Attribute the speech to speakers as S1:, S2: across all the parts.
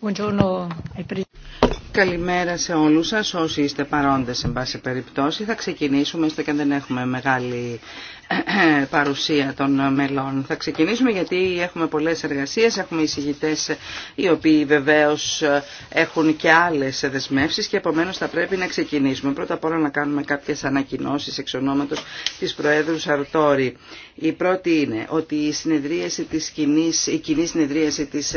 S1: Buongiorno Καλημέρα σε όλους σας όσοι είστε παρόντες εν πάση περιπτώσει. Θα ξεκινήσουμε έστω και αν δεν έχουμε μεγάλη ε, ε, παρουσία των μελών. Θα ξεκινήσουμε γιατί έχουμε πολλές εργασίες, έχουμε εισηγητές οι οποίοι βεβαίως ε, έχουν και άλλες δεσμεύσεις και επομένως θα πρέπει να ξεκινήσουμε. Πρώτα απ' όλα να κάνουμε κάποιες ανακοινώσεις εξ ονόματος της Προέδρου Σαρτόρη. Η πρώτη είναι ότι η, συνεδρίαση της κοινής, η κοινή συνεδρίαση της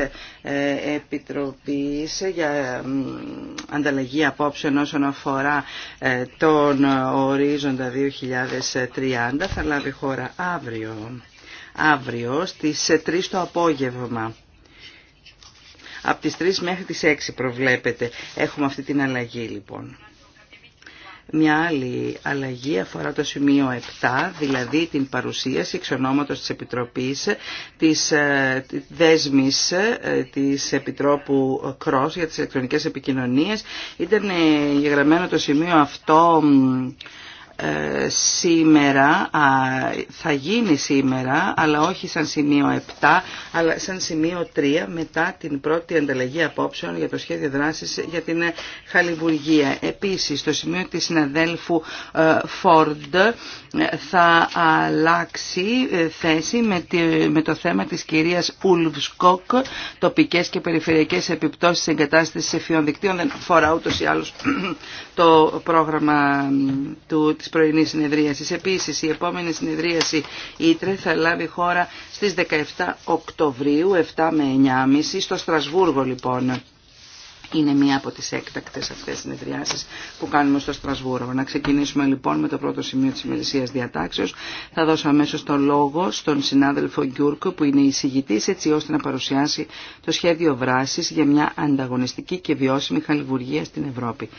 S1: Επιτροπής για ανταλλαγή απόψεων όσον αφορά ε, τον ορίζοντα 2030 θα λάβει χώρα αύριο, αύριο στις 3 το απόγευμα. Από τις 3 μέχρι τις 6 προβλέπεται Έχουμε αυτή την αλλαγή λοιπόν. Μια άλλη αλλαγή αφορά το σημείο 7, δηλαδή την παρουσίαση εξ ονόματος της Επιτροπής της ε, δέσμης ε, της Επιτρόπου Κρός για τις ηλεκτρονικές επικοινωνίες. Ήταν ε, γεγραμμένο το σημείο αυτό ε, σήμερα, θα γίνει σήμερα, αλλά όχι σαν σημείο 7, αλλά σαν σημείο 3 μετά την πρώτη ανταλλαγή απόψεων για το σχέδιο δράσης για την Χαλιβουργία. Επίσης, το σημείο της συναδέλφου Φόρντ ε, ε, θα αλλάξει θέση με το θέμα της κυρίας Ουλβσκοκ, τοπικές και περιφερειακές επιπτώσεις εγκατάστασης εφιών δικτύων. Δεν φορά ούτως ή άλλως το πρόγραμμα του της πρωινής συνεδρίασης. Επίσης, η επόμενη συνεδρίαση Ήτρε θα λάβει χώρα στις 17 Οκτωβρίου, 7 με 9.30, στο Στρασβούργο λοιπόν. Είναι μία από τις έκτακτες αυτές συνεδριάσεις που κάνουμε στο Στρασβούργο. Να ξεκινήσουμε λοιπόν με το πρώτο σημείο της ημερησίας διατάξεως. Θα δώσω αμέσως το λόγο στον συνάδελφο Γκιούρκο που είναι εισηγητής έτσι ώστε να παρουσιάσει το σχέδιο βράσης για μια ανταγωνιστική και βιώσιμη χαλιβουργία στην Ευρώπη.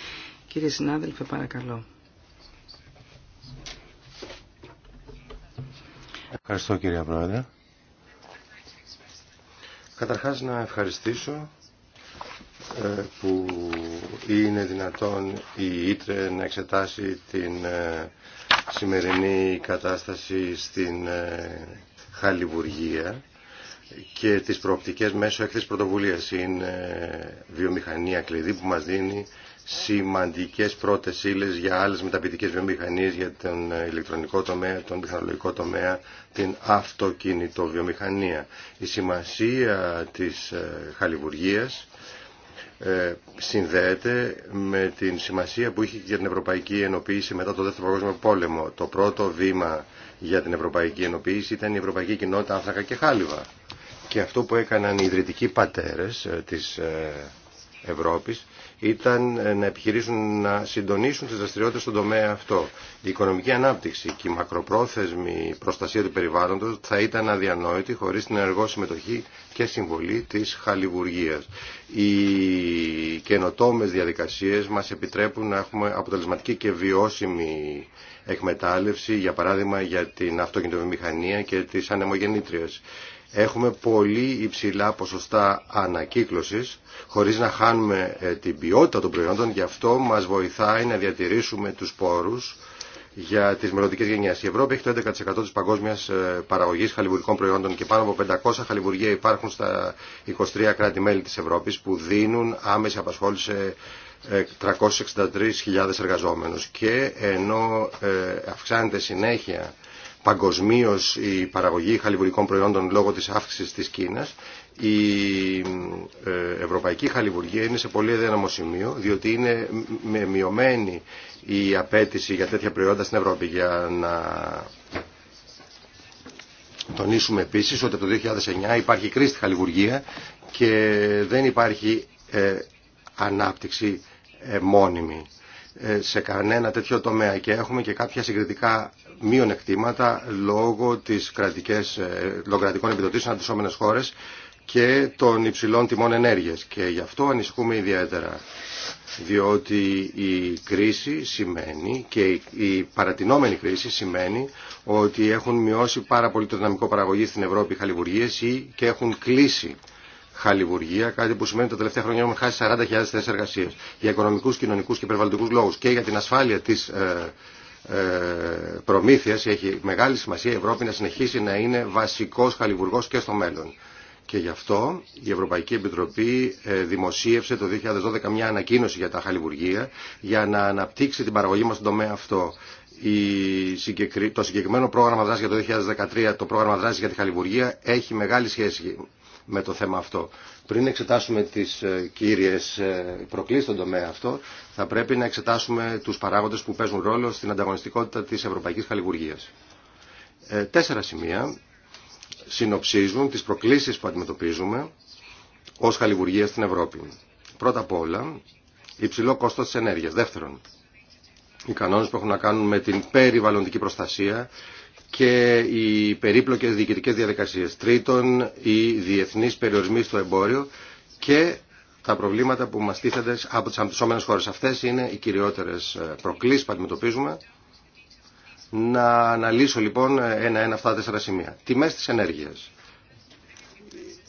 S1: Κύριε συνάδελφε παρακαλώ.
S2: Ευχαριστώ κυρία Πρόεδρε. Καταρχάς να ευχαριστήσω ε, που είναι δυνατόν η Ήτρε να εξετάσει την ε, σημερινή κατάσταση στην ε, Χαλιβουργία και τις προοπτικές μέσω έκθεσης πρωτοβουλίας. Είναι βιομηχανία κλειδί που μας δίνει σημαντικές πρώτες ύλες για άλλες μεταπητικές βιομηχανίες, για τον ηλεκτρονικό τομέα, τον τεχνολογικό τομέα, την αυτοκινητό βιομηχανία Η σημασία της ε, χαλιβουργίας ε, συνδέεται με την σημασία που είχε για την Ευρωπαϊκή Ενοποίηση μετά το Δεύτερο Παγκόσμιο Πόλεμο. Το πρώτο βήμα για την Ευρωπαϊκή Ενοποίηση ήταν η Ευρωπαϊκή Κοινότητα Άνθρακα και Χάλιβα. Και αυτό που έκαναν οι ιδρυτικοί πατέρες ε, της Ευρώπης ήταν να επιχειρήσουν να συντονίσουν τις δραστηριότητες στον τομέα αυτό. Η οικονομική ανάπτυξη και η μακροπρόθεσμη προστασία του περιβάλλοντος θα ήταν αδιανόητη χωρίς την ενεργό συμμετοχή και συμβολή της χαλιβουργίας. Οι καινοτόμες διαδικασίες μας επιτρέπουν να έχουμε αποτελεσματική και βιώσιμη εκμετάλλευση, για παράδειγμα για την αυτοκινητοβιομηχανία και τις ανεμογεννήτριες έχουμε πολύ υψηλά ποσοστά ανακύκλωσης χωρίς να χάνουμε ε, την ποιότητα των προϊόντων. Γι' αυτό μας βοηθάει να διατηρήσουμε τους πόρους για τις μελλοντικές γενιές. Η Ευρώπη έχει το 11% της παγκόσμιας ε, παραγωγής χαλιβουργικών προϊόντων και πάνω από 500 χαλιβουργία υπάρχουν στα 23 κράτη-μέλη της Ευρώπης που δίνουν άμεση απασχόληση σε 363.000 ε, εργαζόμενους. Και ενώ αυξάνεται συνέχεια παγκοσμίω η παραγωγή χαλιβουργικών προϊόντων λόγω της αύξηση της Κίνας, η ε, ευρωπαϊκή χαλιβουργία είναι σε πολύ αδύναμο σημείο, διότι είναι μειωμένη η απέτηση για τέτοια προϊόντα στην Ευρώπη. Για να τονίσουμε επίσης ότι από το 2009 υπάρχει κρίση στη χαλιβουργία και δεν υπάρχει ε, ανάπτυξη ε, μόνιμη σε κανένα τέτοιο τομέα και έχουμε και κάποια συγκριτικά μειονεκτήματα λόγω της κρατικές, ε, των κρατικών επιδοτήσεων αντισώμενες χώρες και των υψηλών τιμών ενέργειας. Και γι' αυτό ανησυχούμε ιδιαίτερα, διότι η κρίση σημαίνει και η παρατηνόμενη κρίση σημαίνει ότι έχουν μειώσει πάρα πολύ το δυναμικό παραγωγή στην Ευρώπη οι χαλιβουργίες ή και έχουν κλείσει χαλιβουργία, κάτι που σημαίνει ότι τα τελευταία χρόνια έχουμε χάσει 40.000 θέσει εργασία. Για οικονομικού, κοινωνικού και περιβαλλοντικού λόγου και για την ασφάλεια τη ε, ε, προμήθειας έχει μεγάλη σημασία η Ευρώπη να συνεχίσει να είναι βασικός χαλιβουργός και στο μέλλον. Και γι' αυτό η Ευρωπαϊκή Επιτροπή ε, δημοσίευσε το 2012 μια ανακοίνωση για τα χαλιβουργία για να αναπτύξει την παραγωγή μας στον τομέα αυτό. Το συγκεκριμένο πρόγραμμα δράση για το 2013, το πρόγραμμα δράση για τη χαλιβουργία έχει μεγάλη σχέση με το θέμα αυτό. Πριν εξετάσουμε τις ε, κύριες ε, προκλήσεις στον τομέα αυτό, θα πρέπει να εξετάσουμε τους παράγοντες που παίζουν ρόλο στην ανταγωνιστικότητα της ευρωπαϊκής χαλιβουργίας. Ε, τέσσερα σημεία συνοψίζουν τις προκλήσεις που αντιμετωπίζουμε ως χαλιβουργία στην Ευρώπη. Πρώτα απ' όλα, υψηλό κόστος της ενέργειας. Δεύτερον, οι κανόνες που έχουν να κάνουν με την περιβαλλοντική προστασία και οι περίπλοκες διοικητικές διαδικασίες. Τρίτον, οι διεθνείς περιορισμοί στο εμπόριο και τα προβλήματα που μας τίθενται από τις αμπτυσσόμενες χώρες. Αυτές είναι οι κυριότερες ε, προκλήσεις που αντιμετωπίζουμε. Να αναλύσω λοιπόν ένα-ένα αυτά τα τέσσερα σημεία. Τιμές της ενέργειας.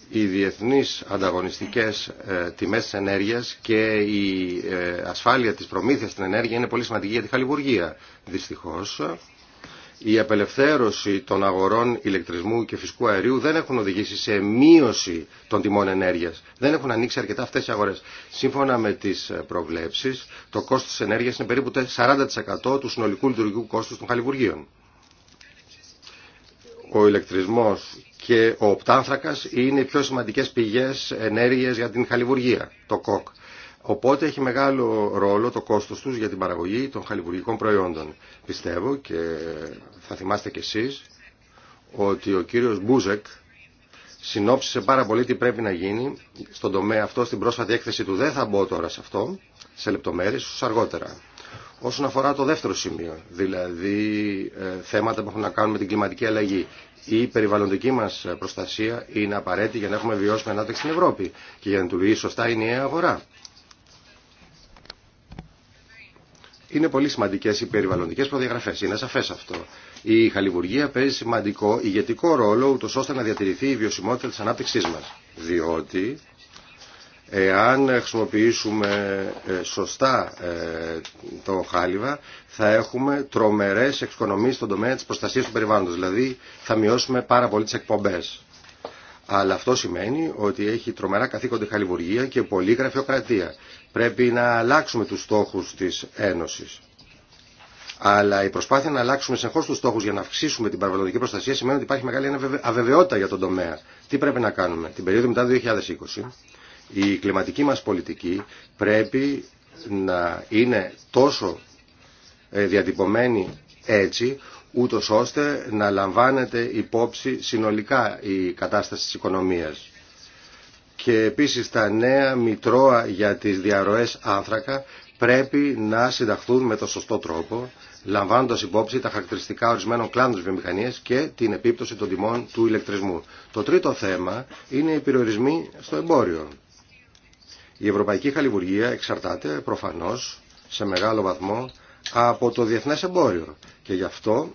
S2: Οι διεθνείς ανταγωνιστικές ε, τιμές της ενέργειας και η ε, ασφάλεια της προμήθειας στην ενέργεια είναι πολύ σημαντική για τη χαλιβουργία. δυστυχώ η απελευθέρωση των αγορών ηλεκτρισμού και φυσικού αερίου δεν έχουν οδηγήσει σε μείωση των τιμών ενέργειας. Δεν έχουν ανοίξει αρκετά αυτές οι αγορές. Σύμφωνα με τις προβλέψεις, το κόστος τη ενέργειας είναι περίπου 40% του συνολικού λειτουργικού κόστους των χαλιβουργίων. Ο ηλεκτρισμός και ο οπτάνθρακα είναι οι πιο σημαντικέ πηγέ ενέργεια για την χαλιβουργία, το ΚΟΚ. Οπότε έχει μεγάλο ρόλο το κόστος τους για την παραγωγή των χαλιβουργικών προϊόντων. Πιστεύω και θα θυμάστε κι εσείς ότι ο κύριος Μπούζεκ συνόψισε πάρα πολύ τι πρέπει να γίνει στον τομέα αυτό στην πρόσφατη έκθεση του. Δεν θα μπω τώρα σε αυτό, σε λεπτομέρειες, αργότερα. Όσον αφορά το δεύτερο σημείο, δηλαδή ε, θέματα που έχουν να κάνουν με την κλιματική αλλαγή, η περιβαλλοντική μα προστασία είναι απαραίτητη για να έχουμε βιώσιμη ανάπτυξη στην Ευρώπη και για να λειτουργεί σωστά η νέα αγορά. είναι πολύ σημαντικέ οι περιβαλλοντικέ προδιαγραφέ. Είναι σαφέ αυτό. Η χαλιβουργία παίζει σημαντικό ηγετικό ρόλο, ούτω ώστε να διατηρηθεί η βιωσιμότητα τη ανάπτυξή μα. Διότι εάν χρησιμοποιήσουμε ε, σωστά ε, το χάλιβα, θα έχουμε τρομερές εξοικονομίες στον τομέα της προστασίας του περιβάλλοντος. Δηλαδή θα μειώσουμε πάρα πολύ τις εκπομπές. Αλλά αυτό σημαίνει ότι έχει τρομερά καθήκοντα χαλιβουργία και πολλή γραφειοκρατία. Πρέπει να αλλάξουμε τους στόχους της Ένωσης. Αλλά η προσπάθεια να αλλάξουμε συνεχώ του στόχου για να αυξήσουμε την παραβαλλοντική προστασία σημαίνει ότι υπάρχει μεγάλη αβεβαιότητα για τον τομέα. Τι πρέπει να κάνουμε. Την περίοδο μετά 2020 η κλιματική μα πολιτική πρέπει να είναι τόσο ε, διατυπωμένη έτσι ούτως ώστε να λαμβάνεται υπόψη συνολικά η κατάσταση της οικονομίας. Και επίσης τα νέα μητρώα για τις διαρροές άνθρακα πρέπει να συνταχθούν με το σωστό τρόπο, λαμβάνοντας υπόψη τα χαρακτηριστικά ορισμένων κλάδων βιομηχανίας και την επίπτωση των τιμών του ηλεκτρισμού. Το τρίτο θέμα είναι οι περιορισμοί στο εμπόριο. Η ευρωπαϊκή χαλιβουργία εξαρτάται προφανώς σε μεγάλο βαθμό από το διεθνές εμπόριο και γι' αυτό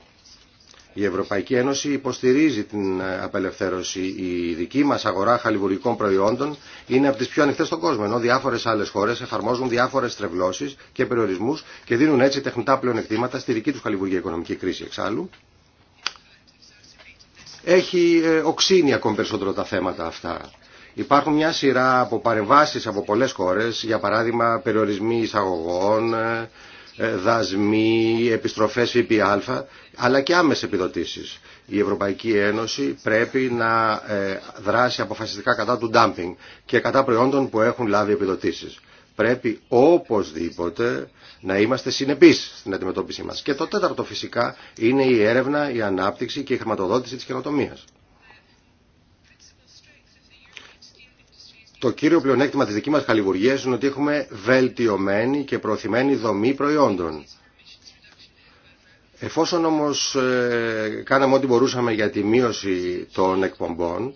S2: η Ευρωπαϊκή Ένωση υποστηρίζει την απελευθέρωση. Η δική μα αγορά χαλιβουργικών προϊόντων είναι από τι πιο ανοιχτέ στον κόσμο, ενώ διάφορε άλλε χώρε εφαρμόζουν διάφορε τρευλώσει και περιορισμού και δίνουν έτσι τεχνητά πλεονεκτήματα στη δική του χαλιβουργία οικονομική κρίση. Εξάλλου, έχει ε, οξύνει ακόμη περισσότερο τα θέματα αυτά. Υπάρχουν μια σειρά από παρεμβάσει από πολλέ χώρε, για παράδειγμα περιορισμοί εισαγωγών, ε, ε, δασμοί, επιστροφές ΦΠΑ, αλλά και άμεσες επιδοτήσεις. Η Ευρωπαϊκή Ένωση πρέπει να ε, δράσει αποφασιστικά κατά του ντάμπινγκ και κατά προϊόντων που έχουν λάβει επιδοτήσεις. Πρέπει οπωσδήποτε να είμαστε συνεπείς στην αντιμετώπιση μας. Και το τέταρτο φυσικά είναι η έρευνα, η ανάπτυξη και η χρηματοδότηση της καινοτομίας. Το κύριο πλεονέκτημα της δικής μας χαλιβουργίας είναι ότι έχουμε βελτιωμένη και προωθημένη δομή προϊόντων. Εφόσον όμως ε, κάναμε ό,τι μπορούσαμε για τη μείωση των εκπομπών,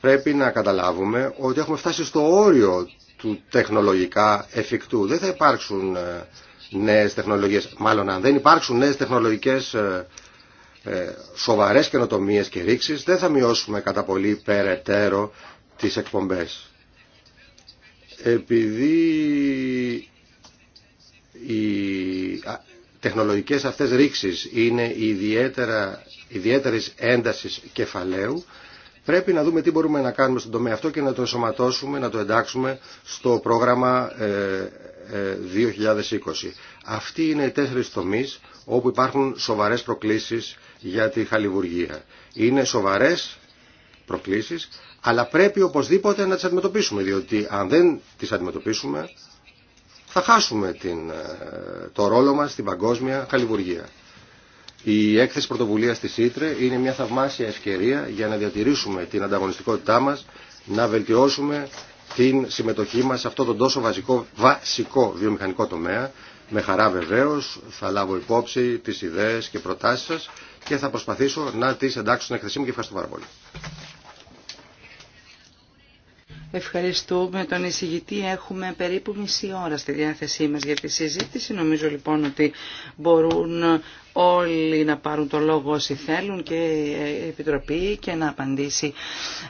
S2: πρέπει να καταλάβουμε ότι έχουμε φτάσει στο όριο του τεχνολογικά εφικτού. Δεν θα υπάρξουν ε, νέες τεχνολογίες. Μάλλον αν δεν υπάρξουν νέες τεχνολογικές ε, σοβαρές καινοτομίες και ρήξεις, δεν θα μειώσουμε κατά πολύ περαιτέρω τις εκπομπές. Επειδή οι τεχνολογικές αυτές ρήξεις είναι ιδιαίτερα, ιδιαίτερης έντασης κεφαλαίου, πρέπει να δούμε τι μπορούμε να κάνουμε στον τομέα αυτό και να το ενσωματώσουμε, να το εντάξουμε στο πρόγραμμα 2020. Ε, ε, Αυτοί είναι οι τέσσερις τομείς όπου υπάρχουν σοβαρές προκλήσεις για τη χαλιβουργία. Είναι σοβαρές προκλήσεις, αλλά πρέπει οπωσδήποτε να τις αντιμετωπίσουμε, διότι αν δεν τις αντιμετωπίσουμε θα χάσουμε την, ε, το ρόλο μας στην παγκόσμια καλλιβουργία. Η έκθεση πρωτοβουλίας της ΣΥΤΡΕ είναι μια θαυμάσια ευκαιρία για να διατηρήσουμε την ανταγωνιστικότητά μας, να βελτιώσουμε την συμμετοχή μας σε αυτό τον τόσο βασικό, βασικό βιομηχανικό τομέα. Με χαρά βεβαίω θα λάβω υπόψη τις ιδέες και προτάσεις σας και θα προσπαθήσω να τις εντάξω στην έκθεσή μου και ευχαριστώ πάρα πολύ.
S1: Ευχαριστούμε τον εισηγητή. Έχουμε περίπου μισή ώρα στη διάθεσή μας για τη συζήτηση. Νομίζω λοιπόν ότι μπορούν όλοι να πάρουν το λόγο όσοι θέλουν και η Επιτροπή και να απαντήσει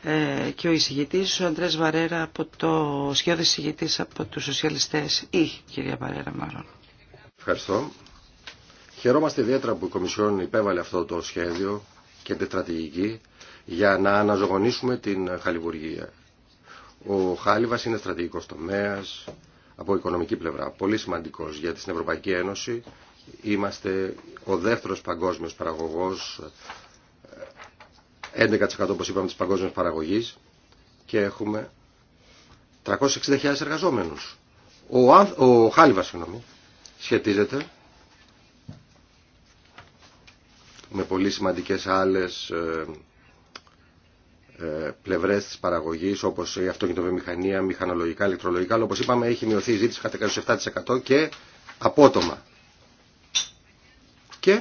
S1: ε, και ο εισηγητής, ο Αντρές Βαρέρα, από το σχέδιο εισηγητής από τους σοσιαλιστές ή κυρία Βαρέρα μάλλον.
S2: Ευχαριστώ. Χαιρόμαστε ιδιαίτερα που η Κομισιόν υπέβαλε αυτό το σχέδιο και την στρατηγική για να αναζωογονήσουμε την χαλιβουργία. Ο Χάλιβας είναι στρατηγικός τομέας από οικονομική πλευρά, πολύ σημαντικός για την Ευρωπαϊκή Ένωση είμαστε ο δεύτερος παγκόσμιος παραγωγός 11% ε, όπως είπαμε της παγκόσμιας παραγωγής και έχουμε 360.000 εργαζόμενους. Ο, ο Χάλιβας συγγνώμη, σχετίζεται με πολύ σημαντικές άλλες ε, ε, Πλευρέ τη παραγωγής όπως η αυτοκινητοβιομηχανία, μηχανολογικά, ηλεκτρολογικά αλλά όπως είπαμε έχει μειωθεί η ζήτηση κατά 27% και απότομα. Και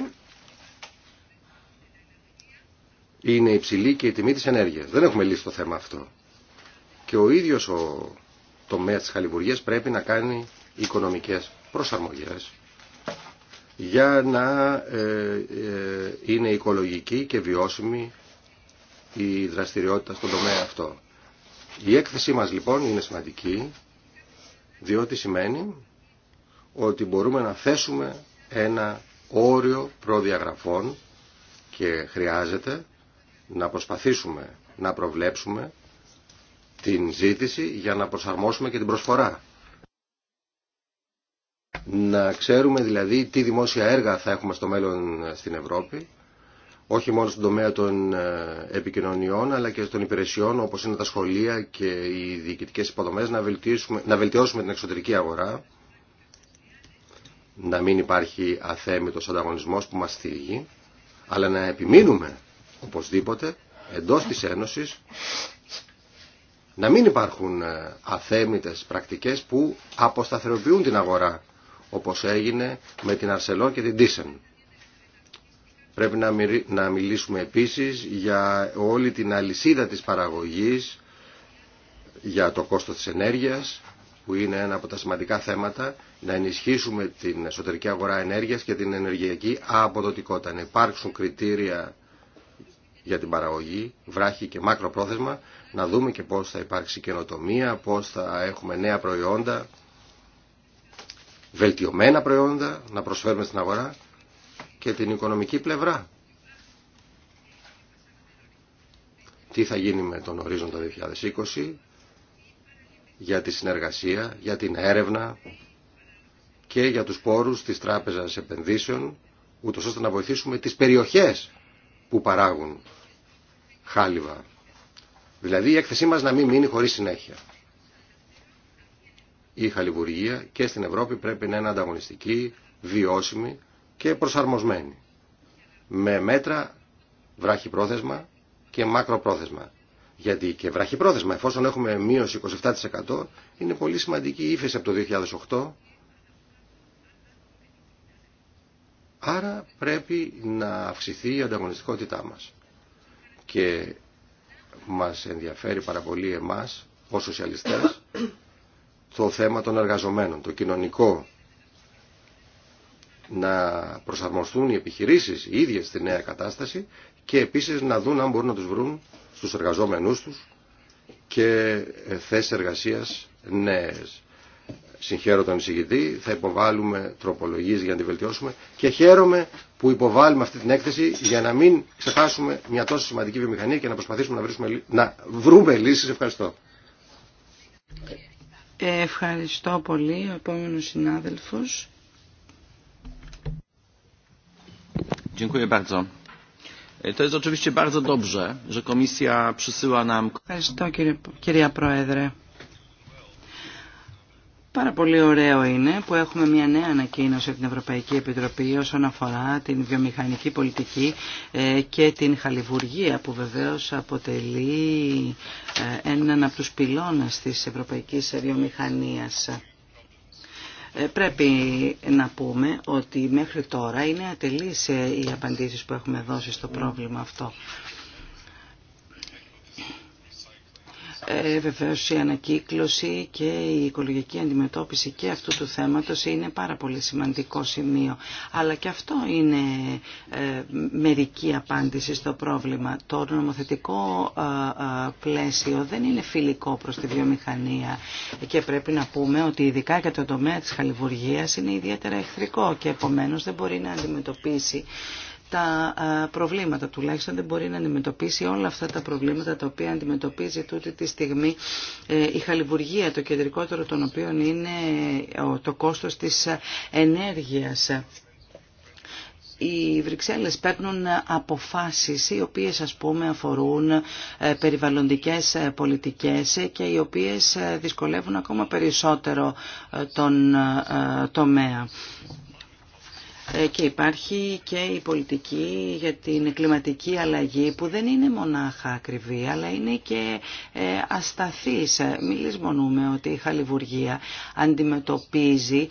S2: είναι υψηλή και η τιμή της ενέργειας. Δεν έχουμε λύσει το θέμα αυτό. Και ο ίδιος ο τομέας τη χαλιβουργία πρέπει να κάνει οικονομικές προσαρμογές για να ε, ε, είναι οικολογική και βιώσιμη η δραστηριότητα στον τομέα αυτό. Η έκθεσή μας λοιπόν είναι σημαντική διότι σημαίνει ότι μπορούμε να θέσουμε ένα όριο προδιαγραφών και χρειάζεται να προσπαθήσουμε να προβλέψουμε την ζήτηση για να προσαρμόσουμε και την προσφορά. Να ξέρουμε δηλαδή τι δημόσια έργα θα έχουμε στο μέλλον στην Ευρώπη όχι μόνο στον τομέα των ε, επικοινωνιών αλλά και των υπηρεσιών όπως είναι τα σχολεία και οι διοικητικές υποδομές να, βελτιώσουμε, να βελτιώσουμε την εξωτερική αγορά να μην υπάρχει αθέμητος ανταγωνισμός που μας θίγει αλλά να επιμείνουμε οπωσδήποτε εντός της Ένωσης να μην υπάρχουν ε, αθέμητες πρακτικές που αποσταθεροποιούν την αγορά όπως έγινε με την Αρσελό και την Τίσεν. Πρέπει να μιλήσουμε επίσης για όλη την αλυσίδα της παραγωγής, για το κόστος της ενέργειας, που είναι ένα από τα σημαντικά θέματα, να ενισχύσουμε την εσωτερική αγορά ενέργειας και την ενεργειακή αποδοτικότητα. Να υπάρξουν κριτήρια για την παραγωγή, βράχη και μακροπρόθεσμα, να δούμε και πώς θα υπάρξει καινοτομία, πώς θα έχουμε νέα προϊόντα, βελτιωμένα προϊόντα να προσφέρουμε στην αγορά και την οικονομική πλευρά. Τι θα γίνει με τον ορίζοντα 2020 για τη συνεργασία, για την έρευνα και για τους πόρους της Τράπεζας Επενδύσεων, ούτως ώστε να βοηθήσουμε τις περιοχές που παράγουν χάλιβα. Δηλαδή η έκθεσή μας να μην μείνει χωρίς συνέχεια. Η χαλιβουργία και στην Ευρώπη πρέπει να είναι ανταγωνιστική, βιώσιμη και προσαρμοσμένη. Με μέτρα βραχυπρόθεσμα και μακροπρόθεσμα. Γιατί και βραχυπρόθεσμα, εφόσον έχουμε μείωση 27%, είναι πολύ σημαντική ύφεση από το 2008. Άρα πρέπει να αυξηθεί η ανταγωνιστικότητά μας. Και μας ενδιαφέρει πάρα πολύ εμάς, ως σοσιαλιστές, το θέμα των εργαζομένων, το κοινωνικό να προσαρμοστούν οι επιχειρήσεις οι ίδιες στη νέα κατάσταση και επίσης να δουν αν μπορούν να τους βρουν στους εργαζόμενούς τους και θέσεις εργασίας νέες. Συγχαίρω τον εισηγητή, θα υποβάλουμε τροπολογίες για να τη βελτιώσουμε και χαίρομαι που υποβάλουμε αυτή την έκθεση για να μην ξεχάσουμε μια τόσο σημαντική βιομηχανία και να προσπαθήσουμε να, να βρούμε λύσεις. Ευχαριστώ.
S1: Ευχαριστώ πολύ ο επόμενος
S2: συνάδελφος. Ευχαριστώ
S1: κύριε, κυρία Πρόεδρε. Πάρα πολύ ωραίο είναι που έχουμε μια νέα ανακοίνωση από την Ευρωπαϊκή Επιτροπή όσον αφορά την βιομηχανική πολιτική ε, και την χαλιβουργία που βεβαίως αποτελεί ε, έναν από τους πυλώνες της ευρωπαϊκής βιομηχανίας. Ε, πρέπει να πούμε ότι μέχρι τώρα είναι ατελείς ε, οι απαντήσεις που έχουμε δώσει στο πρόβλημα αυτό. Ε, η ανακύκλωση και η οικολογική αντιμετώπιση και αυτού του θέματος είναι πάρα πολύ σημαντικό σημείο. Αλλά και αυτό είναι ε, μερική απάντηση στο πρόβλημα. Το νομοθετικό ε, ε, πλαίσιο δεν είναι φιλικό προς τη βιομηχανία και πρέπει να πούμε ότι ειδικά για το τομέα της χαλιβουργίας είναι ιδιαίτερα εχθρικό και επομένως δεν μπορεί να αντιμετωπίσει τα προβλήματα. Τουλάχιστον δεν μπορεί να αντιμετωπίσει όλα αυτά τα προβλήματα τα οποία αντιμετωπίζει τούτη τη στιγμή ε, η χαλιβουργία, το κεντρικότερο των οποίων είναι ε, το κόστος της ε, ενέργειας οι Βρυξέλλες παίρνουν αποφάσεις οι οποίες ας πούμε αφορούν περιβαλλοντικές πολιτικές και οι οποίες δυσκολεύουν ακόμα περισσότερο τον τομέα. Ε, και υπάρχει και η πολιτική για την κλιματική αλλαγή που δεν είναι μονάχα ακριβή αλλά είναι και ε, ασταθής. Ε, μην λησμονούμε ότι η Χαλιβουργία αντιμετωπίζει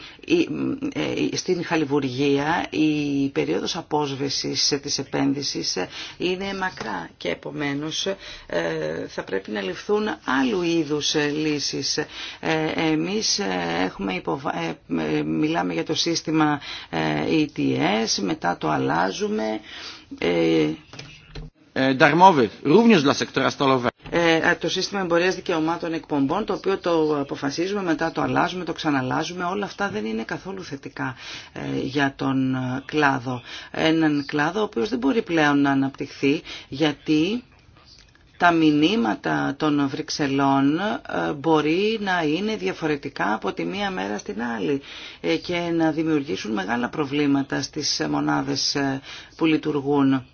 S1: στην Χαλιβουργία η περίοδος απόσβεσης της επένδυσης είναι μακρά και επομένως θα πρέπει να ληφθούν άλλου είδους λύσεις. Εμείς έχουμε μιλάμε για το σύστημα μετά το αλλάζουμε. Ε,
S2: ε, ε,
S1: ε, το σύστημα εμπορίας δικαιωμάτων εκπομπών, το οποίο το αποφασίζουμε, μετά το αλλάζουμε, το ξαναλάζουμε, όλα αυτά δεν είναι καθόλου θετικά για τον κλάδο. Έναν κλάδο ο οποίος δεν μπορεί πλέον να αναπτυχθεί, γιατί τα μηνύματα των Βρυξελών ε, μπορεί να είναι διαφορετικά από τη μία μέρα στην άλλη ε, και να δημιουργήσουν μεγάλα προβλήματα στις μονάδες ε, που λειτουργούν.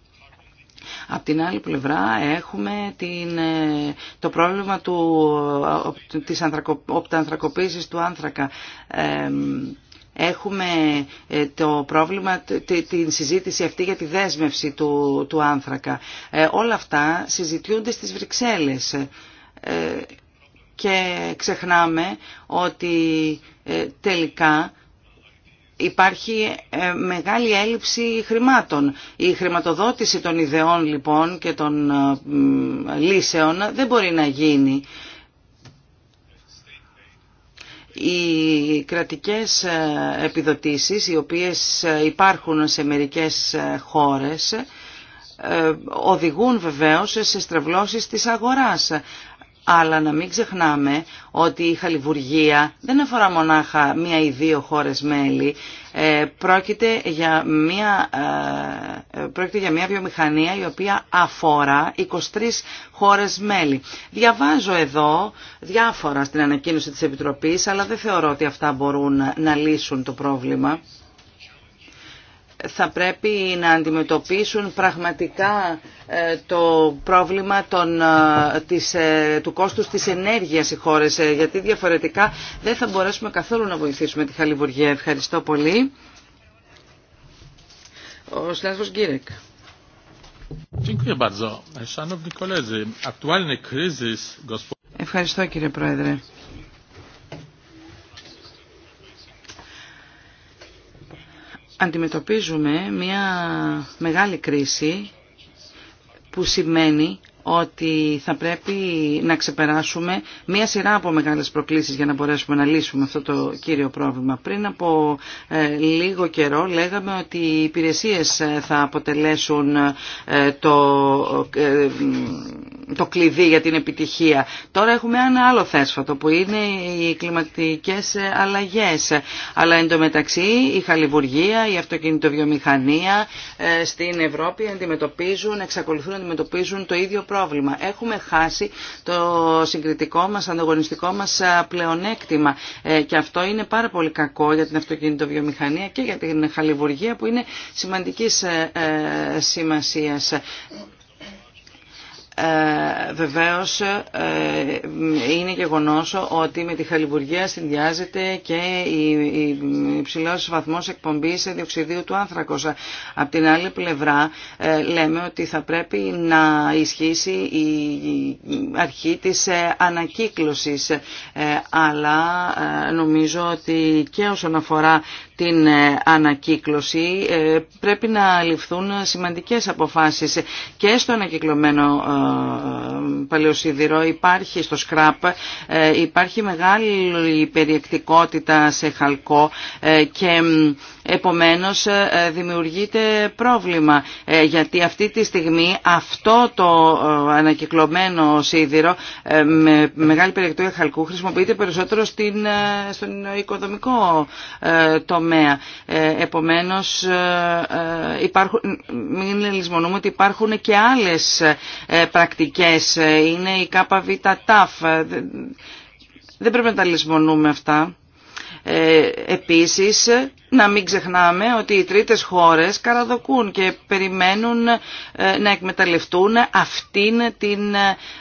S1: Απ' την άλλη πλευρά έχουμε την, το πρόβλημα του, της ανθρακο, του άνθρακα. Έχουμε ε, το πρόβλημα, την συζήτηση αυτή για τη δέσμευση του, άνθρακα. Ε, όλα αυτά συζητιούνται στις Βρυξέλλες ε, και ξεχνάμε ότι τελικά υπάρχει μεγάλη έλλειψη χρημάτων. Η χρηματοδότηση των ιδεών λοιπόν και των λύσεων δεν μπορεί να γίνει οι κρατικές ε, επιδοτήσεις οι οποίες ε, υπάρχουν σε μερικές ε, χώρες οδηγούν βεβαίως σε στρεβλώσεις της αγοράς αλλά να μην ξεχνάμε ότι η χαλιβουργία δεν αφορά μονάχα μία ή δύο χώρες μέλη. Ε, πρόκειται, για μία, ε, πρόκειται για μία βιομηχανία η οποία αφορά 23 χώρες μέλη. Διαβάζω εδώ διάφορα στην ανακοίνωση της Επιτροπής, αλλά δεν θεωρώ ότι αυτά μπορούν να λύσουν το πρόβλημα θα πρέπει να αντιμετωπίσουν πραγματικά ε, το πρόβλημα των, ε, ε, του κόστους της ενέργειας οι χώρες, γιατί διαφορετικά δεν θα μπορέσουμε καθόλου να βοηθήσουμε τη Χαλιβουργία. Ευχαριστώ πολύ. Ο Σλάσβος Γκίρεκ. Ευχαριστώ κύριε Πρόεδρε. αντιμετωπίζουμε μια μεγάλη κρίση που σημαίνει ότι θα πρέπει να ξεπεράσουμε μία σειρά από μεγάλες προκλήσεις για να μπορέσουμε να λύσουμε αυτό το κύριο πρόβλημα. Πριν από ε, λίγο καιρό λέγαμε ότι οι υπηρεσίες ε, θα αποτελέσουν ε, το, το κλειδί για την επιτυχία. Τώρα έχουμε ένα άλλο θέσφατο που είναι οι κλιματικές αλλαγές. Αλλά εντωμεταξύ η χαλιβουργία, η αυτοκινητοβιομηχανία στην Ευρώπη αντιμετωπίζουν, εξακολουθούν να αντιμετωπίζουν το ίδιο πρόβλημα πρόβλημα. Έχουμε χάσει το συγκριτικό μας, ανταγωνιστικό μας πλεονέκτημα ε, και αυτό είναι πάρα πολύ κακό για την αυτοκινητοβιομηχανία και για την χαλιβουργία που είναι σημαντικής ε, ε, σημασίας. Ε, βεβαίως ε, είναι γεγονό ότι με τη χαλιβουργία συνδυάζεται και η, η υψηλός βαθμός εκπομπής διοξιδίου του άνθρακο. Απ' την άλλη πλευρά ε, λέμε ότι θα πρέπει να ισχύσει η αρχή της ε, ανακύκλωσης αλλά νομίζω ότι και όσον αφορά την ε, ανακύκλωση ε, πρέπει να ληφθούν σημαντικές αποφάσεις και στο ανακυκλωμένο ε, παλαιοσίδηρο υπάρχει στο σκράπ υπάρχει μεγάλη περιεκτικότητα σε χαλκό και Επομένως ε, ε, δημιουργείται πρόβλημα ε, γιατί αυτή τη στιγμή αυτό το ανακυκλωμένο σίδηρο με μεγάλη περιεκτήρια χαλκού χρησιμοποιείται περισσότερο στην, στον οικοδομικό τομέα. Επομένως υπάρχουν, μην λησμονούμε ότι υπάρχουν και άλλες πρακτικές. Είναι η ΚΒΤΑΦ. Δεν πρέπει να τα λησμονούμε αυτά. Ε, επίσης, να μην ξεχνάμε ότι οι τρίτες χώρες καραδοκούν και περιμένουν ε, να εκμεταλλευτούν αυτήν την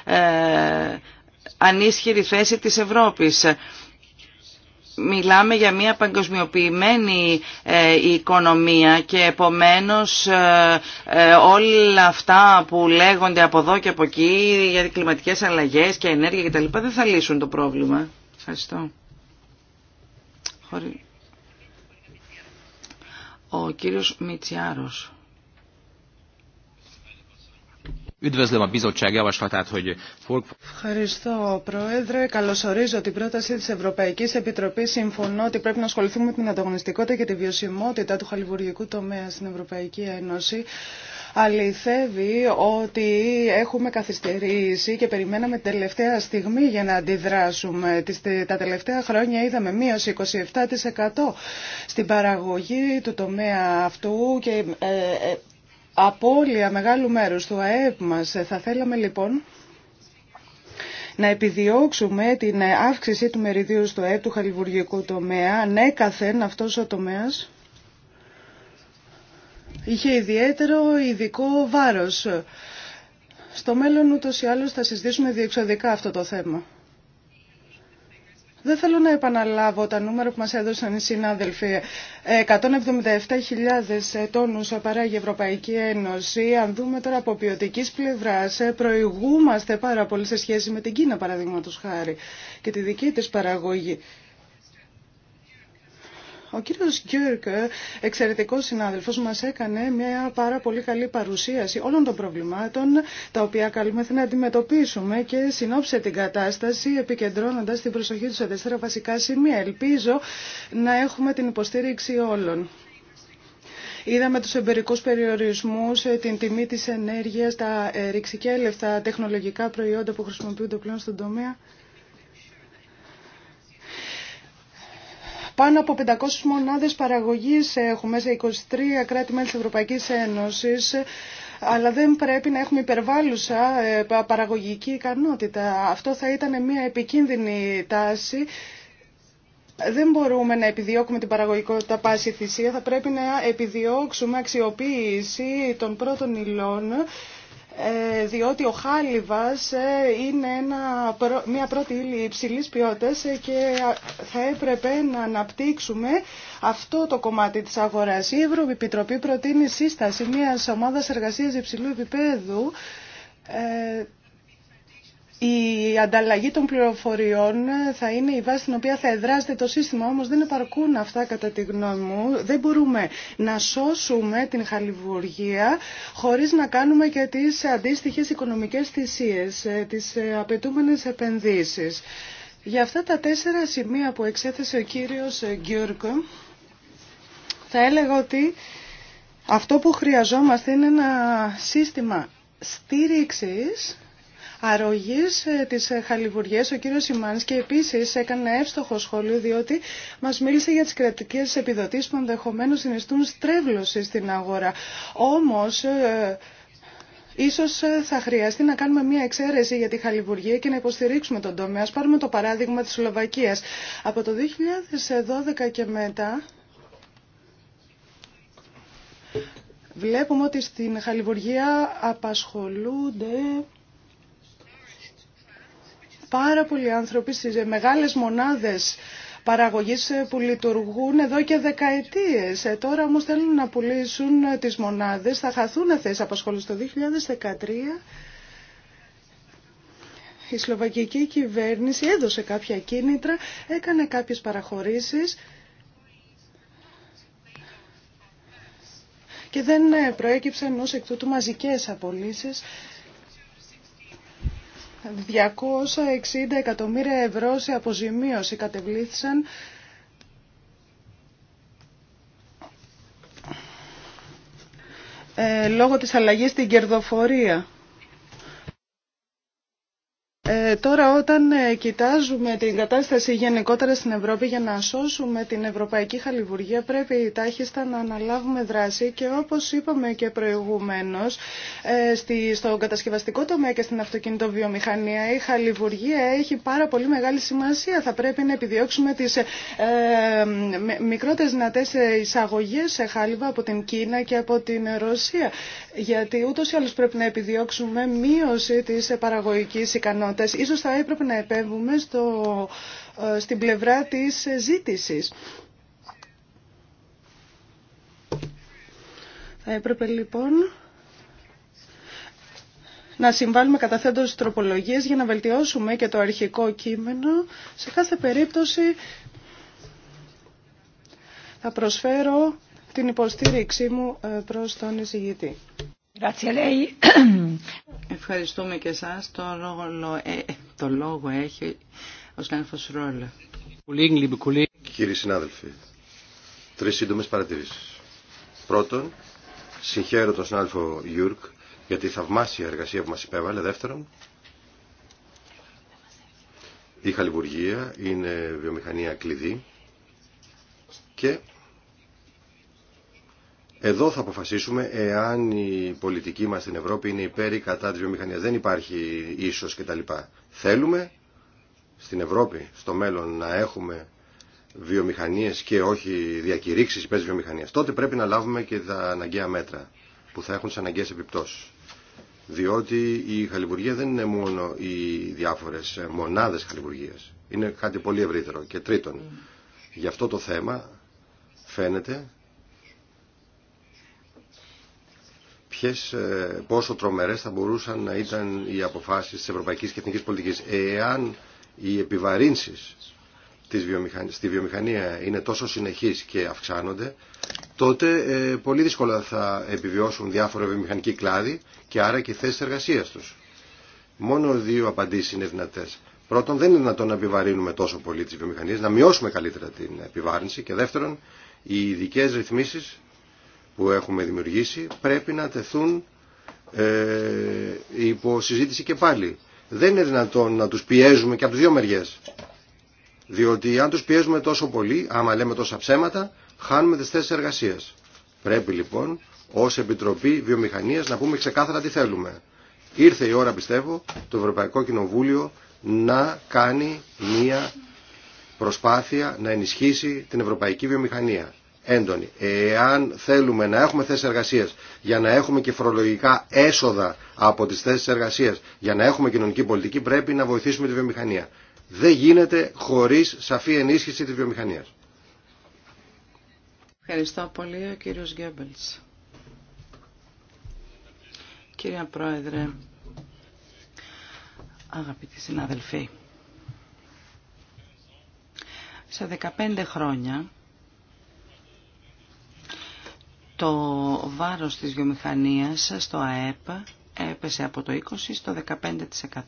S1: ε, ανίσχυρη θέση της Ευρώπης. Μιλάμε για μια παγκοσμιοποιημένη οικονομία και επομένως όλα αυτά που λέγονται από εδώ και από εκεί για κλιματικές αλλαγές και ενέργεια κτλ. δεν θα λύσουν το πρόβλημα. Ευχαριστώ. Ο κύριος Μητσιάρος.
S3: Ευχαριστώ, Πρόεδρε. Καλωσορίζω την πρόταση της Ευρωπαϊκής Επιτροπής. Συμφωνώ ότι πρέπει να ασχοληθούμε με την ανταγωνιστικότητα και τη βιωσιμότητα του χαλιβουργικού τομέα στην Ευρωπαϊκή Ένωση αληθεύει ότι έχουμε καθυστερήσει και περιμέναμε τελευταία στιγμή για να αντιδράσουμε. Τα τελευταία χρόνια είδαμε μείωση 27% στην παραγωγή του τομέα αυτού και ε, ε, απώλεια μεγάλου μέρους του ΑΕΠ μας. Θα θέλαμε λοιπόν να επιδιώξουμε την αύξηση του μεριδίου στο ΑΕΠ του χαλιβουργικού τομέα, ανέκαθεν ναι, αυτός ο τομέας είχε ιδιαίτερο ειδικό βάρος. Στο μέλλον ούτως ή άλλως θα συζητήσουμε διεξοδικά αυτό το θέμα. Δεν θέλω να επαναλάβω τα νούμερα που μας έδωσαν οι συνάδελφοι. 177.000 τόνους παράγει η Ευρωπαϊκή Ένωση. Αν δούμε τώρα από ποιοτική πλευρά, προηγούμαστε πάρα πολύ σε σχέση με την Κίνα, παραδείγματος χάρη, και τη δική της παραγωγή. Ο κύριος Γκιούρκ, ε, εξαιρετικός συνάδελφος, μας έκανε μια πάρα πολύ καλή παρουσίαση όλων των προβλημάτων τα οποία καλούμεθα να αντιμετωπίσουμε και συνόψε την κατάσταση επικεντρώνοντας την προσοχή του σε τέσσερα βασικά σημεία. Ελπίζω να έχουμε την υποστήριξη όλων. Είδαμε τους εμπερικούς περιορισμούς, ε, την τιμή της ενέργειας, τα ε, ρηξικέλευτα τεχνολογικά προϊόντα που χρησιμοποιούνται πλέον στον τομέα. Πάνω από 500 μονάδες παραγωγής έχουμε σε 23 κράτη-μέλη της Ευρωπαϊκής Ένωσης αλλά δεν πρέπει να έχουμε υπερβάλλουσα ε, παραγωγική ικανότητα. Αυτό θα ήταν μια επικίνδυνη τάση. Δεν μπορούμε να επιδιώκουμε την παραγωγικότητα πάση θυσία. Θα πρέπει να επιδιώξουμε αξιοποίηση των πρώτων υλών ε, διότι ο χάλιβας ε, είναι ένα, μια πρώτη ύλη υψηλής ποιότητας ε, και θα έπρεπε να αναπτύξουμε αυτό το κομμάτι της αγοράς. Η Ευρωεπιτροπή προτείνει σύσταση μιας ομάδας εργασίας υψηλού επίπεδου η ανταλλαγή των πληροφοριών θα είναι η βάση στην οποία θα εδράζεται το σύστημα, όμως δεν επαρκούν αυτά κατά τη γνώμη μου. Δεν μπορούμε να σώσουμε την χαλιβουργία χωρίς να κάνουμε και τις αντίστοιχες οικονομικές θυσίε, ε, τις ε, απαιτούμενες επενδύσεις. Για αυτά τα τέσσερα σημεία που εξέθεσε ο κύριος ε, Γκιούρκο, θα έλεγα ότι αυτό που χρειαζόμαστε είναι ένα σύστημα στήριξης αρρωγής ε, της ε, Χαλιβουργίας, ο κύριος Σιμάνς και επίσης έκανε ένα εύστοχο σχόλιο διότι μας μίλησε για τις κρατικές επιδοτήσεις που ενδεχομένως συνιστούν στρέβλωση στην αγορά. Όμως ε, Ίσως θα χρειαστεί να κάνουμε μια εξαίρεση για τη χαλιβουργία και να υποστηρίξουμε τον τομέα. Ας πάρουμε το παράδειγμα της Σλοβακίας. Από το 2012 και μετά βλέπουμε ότι στην χαλιβουργία απασχολούνται πάρα πολλοί άνθρωποι στι μεγάλες μονάδες παραγωγής ε, που λειτουργούν εδώ και δεκαετίες. Ε, τώρα όμω θέλουν να πουλήσουν ε, τις μονάδες, θα χαθούν θέσει απασχόληση το 2013. Η Σλοβακική κυβέρνηση έδωσε κάποια κίνητρα, έκανε κάποιες παραχωρήσεις και δεν προέκυψαν ως εκ τούτου μαζικές απολύσεις. 260 εκατομμύρια ευρώ σε αποζημίωση κατεβλήθησαν ε, λόγω της αλλαγής στην κερδοφορία. Ε, τώρα όταν ε, κοιτάζουμε την κατάσταση γενικότερα στην Ευρώπη για να σώσουμε την ευρωπαϊκή χαλιβουργία πρέπει τάχιστα να αναλάβουμε δράση και όπως είπαμε και προηγουμένως ε, στη, στο κατασκευαστικό τομέα και στην αυτοκινητοβιομηχανία η χαλιβουργία έχει πάρα πολύ μεγάλη σημασία. Θα πρέπει να επιδιώξουμε τις ε, μικρότερες δυνατές εισαγωγές σε χάλιβα από την Κίνα και από την Ρωσία γιατί ούτως ή άλλως πρέπει να επιδιώξουμε μείωση της παραγωγικής ικανότητας Ίσως θα έπρεπε να επέμβουμε στο, ε, στην πλευρά της ζήτησης. Θα έπρεπε λοιπόν να συμβάλλουμε καταθέτως τροπολογίες για να βελτιώσουμε και το αρχικό κείμενο. Σε κάθε περίπτωση θα προσφέρω την υποστήριξή μου ε, προς τον εισηγητή.
S1: Ευχαριστούμε και εσάς. Το λόγο, ε, ε, το λόγο έχει ο συνάδελφος Ρόλε.
S2: Κύριοι συνάδελφοι, τρεις σύντομες παρατηρήσεις. Πρώτον, συγχαίρω τον συνάδελφο Γιούρκ για τη θαυμάσια εργασία που μας υπέβαλε. Δεύτερον, η χαλιβουργία είναι βιομηχανία κλειδί και εδώ θα αποφασίσουμε εάν η πολιτική μας στην Ευρώπη είναι υπέρ ή κατά της βιομηχανίας. Δεν υπάρχει ίσως κτλ. Θέλουμε στην Ευρώπη, στο μέλλον, να έχουμε βιομηχανίες και όχι διακηρύξεις υπέρ της βιομηχανίας. Τότε πρέπει να λάβουμε και τα αναγκαία μέτρα που θα έχουν τι αναγκαίες επιπτώσεις. Διότι η χαλιβουργία δεν είναι μόνο οι διάφορες μονάδες χαλιβουργίας. Είναι κάτι πολύ ευρύτερο. Και τρίτον, γι' αυτό το θέμα φαίνεται ποιες, ε, πόσο τρομερές θα μπορούσαν να ήταν οι αποφάσεις της ευρωπαϊκής και εθνικής πολιτικής. Εάν οι επιβαρύνσεις της στη βιομηχανία είναι τόσο συνεχείς και αυξάνονται, τότε ε, πολύ δύσκολα θα επιβιώσουν διάφορα βιομηχανικοί κλάδοι και άρα και θέσεις εργασίας τους. Μόνο δύο απαντήσεις είναι δυνατές. Πρώτον, δεν είναι δυνατόν να επιβαρύνουμε τόσο πολύ τις βιομηχανίες, να μειώσουμε καλύτερα την επιβάρυνση και δεύτερον, οι ειδικέ ρυθμίσεις που έχουμε δημιουργήσει πρέπει να τεθούν ε, υπό συζήτηση και πάλι. Δεν είναι δυνατόν να τους πιέζουμε και από τις δύο μεριές. Διότι αν τους πιέζουμε τόσο πολύ, άμα λέμε τόσα ψέματα, χάνουμε τις θέσεις εργασίας. Πρέπει λοιπόν ως Επιτροπή Βιομηχανίας να πούμε ξεκάθαρα τι θέλουμε. Ήρθε η ώρα πιστεύω το Ευρωπαϊκό Κοινοβούλιο να κάνει μία προσπάθεια να ενισχύσει την ευρωπαϊκή βιομηχανία έντονη. Εάν θέλουμε να έχουμε θέσει εργασία για να έχουμε και φορολογικά έσοδα από τι θέσει εργασία, για να έχουμε κοινωνική πολιτική, πρέπει να βοηθήσουμε τη βιομηχανία. Δεν γίνεται χωρί σαφή ενίσχυση τη βιομηχανία.
S1: Ευχαριστώ πολύ, ο κύριο Γκέμπελ. Κύριε Πρόεδρε, αγαπητοί συναδελφοί, σε 15 χρόνια το βάρος της βιομηχανίας στο ΑΕΠ έπεσε από το 20% στο 15%.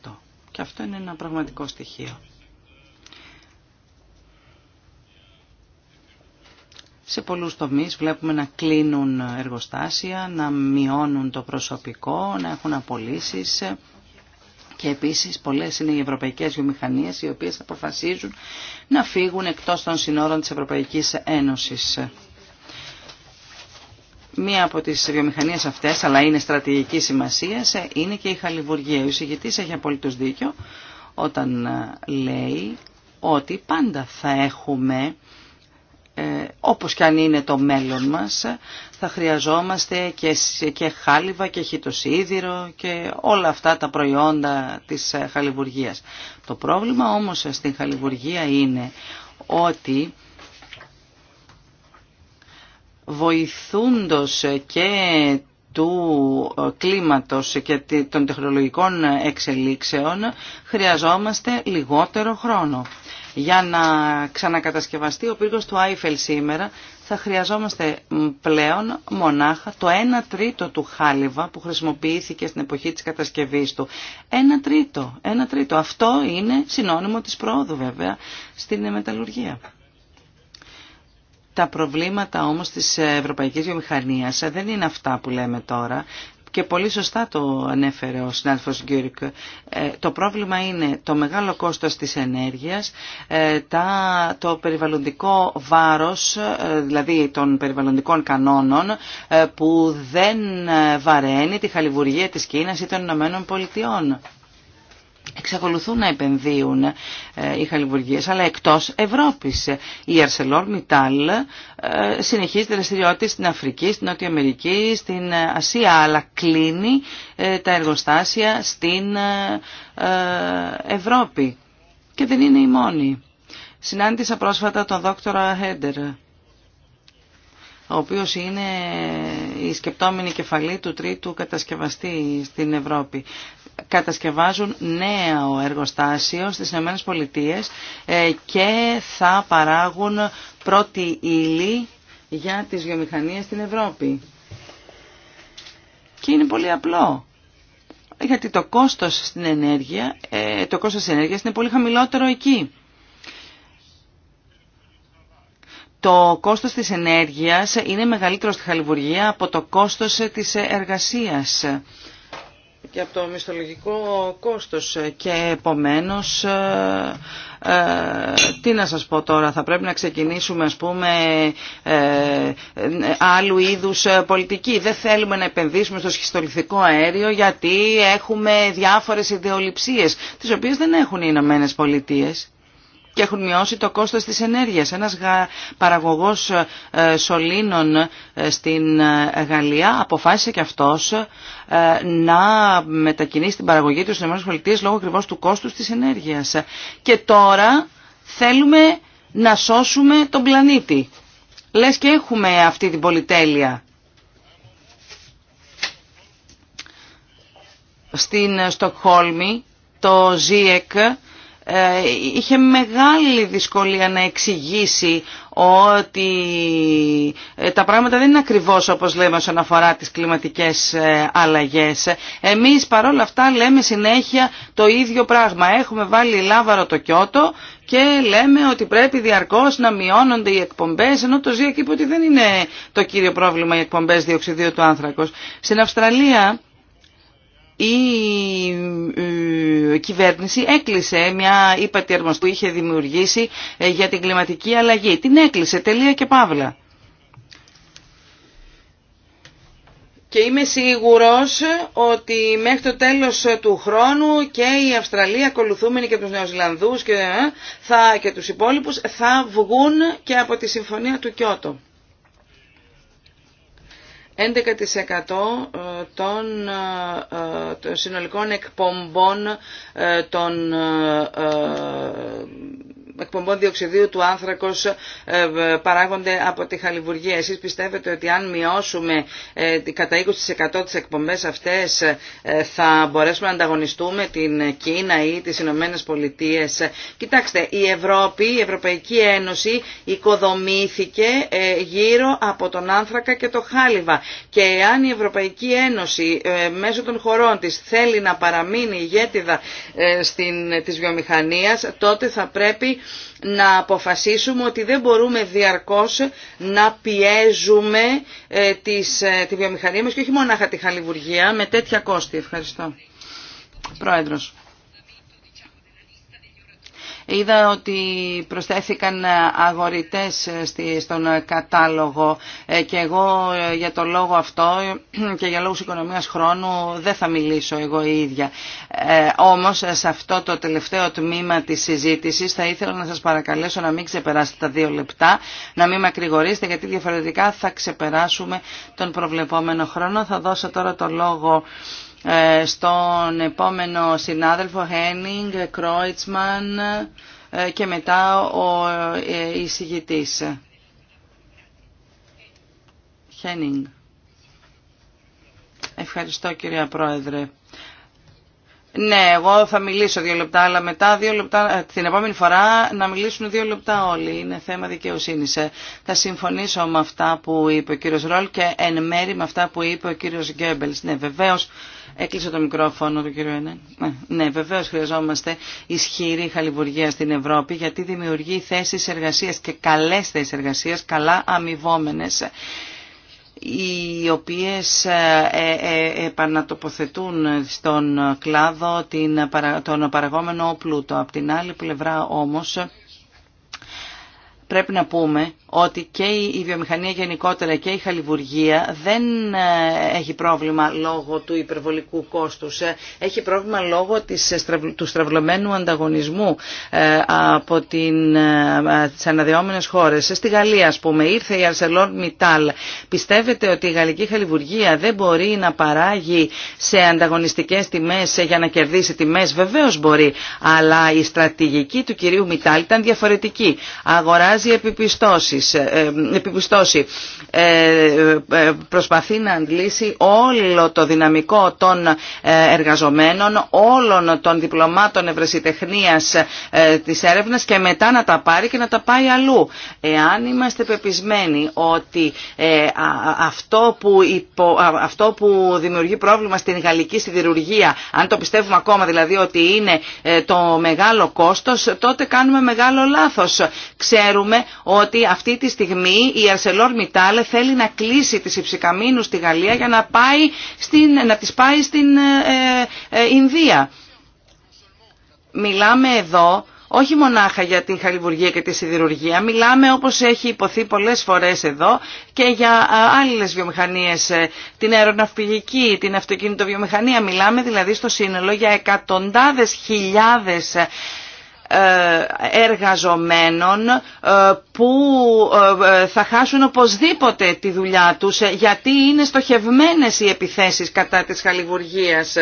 S1: Και αυτό είναι ένα πραγματικό στοιχείο. Σε πολλούς τομείς βλέπουμε να κλείνουν εργοστάσια, να μειώνουν το προσωπικό, να έχουν απολύσεις και επίσης πολλές είναι οι ευρωπαϊκές βιομηχανίες οι οποίες αποφασίζουν να φύγουν εκτός των συνόρων της Ευρωπαϊκής Ένωσης. Μία από τις βιομηχανίες αυτές, αλλά είναι στρατηγική σημασία, είναι και η χαλιβουργία. Ο εισηγητής έχει απολύτως δίκιο όταν ε, λέει ότι πάντα θα έχουμε ε, όπως και αν είναι το μέλλον μας, θα χρειαζόμαστε και, και χάλιβα και χιτοσίδηρο και όλα αυτά τα προϊόντα της ε, χαλιβουργίας. Το πρόβλημα όμως στην χαλιβουργία είναι ότι βοηθούντος και του κλίματος και των τεχνολογικών εξελίξεων χρειαζόμαστε λιγότερο χρόνο. Για να ξανακατασκευαστεί ο πύργος του Άιφελ σήμερα θα χρειαζόμαστε πλέον μονάχα το 1 τρίτο του χάλιβα που χρησιμοποιήθηκε στην εποχή της κατασκευής του. 1 τρίτο, 1 τρίτο. Αυτό είναι συνώνυμο της πρόοδου βέβαια στην μεταλλουργία. Τα προβλήματα όμως της ευρωπαϊκής βιομηχανίας δεν είναι αυτά που λέμε τώρα και πολύ σωστά το ανέφερε ο συνάδελφος Γκύρικ. Ε, το πρόβλημα είναι το μεγάλο κόστος της ενέργειας, ε, τα, το περιβαλλοντικό βάρος, ε, δηλαδή των περιβαλλοντικών κανόνων, που δεν βαραίνει τη χαλιβουργία της Κίνας ή των Ηνωμένων Πολιτειών εξακολουθούν να επενδύουν ε, οι χαλιβουργίες, αλλά εκτός Ευρώπης. Η Arcelor Mittal ε, συνεχίζει τη στην Αφρική, στην Νότια Αμερική, στην Ασία, αλλά κλείνει ε, τα εργοστάσια στην Ευρώπη. Και δεν είναι η μόνη. Συνάντησα πρόσφατα τον δόκτωρα Χέντερ, ο οποίος είναι η σκεπτόμενη κεφαλή του τρίτου κατασκευαστή στην Ευρώπη κατασκευάζουν νέο εργοστάσιο στις Ηνωμένες Πολιτείες ε, και θα παράγουν πρώτη ύλη για τις βιομηχανίες στην Ευρώπη. Και είναι πολύ απλό. Γιατί το κόστος στην ενέργεια, ε, το κόστος της ενέργειας είναι πολύ χαμηλότερο εκεί. Το κόστος της ενέργειας είναι μεγαλύτερο στη χαλιβουργία από το κόστος της εργασίας και από το μισθολογικό κόστος και επομένως ε, ε, τι να σας πω τώρα θα πρέπει να ξεκινήσουμε ας πούμε ε, άλλου είδους πολιτική δεν θέλουμε να επενδύσουμε στο σχιστολιθικό αέριο γιατί έχουμε διάφορες ιδεολειψίες τις οποίες δεν έχουν οι Ηνωμένε Πολιτείες και έχουν μειώσει το κόστος της ενέργειας. Ένας παραγωγός ε, ε, σωλήνων ε, στην Γαλλία αποφάσισε και αυτός να μετακινήσει την παραγωγή του στις ΗΠΑ λόγω ακριβώς του κόστους της ενέργειας. Και τώρα θέλουμε να σώσουμε τον πλανήτη. Λες και έχουμε αυτή την πολυτέλεια. Στην Στοκχόλμη το ΖΙΕΚ ε, είχε μεγάλη δυσκολία να εξηγήσει ότι ε, τα πράγματα δεν είναι ακριβώς όπως λέμε όσον αφορά τις κλιματικές ε, αλλαγές. Εμείς παρόλα αυτά λέμε συνέχεια το ίδιο πράγμα. Έχουμε βάλει λάβαρο το Κιώτο και λέμε ότι πρέπει διαρκώς να μειώνονται οι εκπομπές, ενώ το ΖΙΑΚ είπε ότι δεν είναι το κύριο πρόβλημα οι εκπομπές διοξιδίου του άνθρακος. Στην Αυστραλία η ε, κυβέρνηση έκλεισε μια ύπατη που είχε δημιουργήσει ε, για την κλιματική αλλαγή. Την έκλεισε, τελεία και παύλα. Και είμαι σίγουρος ότι μέχρι το τέλος του χρόνου και η Αυστραλία ακολουθούμενη και τους Νεοζηλανδούς και, ε, θα, και τους υπόλοιπους θα βγουν και από τη Συμφωνία του Κιώτο. 11% ε, ε, ε, των συνολικών εκπομπών των εκπομπών διοξιδίου του άνθρακος ε, παράγονται από τη χαλιβουργία. Εσείς πιστεύετε ότι αν μειώσουμε ε, κατά 20% τις εκπομπές αυτές ε, θα μπορέσουμε να ανταγωνιστούμε την Κίνα ή τις Ηνωμένε Πολιτείε. Κοιτάξτε, η Ευρώπη, η Ευρωπαϊκή Ένωση οικοδομήθηκε γύρω από τον άνθρακα και το χάλιβα. Και εάν η Ευρωπαϊκή Ένωση μέσω των χωρών της θέλει να παραμείνει ηγέτιδα στην, της βιομηχανίας, τότε θα πρέπει να αποφασίσουμε ότι δεν μπορούμε διαρκώς να πιέζουμε ε, τις, ε, τη βιομηχανία μας και όχι μονάχα τη χαλιβουργία με τέτοια κόστη. Ευχαριστώ. Πρόεδρος. Είδα ότι προσθέθηκαν αγορητές στον κατάλογο ε, και εγώ ε, για το λόγο αυτό και για λόγους οικονομίας χρόνου δεν θα μιλήσω εγώ η ίδια. Ε, όμως σε αυτό το τελευταίο τμήμα της συζήτησης θα ήθελα να σας παρακαλέσω να μην ξεπεράσετε τα δύο λεπτά, να μην μακρηγορήσετε γιατί διαφορετικά θα ξεπεράσουμε τον προβλεπόμενο χρόνο. Θα δώσω τώρα το λόγο ε, στον επόμενο συνάδελφο Χένινγκ, Κρόιτσμαν ε, και μετά ο ε, εισηγητής. Χένινγκ. Ευχαριστώ κυρία Πρόεδρε. Ναι, εγώ θα μιλήσω δύο λεπτά, αλλά μετά δύο λεπτά, την επόμενη φορά να μιλήσουν δύο λεπτά όλοι. Είναι θέμα δικαιοσύνη. Θα συμφωνήσω με αυτά που είπε ο κύριος Ρόλ και εν μέρη με αυτά που είπε ο κύριος Γκέμπελς. Ναι, βεβαίως Έκλεισε το μικρόφωνο του κύριου Ενέν. Ε, ναι, βεβαίως χρειαζόμαστε ισχυρή χαλιβουργία στην Ευρώπη γιατί δημιουργεί θέσεις εργασίας και καλές θέσεις εργασίας, καλά αμοιβόμενε οι οποίες ε, ε, επανατοποθετούν στον κλάδο τον παραγόμενο πλούτο. Απ' την άλλη πλευρά όμως πρέπει να πούμε ότι και η βιομηχανία γενικότερα και η χαλιβουργία δεν ε, έχει πρόβλημα λόγω του υπερβολικού κόστους. Ε, έχει πρόβλημα λόγω της, ε, του στραβλωμένου ανταγωνισμού από την, τις αναδεόμενες χώρες. Στη Γαλλία, ας πούμε, ήρθε η Αρσελόν Μιτάλ. Πιστεύετε ότι η γαλλική χαλιβουργία δεν μπορεί να παράγει σε ανταγωνιστικές τιμές για να κερδίσει τιμές. Βεβαίως μπορεί, αλλά η στρατηγική του κυρίου Μιτάλ ήταν διαφορετική. Αγοράζει επιπιστώσει η ε, ε, επιπιστώσει. Ε, προσπαθεί να αντλήσει όλο το δυναμικό των εργαζομένων, όλων των διπλωμάτων ευρεσιτεχνίας της έρευνας και μετά να τα πάρει και να τα πάει αλλού. Εάν είμαστε πεπισμένοι ότι αυτό που, αυτό που δημιουργεί πρόβλημα στην γαλλική σιδηρουργία, αν το πιστεύουμε ακόμα δηλαδή ότι είναι το μεγάλο κόστος, τότε κάνουμε μεγάλο λάθος. Ξέρουμε ότι αυτή αυτή τη στιγμή η Μιτάλε θέλει να κλείσει τις υψηκαμίνους στη Γαλλία για να, πάει στην, να τις πάει στην ε, ε, Ινδία. Μιλάμε εδώ όχι μονάχα για την χαλιβουργία και τη σιδηρουργία, μιλάμε όπως έχει υποθεί πολλές φορές εδώ και για ε, άλλες βιομηχανίες, την αεροναυπηγική, την αυτοκίνητο βιομηχανία. Μιλάμε δηλαδή στο σύνολο για εκατοντάδες χιλιάδες εργαζομένων ε, που ε, ε, θα χάσουν οπωσδήποτε τη δουλειά τους γιατί είναι στοχευμένες οι επιθέσεις κατά της χαλιβουργίας.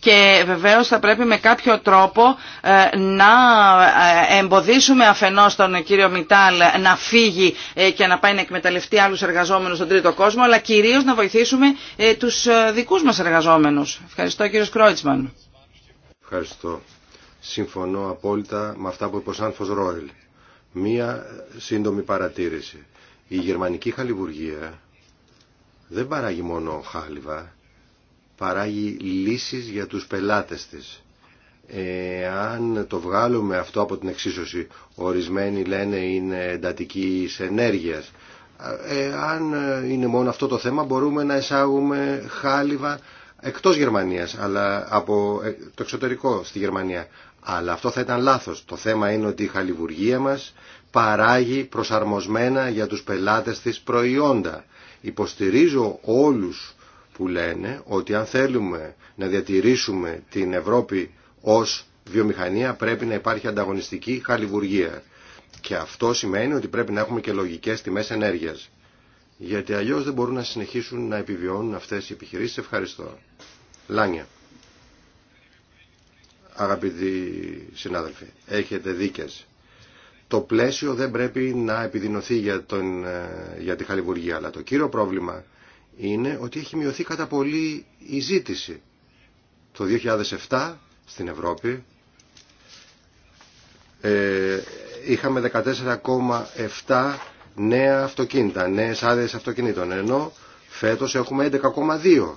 S1: Και βεβαίως θα πρέπει με κάποιο τρόπο να εμποδίσουμε αφενός τον κύριο Μιτάλ να φύγει και να πάει να εκμεταλλευτεί άλλους εργαζόμενους στον τρίτο κόσμο, αλλά κυρίως να βοηθήσουμε τους δικούς μας εργαζόμενους. Ευχαριστώ κύριο Κρόιτσμαν.
S2: Ευχαριστώ. Συμφωνώ απόλυτα με αυτά που είπε ο Σάνφος Ρόιλ. Μία σύντομη παρατήρηση. Η γερμανική χαλιβουργία δεν παράγει μόνο χάλιβα, παράγει λύσεις για τους πελάτες της. Αν το βγάλουμε αυτό από την εξίσωση, ορισμένοι λένε είναι εντατική ενέργειας, ε, αν είναι μόνο αυτό το θέμα μπορούμε να εισάγουμε χάλιβα εκτός Γερμανίας, αλλά από ε, το εξωτερικό στη Γερμανία. Αλλά αυτό θα ήταν λάθος. Το θέμα είναι ότι η χαλιβουργία μας παράγει προσαρμοσμένα για τους πελάτες της προϊόντα. Υποστηρίζω όλους που λένε ότι αν θέλουμε να διατηρήσουμε την Ευρώπη ως βιομηχανία πρέπει να υπάρχει ανταγωνιστική χαλιβουργία. Και αυτό σημαίνει ότι πρέπει να έχουμε και λογικές τιμές ενέργειας γιατί αλλιώς δεν μπορούν να συνεχίσουν να επιβιώνουν αυτές οι επιχειρήσεις. Ευχαριστώ. Λάνια. Αγαπητοί συνάδελφοι, έχετε δίκες. Το πλαίσιο δεν πρέπει να επιδεινωθεί για, τον, ε, για τη χαλιβουργία, αλλά το κύριο πρόβλημα είναι ότι έχει μειωθεί κατά πολύ η ζήτηση. Το 2007 στην Ευρώπη ε, είχαμε 14,7 νέα αυτοκίνητα, νέε άδειε αυτοκινήτων, ενώ φέτο έχουμε 11,2.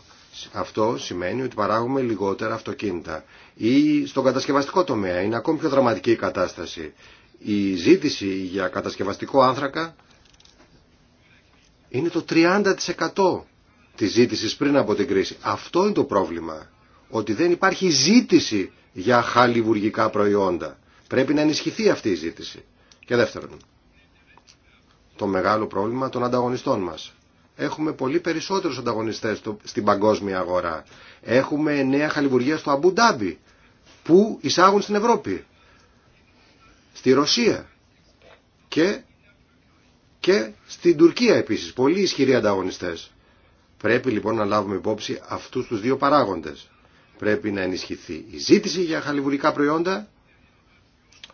S2: Αυτό σημαίνει ότι παράγουμε λιγότερα αυτοκίνητα. Ή στον κατασκευαστικό τομέα είναι ακόμη πιο δραματική η κατάσταση. Η ζήτηση για κατασκευαστικό άνθρακα είναι το 30% της ζήτησης πριν από την κρίση. Αυτό είναι το πρόβλημα. Ότι δεν υπάρχει ζήτηση για χαλιβουργικά προϊόντα. Πρέπει να ενισχυθεί αυτή η ζήτηση. Και δεύτερον, το μεγάλο πρόβλημα των ανταγωνιστών μας. Έχουμε πολύ περισσότερους ανταγωνιστές στην παγκόσμια αγορά. Έχουμε νέα χαλιβουργία στο Αμπουντάμπι που εισάγουν στην Ευρώπη, στη Ρωσία και, και στην Τουρκία επίσης. Πολύ ισχυροί ανταγωνιστές. Πρέπει λοιπόν να λάβουμε υπόψη αυτούς τους δύο παράγοντες. Πρέπει να ενισχυθεί η ζήτηση για χαλιβουργικά προϊόντα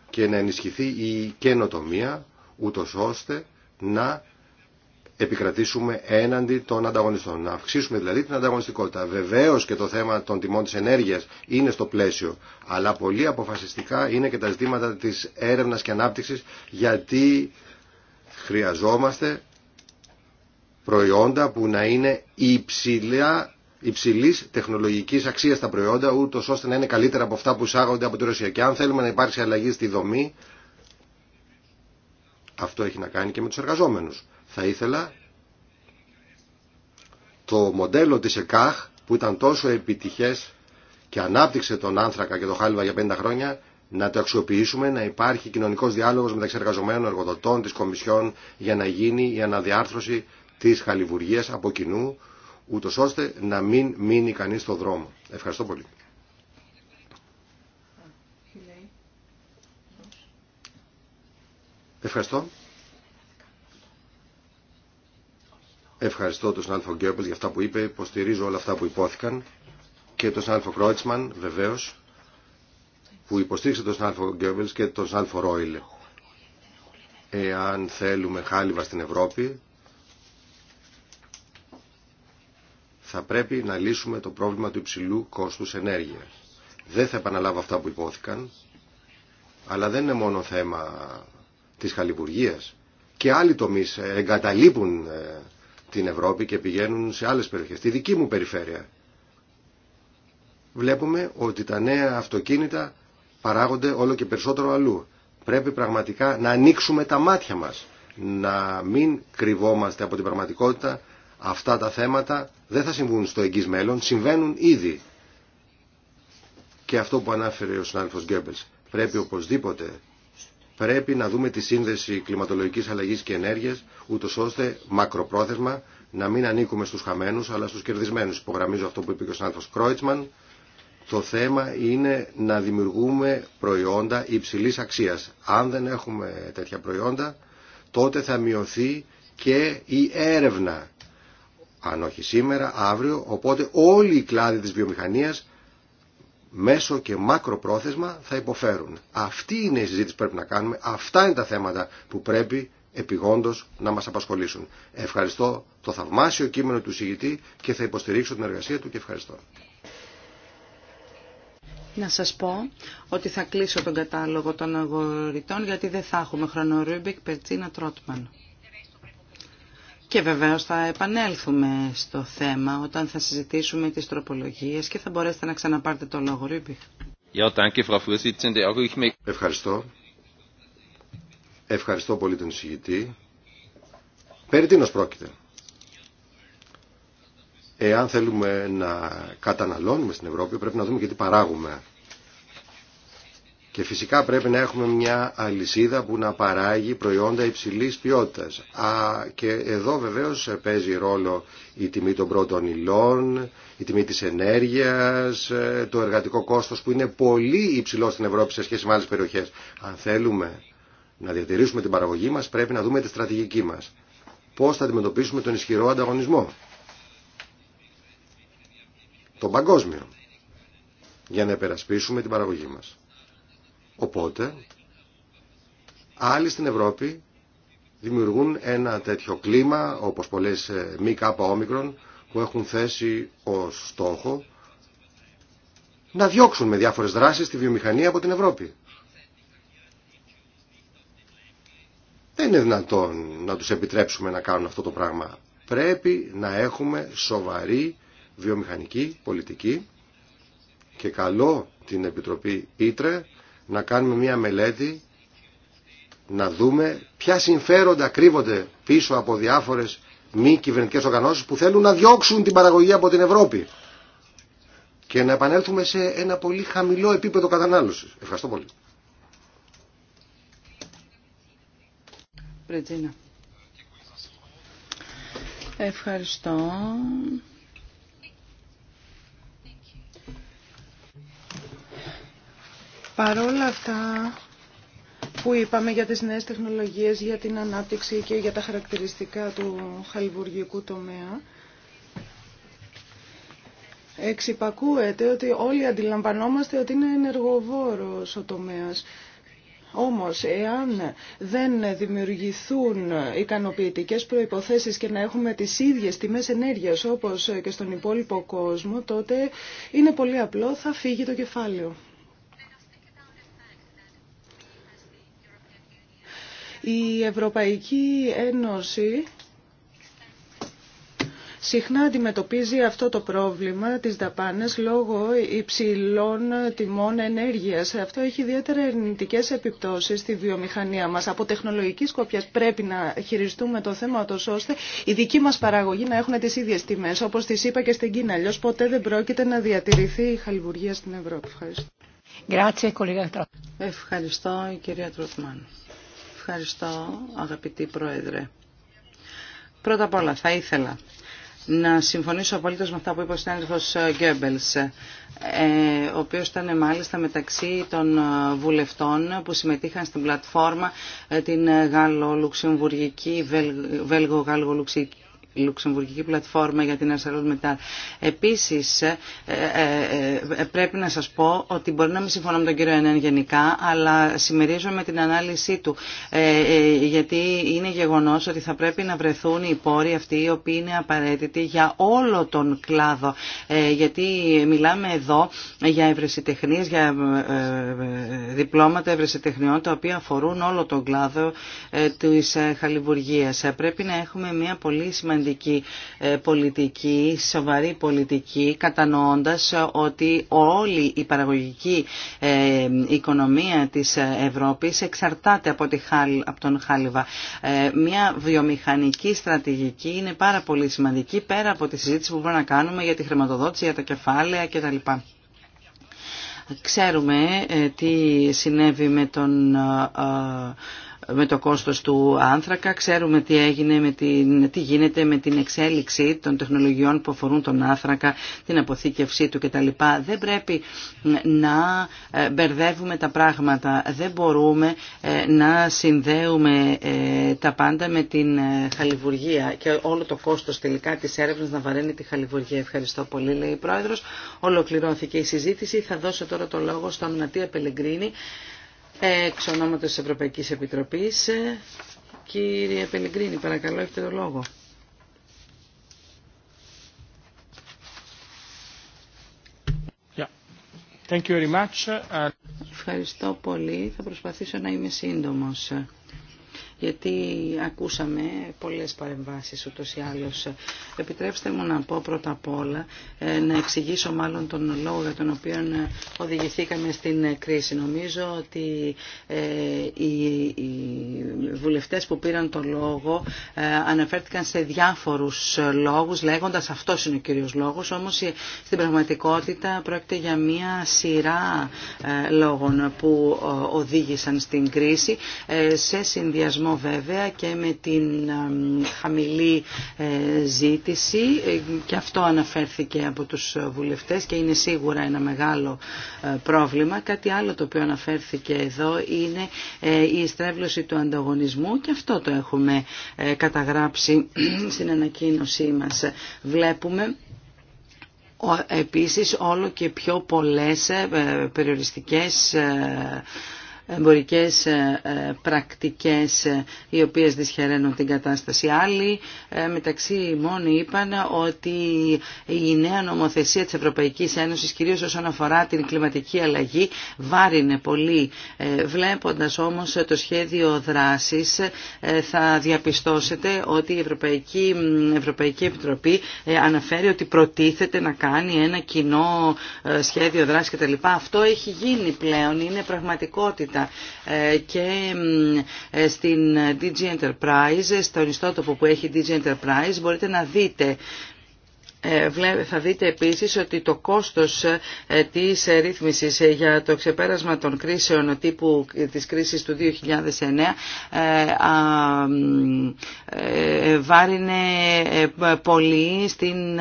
S2: και να ενισχυθεί η καινοτομία ούτω ώστε να επικρατήσουμε έναντι των ανταγωνιστών. Να αυξήσουμε δηλαδή την ανταγωνιστικότητα. Βεβαίω και το θέμα των τιμών τη ενέργεια είναι στο πλαίσιο. Αλλά πολύ αποφασιστικά είναι και τα ζητήματα τη έρευνα και ανάπτυξη γιατί χρειαζόμαστε προϊόντα που να είναι υψηλά υψηλή τεχνολογική αξία τα προϊόντα, ούτω ώστε να είναι καλύτερα από αυτά που εισάγονται από τη Ρωσία. Και αν θέλουμε να υπάρξει αλλαγή στη δομή, αυτό έχει να κάνει και με τους εργαζόμενους. Θα ήθελα το μοντέλο της ΕΚΑΧ που ήταν τόσο επιτυχές και ανάπτυξε τον άνθρακα και το χάλιβα για 50 χρόνια να το αξιοποιήσουμε, να υπάρχει κοινωνικός διάλογος μεταξύ εργαζομένων, εργοδοτών, της Κομισιόν για να γίνει η αναδιάρθρωση της χαλιβουργίας από κοινού ούτως ώστε να μην μείνει κανείς στο δρόμο. Ευχαριστώ πολύ. Ευχαριστώ. Ευχαριστώ τον Σνάλφο Γκέμπελ για αυτά που είπε. Υποστηρίζω όλα αυτά που υπόθηκαν. Και τον Σνάλφο Κρόιτσμαν βεβαίω που υποστήριξε τον Σνάλφο Γκέμπελ και τον Σνάλφο Ρόιλε. Εάν θέλουμε χάλιβα στην Ευρώπη θα πρέπει να λύσουμε το πρόβλημα του υψηλού κόστους ενέργειας. Δεν θα επαναλάβω αυτά που υπόθηκαν αλλά δεν είναι μόνο θέμα της χαλιβουργίας και άλλοι τομείς ε, εγκαταλείπουν ε, την Ευρώπη και πηγαίνουν σε άλλες περιοχές. Στη δική μου περιφέρεια βλέπουμε ότι τα νέα αυτοκίνητα παράγονται όλο και περισσότερο αλλού. Πρέπει πραγματικά να ανοίξουμε τα μάτια μας, να μην κρυβόμαστε από την πραγματικότητα. Αυτά τα θέματα δεν θα συμβούν στο εγγύς μέλλον, συμβαίνουν ήδη. Και αυτό που ανάφερε ο συνάδελφος Γκέμπελς. Πρέπει οπωσδήποτε πρέπει να δούμε τη σύνδεση κλιματολογικής αλλαγής και ενέργειας, ούτως ώστε μακροπρόθεσμα να μην ανήκουμε στους χαμένους αλλά στους κερδισμένους. Υπογραμμίζω αυτό που είπε και ο συνάδελφος Κρόιτσμαν. Το θέμα είναι να δημιουργούμε προϊόντα υψηλής αξίας. Αν δεν έχουμε τέτοια προϊόντα, τότε θα μειωθεί και η έρευνα. Αν όχι σήμερα, αύριο, οπότε όλοι οι κλάδοι της βιομηχανίας μέσο και μακροπρόθεσμα θα υποφέρουν. Αυτή είναι η συζήτηση που πρέπει να κάνουμε. Αυτά είναι τα θέματα που πρέπει επιγόντως να μας απασχολήσουν. Ευχαριστώ το θαυμάσιο κείμενο του συγητή και θα υποστηρίξω την εργασία του και ευχαριστώ.
S1: Να σας πω ότι θα κλείσω τον κατάλογο των αγοριτών γιατί δεν θα έχουμε χρόνο. Ρούμπικ, Περτσίνα, Τρότμαν. Και βεβαίως θα επανέλθουμε στο θέμα όταν θα συζητήσουμε τις τροπολογίες και θα μπορέσετε να ξαναπάρτε το λόγο, Ρίπη.
S2: Ευχαριστώ. Ευχαριστώ πολύ τον εισηγητή. Περί τίνος πρόκειται. Εάν θέλουμε να καταναλώνουμε στην Ευρώπη πρέπει να δούμε και τι παράγουμε. Και φυσικά πρέπει να έχουμε μια αλυσίδα που να παράγει προϊόντα υψηλής ποιότητας. Α, και εδώ βεβαίως παίζει ρόλο η τιμή των πρώτων υλών, η τιμή της ενέργειας, ε, το εργατικό κόστος που είναι πολύ υψηλό στην Ευρώπη σε σχέση με άλλες περιοχές. Αν θέλουμε να διατηρήσουμε την παραγωγή μας πρέπει να δούμε τη στρατηγική μας. Πώς θα αντιμετωπίσουμε τον ισχυρό ανταγωνισμό. Τον παγκόσμιο. Για να επερασπίσουμε την παραγωγή μας. Οπότε, άλλοι στην Ευρώπη δημιουργούν ένα τέτοιο κλίμα, όπως πολλές ε, μη κάπα όμικρον, που έχουν θέσει ως στόχο να διώξουν με διάφορες δράσεις τη βιομηχανία από την Ευρώπη. Δεν είναι δυνατόν να τους επιτρέψουμε να κάνουν αυτό το πράγμα. Πρέπει να έχουμε σοβαρή βιομηχανική πολιτική και καλό την Επιτροπή Ήτρε να κάνουμε μια μελέτη, να δούμε ποια συμφέροντα κρύβονται πίσω από διάφορες μη κυβερνητικές οργανώσεις που θέλουν να διώξουν την παραγωγή από την Ευρώπη και να επανέλθουμε σε ένα πολύ χαμηλό επίπεδο κατανάλωσης. Ευχαριστώ πολύ.
S1: Ευχαριστώ.
S3: Παρόλα αυτά που είπαμε για τις νέες τεχνολογίες, για την ανάπτυξη και για τα χαρακτηριστικά του χαλιβουργικού τομέα, εξυπακούεται ότι όλοι αντιλαμβανόμαστε ότι είναι ενεργοβόρος ο τομέας. Όμως, εάν δεν δημιουργηθούν ικανοποιητικές προϋποθέσεις και να έχουμε τις ίδιες τιμές ενέργειας όπως και στον υπόλοιπο κόσμο, τότε είναι πολύ απλό, θα φύγει το κεφάλαιο. Η Ευρωπαϊκή Ένωση συχνά αντιμετωπίζει αυτό το πρόβλημα της δαπάνες λόγω υψηλών τιμών ενέργειας. Αυτό έχει ιδιαίτερα ερνητικέ επιπτώσεις στη βιομηχανία μας. Από τεχνολογική σκοπιά πρέπει να χειριστούμε το θέμα τόσο ώστε οι δικοί μας παραγωγοί να έχουν τις ίδιες τιμές. Όπως τις είπα και στην Κίνα, Αλλιώς ποτέ δεν πρόκειται να διατηρηθεί η χαλιβουργία στην Ευρώπη. Ευχαριστώ.
S1: Ευχαριστώ, κυρία Τρουθμάν. Ευχαριστώ, αγαπητή Πρόεδρε. Πρώτα απ' όλα, θα ήθελα να συμφωνήσω απολύτω με αυτά που είπε ο συνάδελφος Γκέμπελς, ε, ο οποίο ήταν μάλιστα μεταξύ των βουλευτών που συμμετείχαν στην πλατφόρμα ε, την γαλλο-λουξεμβουργική, βέλγο-γαλλο-λουξική Λουξεμβουργική Πλατφόρμα για την Ασαρόλ Μετά. Επίσης ε, ε, ε, πρέπει να σας πω ότι μπορεί να μην συμφωνώ με τον κύριο Ενέν γενικά, αλλά με την ανάλυση του, γιατί είναι γεγονός ότι θα πρέπει να βρεθούν οι πόροι αυτοί οι οποίοι είναι απαραίτητοι για όλο τον κλάδο, γιατί μιλάμε εδώ για ευρεσιτεχνίες, για διπλώματα ευρεσιτεχνιών, τα οποία αφορούν όλο τον κλάδο της χαλιβουργίας. Πρέπει να έχουμε μια πολύ σημαντική ε, πολιτική, σοβαρή πολιτική, κατανοώντας ε, ότι όλη η παραγωγική ε, οικονομία της Ευρώπης εξαρτάται από, τη, από τον Χάλιβα. Μια βιομηχανική στρατηγική είναι πάρα πολύ σημαντική, πέρα από τη συζήτηση που μπορούμε να κάνουμε για τη χρηματοδότηση, για τα κεφάλαια κτλ. Ξέρουμε τι συνέβη με τον με το κόστος του άνθρακα. Ξέρουμε τι, έγινε με την, τι γίνεται με την εξέλιξη των τεχνολογιών που αφορούν τον άνθρακα, την αποθήκευσή του κτλ. Δεν πρέπει ε, να ε, μπερδεύουμε τα πράγματα. Δεν μπορούμε ε, να συνδέουμε τα πάντα με την χαλιβουργία και όλο το κόστος τελικά της έρευνας να βαραίνει τη χαλιβουργία. Ευχαριστώ πολύ, λέει η Πρόεδρος. Ολοκληρώθηκε η συζήτηση. Θα δώσω τώρα το λόγο στον Ματία Πελεγκρίνη Εξ ονόματος της Ευρωπαϊκής Επιτροπής, ε, κύριε Πελιγκρίνη, παρακαλώ, έχετε το
S2: λόγο. Thank you very much.
S1: Ευχαριστώ πολύ. Θα προσπαθήσω να είμαι σύντομος γιατί ακούσαμε πολλές παρεμβάσεις ούτως ή άλλως. Επιτρέψτε μου να πω πρώτα απ' όλα, ε, να εξηγήσω μάλλον τον λόγο για τον οποίο ε, οδηγηθήκαμε στην ε, κρίση. Νομίζω ότι οι βουλευτές που πήραν το λόγο αναφέρθηκαν σε διάφορους λόγους, λέγοντας αυτός είναι ο κύριος λόγος, όμως στην πραγματικότητα πρόκειται για μία σειρά λόγων που οδήγησαν στην κρίση σε συνδυασμό βέβαια και με την χαμηλή ε, ζήτηση ε, και αυτό αναφέρθηκε από τους βουλευτές και είναι σίγουρα ένα μεγάλο ε, πρόβλημα. Κάτι άλλο το οποίο αναφέρθηκε εδώ είναι η στρέβλωση του ανταγωνισμού και αυτό το έχουμε καταγράψει στην ανακοίνωσή μας. Βλέπουμε επίσης όλο και πιο πολλές περιοριστικές εμπορικές ε, ε, πρακτικές ε, οι οποίες δυσχεραίνουν την κατάσταση. Άλλοι μεταξύ μόνοι είπαν ότι η νέα νομοθεσία της Ευρωπαϊκής Ένωσης κυρίως όσον αφορά την κλιματική αλλαγή βάρινε πολύ. Βλέποντας όμως το σχέδιο δράσης θα διαπιστώσετε ότι η Ευρωπαϊκή, Ευρωπαϊκή Επιτροπή αναφέρει ότι προτίθεται να κάνει ένα κοινό σχέδιο δράσης κτλ. Αυτό έχει γίνει πλέον, είναι πραγματικότητα. Ε, και ε, στην ε, DG Enterprise, στον ιστότοπο που έχει DG Enterprise μπορείτε να δείτε ε, θα δείτε επίσης ότι το κόστος ε, της ε, ρύθμισης για το ξεπέρασμα των κρίσεων τύπου της κρίσης του 2009 βάρινε πολύ στην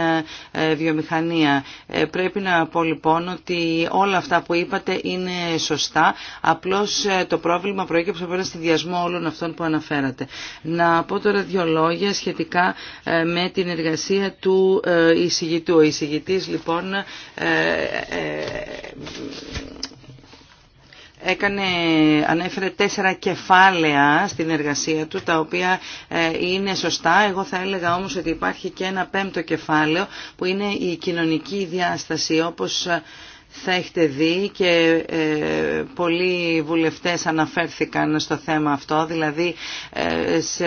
S1: βιομηχανία. Πρέπει να πω λοιπόν ότι όλα αυτά που είπατε είναι σωστά, απλώς το πρόβλημα προέκυψε από ένα συνδυασμό όλων αυτών που αναφέρατε. Να πω τώρα δύο λόγια σχετικά με την εργασία του εισηγητού. Ο εισηγητής λοιπόν ε, ε, έκανε, ανέφερε τέσσερα κεφάλαια στην εργασία του, τα οποία ε, είναι σωστά. Εγώ θα έλεγα όμως ότι υπάρχει και ένα πέμπτο κεφάλαιο, που είναι η κοινωνική διάσταση, όπως θα έχετε δει και ε, πολλοί βουλευτές αναφέρθηκαν στο θέμα αυτό, δηλαδή ε, σε,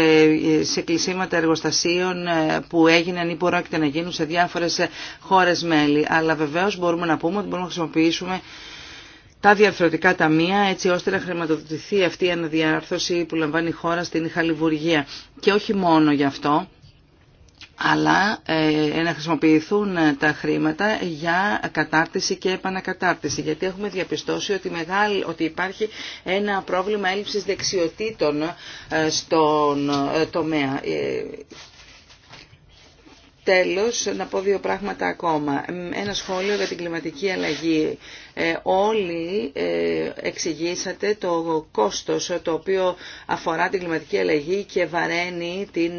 S1: σε κλεισίματα εργοστασίων ε, που έγιναν ή πρόκειται να γίνουν σε διάφορες χώρες μέλη. Αλλά βεβαίως μπορούμε να πούμε ότι μπορούμε να χρησιμοποιήσουμε τα διαρθρωτικά ταμεία έτσι ώστε να χρηματοδοτηθεί αυτή η αναδιάρθρωση που λαμβάνει η χώρα στην Χαλιβουργία. Και όχι μόνο γι' αυτό, αλλά ε, ε, να χρησιμοποιηθούν ε, τα χρήματα για κατάρτιση και επανακατάρτιση. Γιατί έχουμε διαπιστώσει ότι, μεγάλη, ότι υπάρχει ένα πρόβλημα έλλειψης δεξιοτήτων ε, στον τομέα. Τέλος, να πω δύο πράγματα ακόμα. Ένα σχόλιο για την κλιματική αλλαγή. Ε, όλοι ε, εξηγήσατε το κόστος το οποίο αφορά την κλιματική αλλαγή και βαραίνει την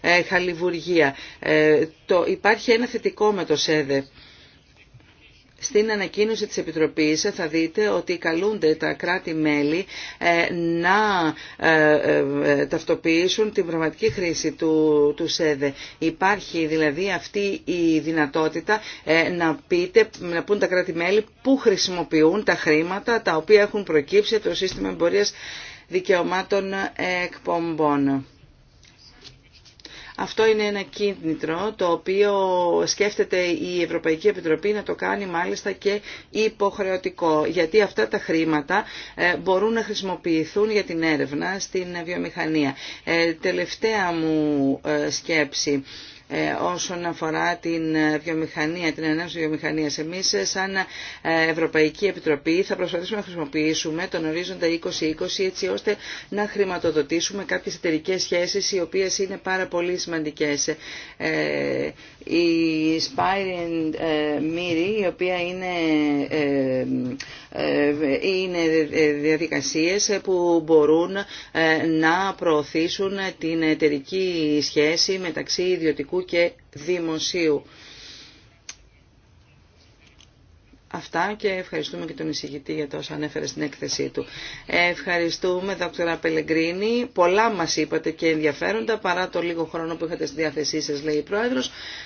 S1: ε, χαλιβουργία. Υπάρχει ένα θετικό με το ΣΕΔΕ στην ανακοίνωση της Επιτροπής θα δείτε ότι καλούνται τα κράτη-μέλη ε, να ε, ε, ταυτοποιήσουν την πραγματική χρήση του, ΣΕΔΕ. Υπάρχει δηλαδή αυτή η δυνατότητα να, πείτε, να πούν τα κράτη-μέλη που χρησιμοποιούν τα χρήματα τα οποία έχουν προκύψει το σύστημα εμπορίας δικαιωμάτων εκπομπών. Αυτό είναι ένα κίνητρο το οποίο σκέφτεται η Ευρωπαϊκή Επιτροπή να το κάνει μάλιστα και υποχρεωτικό, γιατί αυτά τα χρήματα ε, μπορούν να χρησιμοποιηθούν για την έρευνα στην βιομηχανία. Ε, τελευταία μου ε, σκέψη. Ε, όσον αφορά την βιομηχανία, την ενέργεια βιομηχανία. Εμεί, ε, σαν ε, Ευρωπαϊκή Επιτροπή, θα προσπαθήσουμε να χρησιμοποιήσουμε τον ορίζοντα 2020 έτσι ώστε να χρηματοδοτήσουμε κάποιε εταιρικέ σχέσει οι οποίε είναι πάρα πολύ σημαντικέ η Spiring Miri, ε, η οποία είναι, ε, ε, είναι διαδικασίες που μπορούν να προωθήσουν την εταιρική σχέση μεταξύ ιδιωτικού και δημοσίου. Αυτά και ευχαριστούμε και τον εισηγητή για το όσο ανέφερε στην έκθεσή του. Ευχαριστούμε, Δ. Πελεγκρίνη. Πολλά μα είπατε και ενδιαφέροντα, παρά το λίγο χρόνο που είχατε στη διάθεσή σα, λέει η πρόεδρο.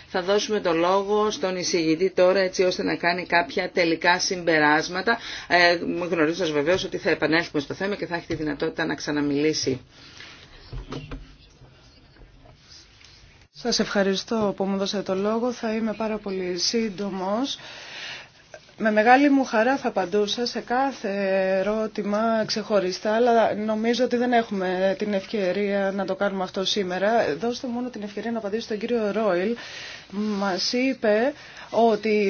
S1: Θα δώσουμε το λόγο στον εισηγητή τώρα, έτσι ώστε να κάνει κάποια τελικά συμπεράσματα, ε, σας βεβαίω ότι θα επανέλθουμε στο θέμα και θα έχει τη δυνατότητα να ξαναμιλήσει.
S3: Σας ευχαριστώ που μου δώσατε το λόγο. Θα είμαι πάρα πολύ σύντομο. Με μεγάλη μου χαρά θα απαντούσα σε κάθε ερώτημα ξεχωριστά, αλλά νομίζω ότι δεν έχουμε την ευκαιρία να το κάνουμε αυτό σήμερα. Δώστε μόνο την ευκαιρία να απαντήσω στον κύριο Ρόιλ. Μας είπε ότι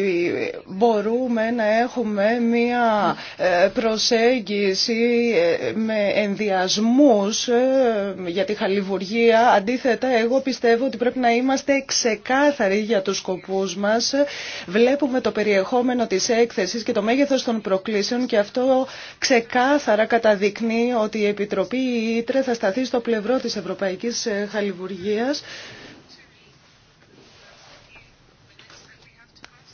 S3: μπορούμε να έχουμε μία ε, προσέγγιση ε, με ενδιασμούς ε, για τη χαλιβουργία. Αντίθετα, εγώ πιστεύω ότι πρέπει να είμαστε ξεκάθαροι για τους σκοπούς μας. Βλέπουμε το περιεχόμενο της έκθεσης και το μέγεθος των προκλήσεων και αυτό ξεκάθαρα καταδεικνύει ότι η Επιτροπή Ήτρε θα σταθεί στο πλευρό της Ευρωπαϊκής Χαλιβουργίας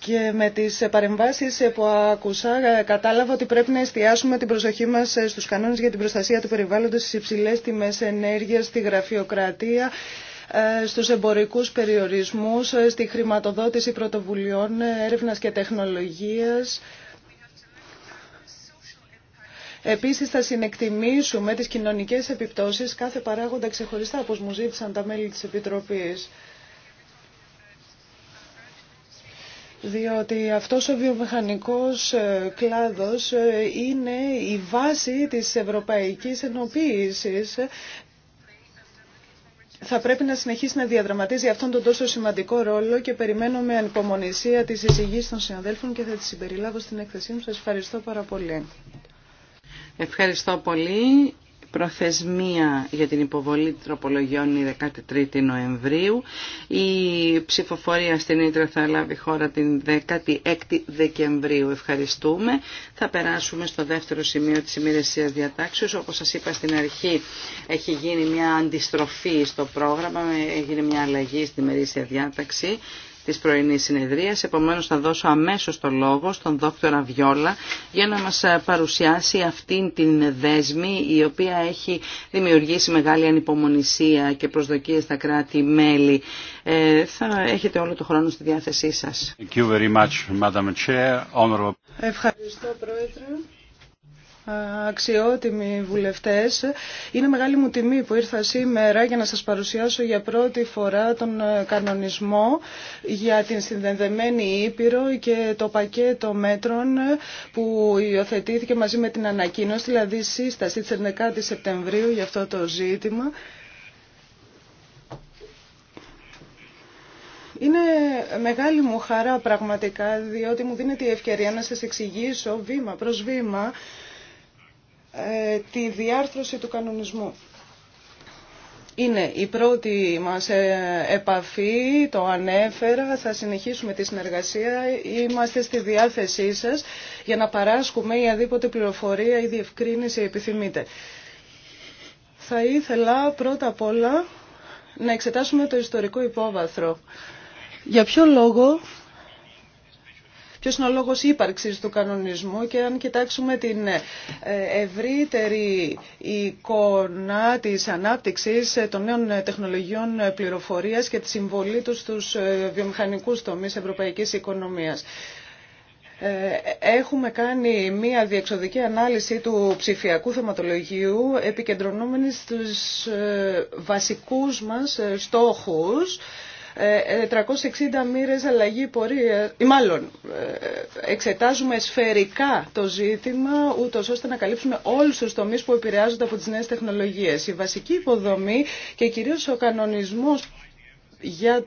S3: και με τις παρεμβάσεις που άκουσα κατάλαβα ότι πρέπει να εστιάσουμε την προσοχή μας στους κανόνες για την προστασία του περιβάλλοντος, στις υψηλές τιμές ενέργειας, στη γραφειοκρατία, στους εμπορικούς περιορισμούς, στη χρηματοδότηση πρωτοβουλειών έρευνας και τεχνολογίας. Επίσης θα συνεκτιμήσουμε τις κοινωνικές επιπτώσεις κάθε παράγοντα ξεχωριστά, όπως μου ζήτησαν τα μέλη της Επιτροπής. διότι αυτός ο βιομηχανικός ε, κλάδος ε, είναι η βάση της ευρωπαϊκής ενοποίησης θα πρέπει να συνεχίσει να διαδραματίζει αυτόν τον τόσο σημαντικό ρόλο και περιμένω με ανυπομονησία τις εισηγήσεις των συναδέλφων και θα τις συμπεριλάβω στην έκθεσή μου. Σας ευχαριστώ πάρα πολύ.
S1: Ευχαριστώ πολύ. Προθεσμία για την υποβολή τροπολογιών η 13η Νοεμβρίου. Η ψηφοφορία στην Ήτρα θα λάβει χώρα την 16η Δεκεμβρίου. Ευχαριστούμε. Θα περάσουμε στο δεύτερο σημείο της ημερησίας διατάξεως. Όπως σας είπα στην αρχή έχει γίνει μια αντιστροφή στο πρόγραμμα, έγινε μια αλλαγή στη ημερησία διάταξη Τη πρωινή συνεδρία, επομένω θα δώσω αμέσως το λόγο στον δόκτωρα Βιόλα για να μας ε, παρουσιάσει αυτήν την δέσμη η οποία έχει δημιουργήσει μεγάλη ανυπομονησία και προσδοκίες στα κράτη-μέλη. Ε, θα έχετε όλο το χρόνο στη διάθεσή σας.
S3: Ευχαριστώ Πρόεδρε αξιότιμοι βουλευτές. Είναι μεγάλη μου τιμή που ήρθα σήμερα για να σας παρουσιάσω για πρώτη φορά τον ε, κανονισμό για την συνδεδεμένη Ήπειρο και το πακέτο μέτρων ε, που υιοθετήθηκε μαζί με την ανακοίνωση, δηλαδή σύσταση της 11 η Σεπτεμβρίου για αυτό το ζήτημα. Είναι μεγάλη μου χαρά πραγματικά, διότι μου δίνεται η ευκαιρία να σας εξηγήσω βήμα προς βήμα ε, τη διάρθρωση του κανονισμού. Είναι η πρώτη μας ε, επαφή, το ανέφερα, θα συνεχίσουμε τη συνεργασία, είμαστε στη διάθεσή σας για να παράσχουμε η αδίποτε πληροφορία ή διευκρίνηση επιθυμείτε. Θα ήθελα πρώτα απ' όλα να εξετάσουμε το ιστορικό υπόβαθρο. Για ποιο λόγο ποιο είναι ο λόγο ύπαρξη του κανονισμού και αν κοιτάξουμε την ε, ευρύτερη εικόνα τη ανάπτυξη ε, των νέων ε, τεχνολογιών πληροφορία και τη συμβολή του στου βιομηχανικού τομεί ευρωπαϊκή οικονομία. Έχουμε κάνει μία διεξοδική ανάλυση του ψηφιακού θεματολογίου επικεντρωνόμενη στους βασικούς μας στόχους 360 μοίρες αλλαγή πορεία, ή μάλλον ε, εξετάζουμε σφαιρικά το ζήτημα, ούτω ώστε να καλύψουμε όλους τους τομείς που επηρεάζονται από τις νέες τεχνολογίες. Η βασική υποδομή και κυρίως ο κανονισμός για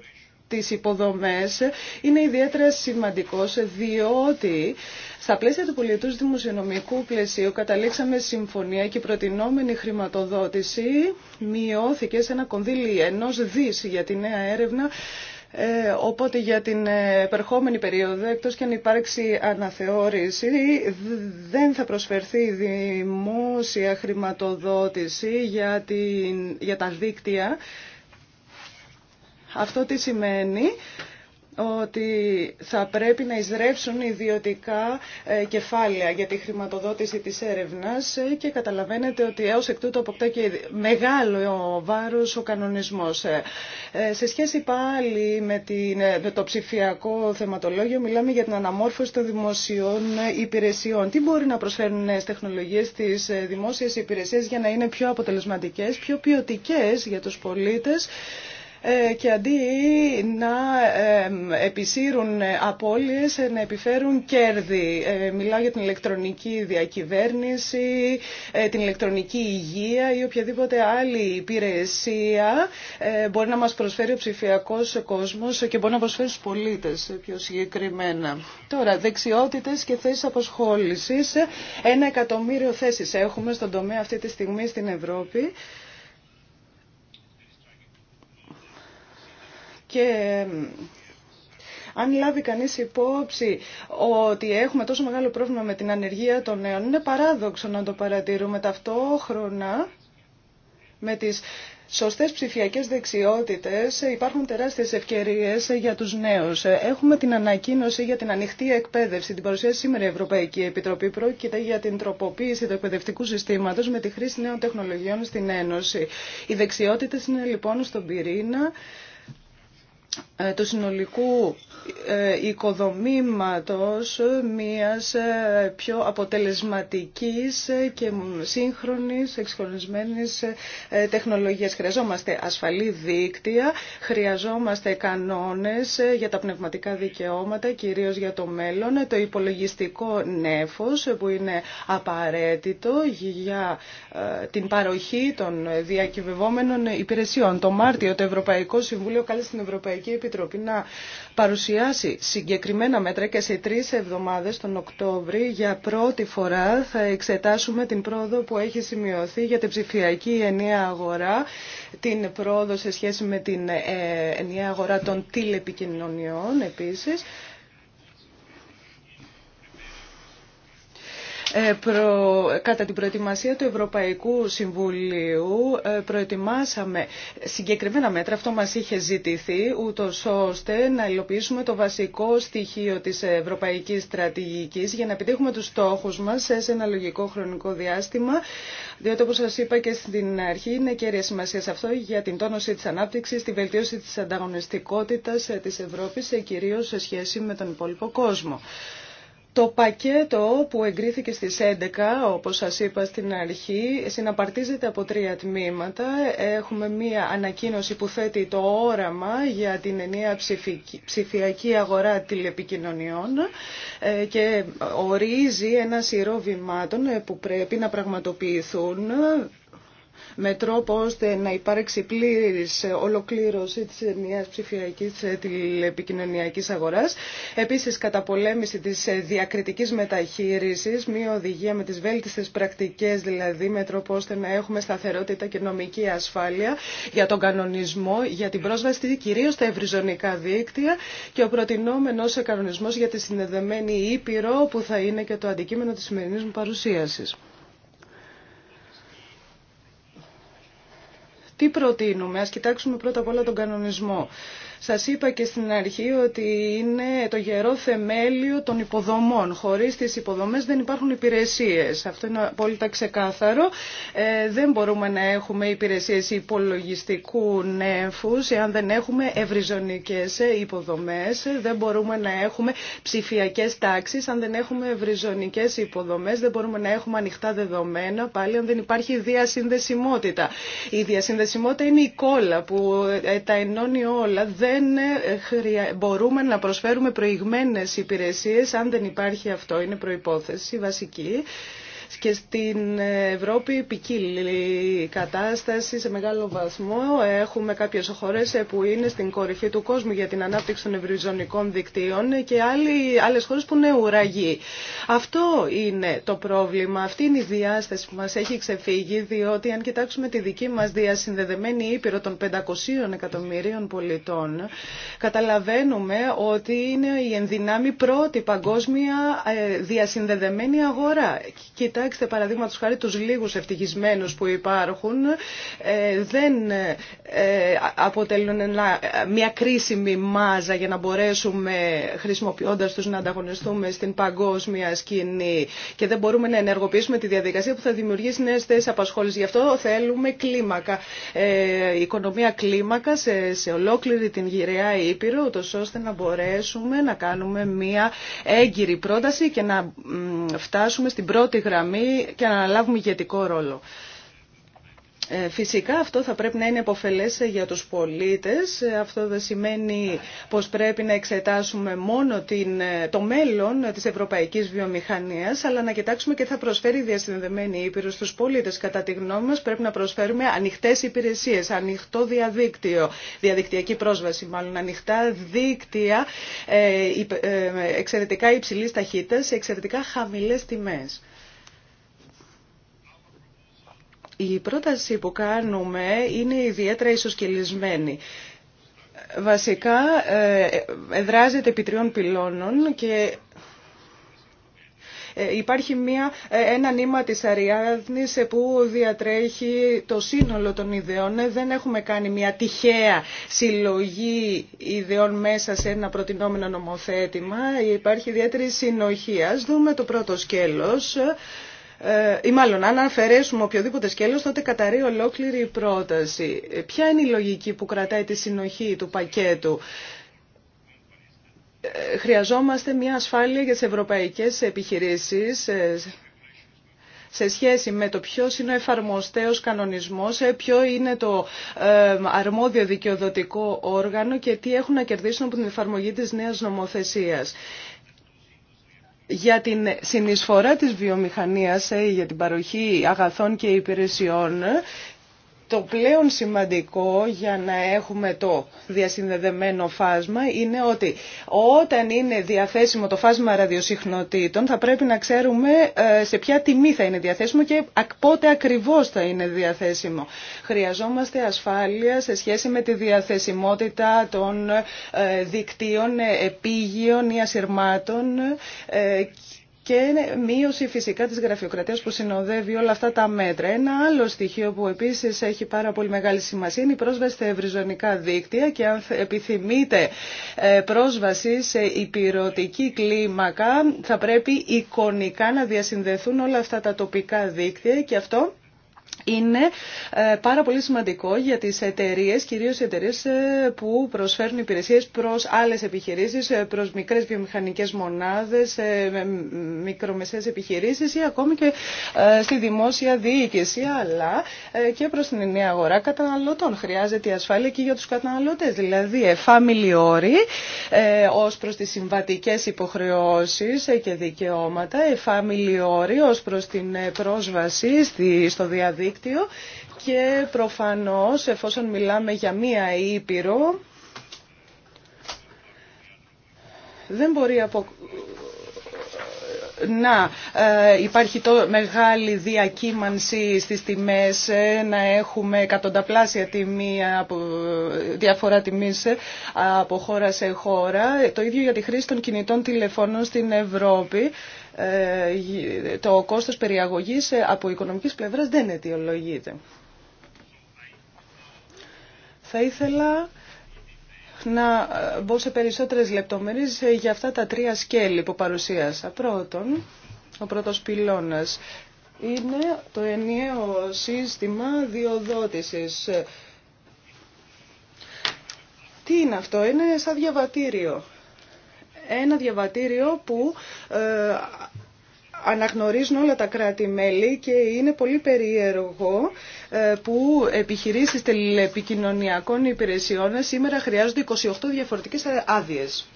S3: τις υποδομές είναι ιδιαίτερα σημαντικός διότι στα πλαίσια του πολιτούς δημοσιονομικού πλαισίου καταλήξαμε συμφωνία και η προτινόμενη χρηματοδότηση μειώθηκε σε ένα κονδύλι ενός δις για τη νέα έρευνα ε, οπότε για την ε, επερχόμενη περίοδο, εκτός και αν υπάρξει αναθεώρηση, δεν θα προσφερθεί δημόσια χρηματοδότηση για, την, για τα δίκτυα αυτό τι σημαίνει ότι θα πρέπει να εισρέψουν ιδιωτικά ε, κεφάλαια για τη χρηματοδότηση της έρευνας ε, και καταλαβαίνετε ότι έως εκ τούτου αποκτά και μεγάλο βάρος ο κανονισμός. Ε, σε σχέση πάλι με, την, με το ψηφιακό θεματολόγιο μιλάμε για την αναμόρφωση των δημοσιών υπηρεσιών. Τι μπορεί να προσφέρουν νέες τεχνολογίες στις δημόσιες υπηρεσίες για να είναι πιο αποτελεσματικές, πιο ποιοτικές για τους πολίτες ε, και αντί να επισύρουν απώλειες, ε, να επιφέρουν κέρδη. Ε, μιλάω για την ηλεκτρονική διακυβέρνηση, την ηλεκτρονική υγεία ή οποιαδήποτε άλλη υπηρεσία μπορεί να μας προσφέρει ο ψηφιακός κόσμος και μπορεί να προσφέρει στους πολίτες πιο συγκεκριμένα. Τώρα, δεξιότητες και θέσεις απασχόλησης. Ένα εκατομμύριο θέσεις έχουμε στον τομέα αυτή τη στιγμή στην Ευρώπη. Και αν λάβει κανείς υπόψη ότι έχουμε τόσο μεγάλο πρόβλημα με την ανεργία των νέων, είναι παράδοξο να το παρατηρούμε ταυτόχρονα με τις σωστές ψηφιακές δεξιότητες υπάρχουν τεράστιες ευκαιρίες για τους νέους. Έχουμε την ανακοίνωση για την ανοιχτή εκπαίδευση, την παρουσίαση σήμερα η Ευρωπαϊκή Επιτροπή πρόκειται για την τροποποίηση του εκπαιδευτικού συστήματος με τη χρήση νέων τεχνολογιών στην Ένωση. Οι δεξιότητες είναι λοιπόν στον πυρήνα ε, του συνολικού ε, οικοδομήματος μιας ε, πιο αποτελεσματικής και σύγχρονης εξυγχρονισμένης τεχνολογίας. Χρειαζόμαστε ασφαλή δίκτυα, χρειαζόμαστε κανόνες για τα πνευματικά δικαιώματα, κυρίως για το μέλλον, το υπολογιστικό νέφος που είναι απαραίτητο για την παροχή των διακυβευόμενων υπηρεσιών. Το Μάρτιο το Ευρωπαϊκό Συμβούλιο κάλεσε την Ευρωπαϊκή Ευρωπαϊκή Επιτροπή να παρουσιάσει συγκεκριμένα μέτρα και σε τρει εβδομάδες τον Οκτώβρη για πρώτη φορά θα εξετάσουμε την πρόοδο που έχει σημειωθεί για την ψηφιακή ενιαία αγορά, την πρόοδο σε σχέση με την ε, ενιαία αγορά των τηλεπικοινωνιών επίσης. Ε, προ... κατά την προετοιμασία του Ευρωπαϊκού Συμβουλίου ε, προετοιμάσαμε συγκεκριμένα μέτρα, αυτό μας είχε ζητηθεί, ούτω ώστε να υλοποιήσουμε το βασικό στοιχείο της Ευρωπαϊκής Στρατηγικής για να επιτύχουμε τους στόχους μας σε ένα λογικό χρονικό διάστημα, διότι όπως σας είπα και στην αρχή είναι κέρια σημασία σε αυτό για την τόνωση της ανάπτυξης, τη βελτίωση της ανταγωνιστικότητας ε, της Ευρώπης, κυρίως σε σχέση με τον υπόλοιπο κόσμο. Το πακέτο που εγκρίθηκε στις 11, όπως σας είπα στην αρχή, συναπαρτίζεται από τρία τμήματα. Έχουμε μία ανακοίνωση που θέτει το όραμα για την ενιαία ψηφιακή αγορά τηλεπικοινωνιών ε, και ορίζει ένα σειρό βημάτων ε, που πρέπει να πραγματοποιηθούν με τρόπο ώστε να υπάρξει πλήρης ολοκλήρωση της ενιαίας ψηφιακής τηλεπικοινωνιακής αγοράς. Επίσης, καταπολέμηση της διακριτικής μεταχείρισης, μία οδηγία με τις βέλτιστες πρακτικές, δηλαδή με τρόπο ώστε να έχουμε σταθερότητα και νομική ασφάλεια για τον κανονισμό, για την πρόσβαση κυρίως στα ευρυζωνικά δίκτυα και ο προτινόμενος κανονισμός για τη συνδεδεμένη ήπειρο που θα είναι και το αντικείμενο της σημερινής μου παρουσίασης. Τι προτείνουμε, ας κοιτάξουμε πρώτα απ' όλα τον κανονισμό. Σας είπα και στην αρχή ότι είναι το γερό θεμέλιο των υποδομών. Χωρίς τις υποδομές δεν υπάρχουν υπηρεσίες. Αυτό είναι απόλυτα ξεκάθαρο. Ε, δεν μπορούμε να έχουμε υπηρεσίες υπολογιστικού νέφους ...αν δεν έχουμε ευρυζωνικές υποδομές. Δεν μπορούμε να έχουμε ψηφιακές τάξεις αν δεν έχουμε ευρυζωνικές υποδομές. Δεν μπορούμε να έχουμε ανοιχτά δεδομένα πάλι αν δεν υπάρχει διασυνδεσιμότητα. Η διασυνδεσιμότητα είναι η κόλλα που ε, τα ενώνει όλα δεν ε, μπορούμε να προσφέρουμε προηγμένες υπηρεσίες αν δεν υπάρχει αυτό. Είναι προϋπόθεση βασική και στην Ευρώπη ποικίλη κατάσταση σε μεγάλο βαθμό. Έχουμε κάποιες χώρες που είναι στην κορυφή του κόσμου για την ανάπτυξη των ευρυζωνικών δικτύων και άλλοι, άλλες χώρες που είναι ουραγοί. Αυτό είναι το πρόβλημα. Αυτή είναι η διάσταση που μας έχει ξεφύγει διότι αν κοιτάξουμε τη δική μας διασυνδεδεμένη ήπειρο των 500 εκατομμυρίων πολιτών καταλαβαίνουμε ότι είναι η ενδυνάμει πρώτη παγκόσμια ε, διασυνδεδεμένη αγορά κοιτάξετε παραδείγματο χάρη του λίγου ευτυχισμένου που υπάρχουν ε, δεν ε, αποτελούν μια κρίσιμη μάζα για να μπορέσουμε χρησιμοποιώντα του να ανταγωνιστούμε στην παγκόσμια σκηνή και δεν μπορούμε να ενεργοποιήσουμε τη διαδικασία που θα δημιουργήσει νέε θέσει απασχόληση. Γι' αυτό θέλουμε κλίμακα, η ε, οικονομία κλίμακα σε, ολόκληρη την γυραιά Ήπειρο ώστε να μπορέσουμε να κάνουμε μια έγκυρη πρόταση και να φτάσουμε στην πρώτη γραμμή και να αναλάβουμε ηγετικό ρόλο. Ε, φυσικά αυτό θα πρέπει να είναι επωφελές για τους πολίτες. Ε, αυτό δεν σημαίνει πως πρέπει να εξετάσουμε μόνο την, ε, το μέλλον της ευρωπαϊκής βιομηχανίας, αλλά να κοιτάξουμε και θα προσφέρει διασυνδεμένη ήπειρο στους πολίτες. Κατά τη γνώμη μας πρέπει να προσφέρουμε ανοιχτές υπηρεσίες, ανοιχτό διαδίκτυο, διαδικτυακή πρόσβαση μάλλον, ανοιχτά δίκτυα, εξαιρετικά υψηλής ταχύτητας, εξαιρετικά χαμηλές τιμές. Η πρόταση που κάνουμε είναι ιδιαίτερα ισοσκελισμένη. Βασικά εδράζεται ε, επί τριών πυλώνων και ε, υπάρχει μια, ε, ένα νήμα της Αριάδνης που διατρέχει το σύνολο των ιδεών. Δεν έχουμε κάνει μια τυχαία συλλογή ιδεών μέσα σε ένα προτινόμενο νομοθέτημα. Υπάρχει ιδιαίτερη συνοχή. δούμε το πρώτο σκέλος. Ε, ή μάλλον αν αφαιρέσουμε οποιοδήποτε σκέλος τότε καταρρεί ολόκληρη η πρόταση. Ε, ποια είναι η λογική που κρατάει τη συνοχή του πακέτου ε, χρειαζόμαστε μια ασφάλεια για τις ευρωπαϊκές επιχειρήσεις σε σχέση με το ποιος είναι ο εφαρμοστέος κανονισμός, ποιο είναι το αρμόδιο δικαιοδοτικό όργανο και τι έχουν να κερδίσουν από την εφαρμογή της νέας νομοθεσίας για την συνεισφορά της βιομηχανίας ε, για την παροχή αγαθών και υπηρεσιών το πλέον σημαντικό για να έχουμε το διασυνδεδεμένο φάσμα είναι ότι όταν είναι διαθέσιμο το φάσμα ραδιοσυχνοτήτων θα πρέπει να ξέρουμε ε, σε ποια τιμή θα είναι διαθέσιμο και πότε ακριβώς θα είναι διαθέσιμο. Χρειαζόμαστε ασφάλεια σε σχέση με τη διαθεσιμότητα των ε, δικτύων ε, επίγειων ή ασυρμάτων και μείωση φυσικά της γραφειοκρατίας που συνοδεύει όλα αυτά τα μέτρα. Ένα άλλο στοιχείο που επίσης έχει πάρα πολύ μεγάλη σημασία είναι η πρόσβαση στα ευρυζωνικά δίκτυα και αν επιθυμείτε ε, πρόσβαση σε υπηρετική κλίμακα θα πρέπει εικονικά να διασυνδεθούν όλα αυτά τα τοπικά δίκτυα και αυτό είναι ε, πάρα πολύ σημαντικό για τις εταιρείε, κυρίως οι εταιρείε ε, που προσφέρουν υπηρεσίες προς άλλες επιχειρήσεις, ε, προς μικρές βιομηχανικές μονάδες, μικρομεσαίες επιχειρήσεις ή ακόμη και στη δημόσια διοίκηση, αλλά και προς την νέα αγορά καταναλωτών. Χρειάζεται η ασφάλεια και για τους καταναλωτές, δηλαδή family όροι ως προς τις συμβατικές υποχρεώσεις και δικαιώματα, family όροι ως προς την πρόσβαση στο διαδίκτυο και προφανώς εφόσον μιλάμε για μία ήπειρο δεν μπορεί να ε, υπάρχει το μεγάλη διακύμανση στις τιμές, ε, να έχουμε εκατονταπλάσια τιμή από, διαφορά τιμής ε, από χώρα σε χώρα. Το ίδιο για τη χρήση των κινητών τηλεφώνων στην Ευρώπη. Ε, το κόστος περιαγωγής ε, από οικονομικής πλευράς δεν αιτιολογείται. Θα ήθελα να ε, μπω σε περισσότερες λεπτομέρειες για αυτά τα τρία σκέλη που παρουσίασα. Πρώτον, ο πρώτος πυλώνας είναι το ενιαίο σύστημα διοδότησης. Τι είναι αυτό, είναι σαν διαβατήριο ένα διαβατήριο που ε, αναγνωρίζουν όλα τα κράτη-μέλη και είναι πολύ περίεργο ε, που επιχειρήσεις τελεπικοινωνιακών υπηρεσιών σήμερα χρειάζονται 28 διαφορετικές άδειες.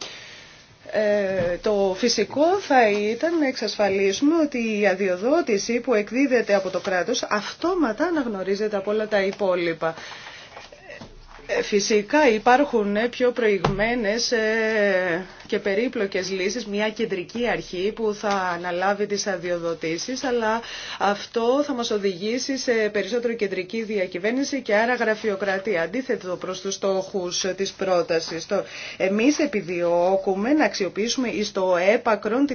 S3: Ε, το φυσικό θα ήταν να εξασφαλίσουμε ότι η αδειοδότηση που εκδίδεται από το κράτος αυτόματα αναγνωρίζεται από όλα τα υπόλοιπα. Φυσικά υπάρχουν πιο προηγμένες και περίπλοκες λύσεις, μια κεντρική αρχή που θα αναλάβει τις αδειοδοτήσεις, αλλά αυτό θα μας οδηγήσει σε περισσότερο κεντρική διακυβέρνηση και άρα γραφειοκρατία, αντίθετο προς τους στόχους της πρότασης. Εμείς επιδιώκουμε να αξιοποιήσουμε στο έπακρον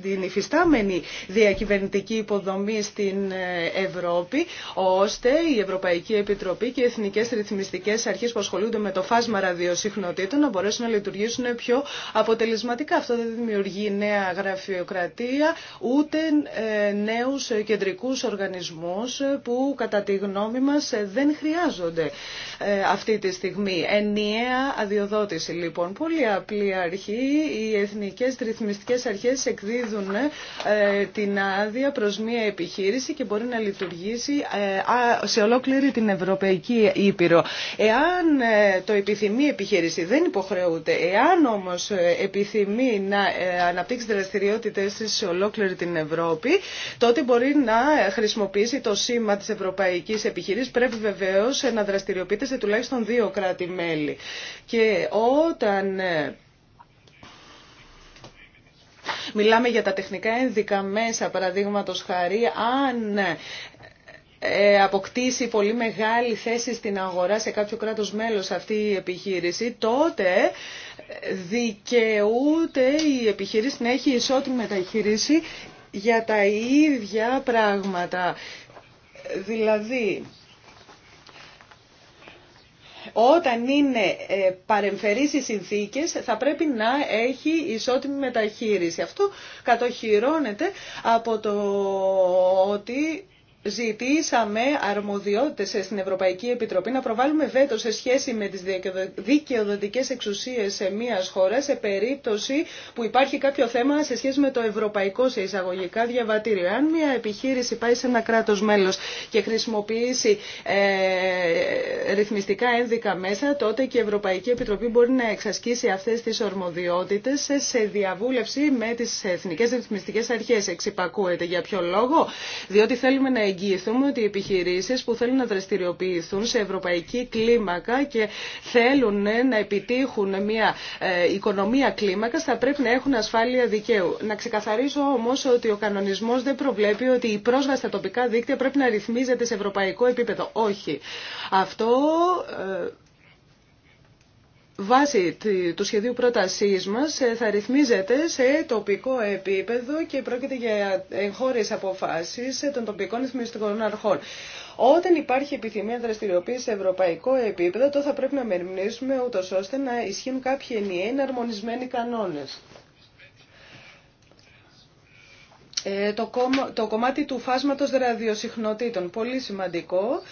S3: την υφιστάμενη διακυβερνητική υποδομή στην ε, Ευρώπη, ώστε η Ευρωπαϊκή Επιτροπή και οι Εθνικές Ρυθμιστικές Αρχές που ασχολούνται με το φάσμα ραδιοσυχνοτήτων να μπορέσουν να λειτουργήσουν πιο αποτελεσματικά. Αυτό δεν δημιουργεί νέα γραφειοκρατία, ούτε ε, νέους κεντρικούς οργανισμούς που κατά τη γνώμη μας δεν χρειάζονται ε, αυτή τη στιγμή. Ενιαία αδειοδότηση λοιπόν. Πολύ απλή αρχή. Οι εθνικές ρυθμιστικές αρχές εκδίδουν ε, την άδεια προς μία επιχείρηση και μπορεί να λειτουργήσει σε ολόκληρη την Ευρωπαϊκή Ήπειρο. Εάν το επιθυμεί επιχείρηση δεν υποχρεούται, εάν όμως επιθυμεί να ε, αναπτύξει δραστηριότητες σε ολόκληρη την Ευρώπη, τότε μπορεί να χρησιμοποιήσει το σήμα της Ευρωπαϊκής Επιχειρήσης. Πρέπει βεβαίως να δραστηριοποιείται σε τουλάχιστον δύο κράτη-μέλη. Και όταν ε, μιλάμε για τα τεχνικά ένδικα μέσα, παραδείγματο χαρή, αν ε, αποκτήσει πολύ μεγάλη θέση στην αγορά σε κάποιο κράτος μέλος αυτή η επιχείρηση, τότε δικαιούται η επιχείρηση να έχει ισότιμη μεταχείριση για τα ίδια πράγματα. Δηλαδή, όταν είναι ε, συνθήκες θα πρέπει να έχει ισότιμη μεταχείριση. Αυτό κατοχυρώνεται από το ότι ζητήσαμε αρμοδιότητες στην Ευρωπαϊκή Επιτροπή να προβάλλουμε βέτο σε σχέση με τις δικαιοδοτικές εξουσίες μία χώρα σε περίπτωση που υπάρχει κάποιο θέμα σε σχέση με το ευρωπαϊκό σε εισαγωγικά διαβατήριο. Αν μια επιχείρηση πάει σε ένα κράτος μέλος και χρησιμοποιήσει ε, ρυθμιστικά ένδικα μέσα, τότε και η Ευρωπαϊκή Επιτροπή μπορεί να εξασκήσει αυτές τις ορμοδιότητε σε διαβούλευση με τις εθνικές ρυθμιστικές αρχές. Εξυπακούεται για ποιο λόγο, διότι θέλουμε να εγγυηθούμε ότι οι επιχειρήσεις που θέλουν να δραστηριοποιηθούν σε ευρωπαϊκή κλίμακα και θέλουν να επιτύχουν μια ε, οικονομία κλίμακας θα πρέπει να έχουν ασφάλεια δικαίου. Να ξεκαθαρίσω όμως ότι ο κανονισμός δεν προβλέπει ότι η πρόσβαση στα τοπικά δίκτυα πρέπει να ρυθμίζεται σε ευρωπαϊκό επίπεδο. Όχι. Αυτό ε, Βάσει του σχεδίου πρότασής μας ε, θα ρυθμίζεται σε τοπικό επίπεδο και πρόκειται για εγχώριες αποφάσεις ε, των τοπικών ρυθμιστικών αρχών. Όταν υπάρχει επιθυμία δραστηριοποίηση σε ευρωπαϊκό επίπεδο, το θα πρέπει να μεριμνήσουμε ούτω ώστε να ισχύουν κάποιοι ενιαίοι εναρμονισμένοι κανόνες. Ε, το, κομμάτι του φάσματος ραδιοσυχνοτήτων, πολύ σημαντικό.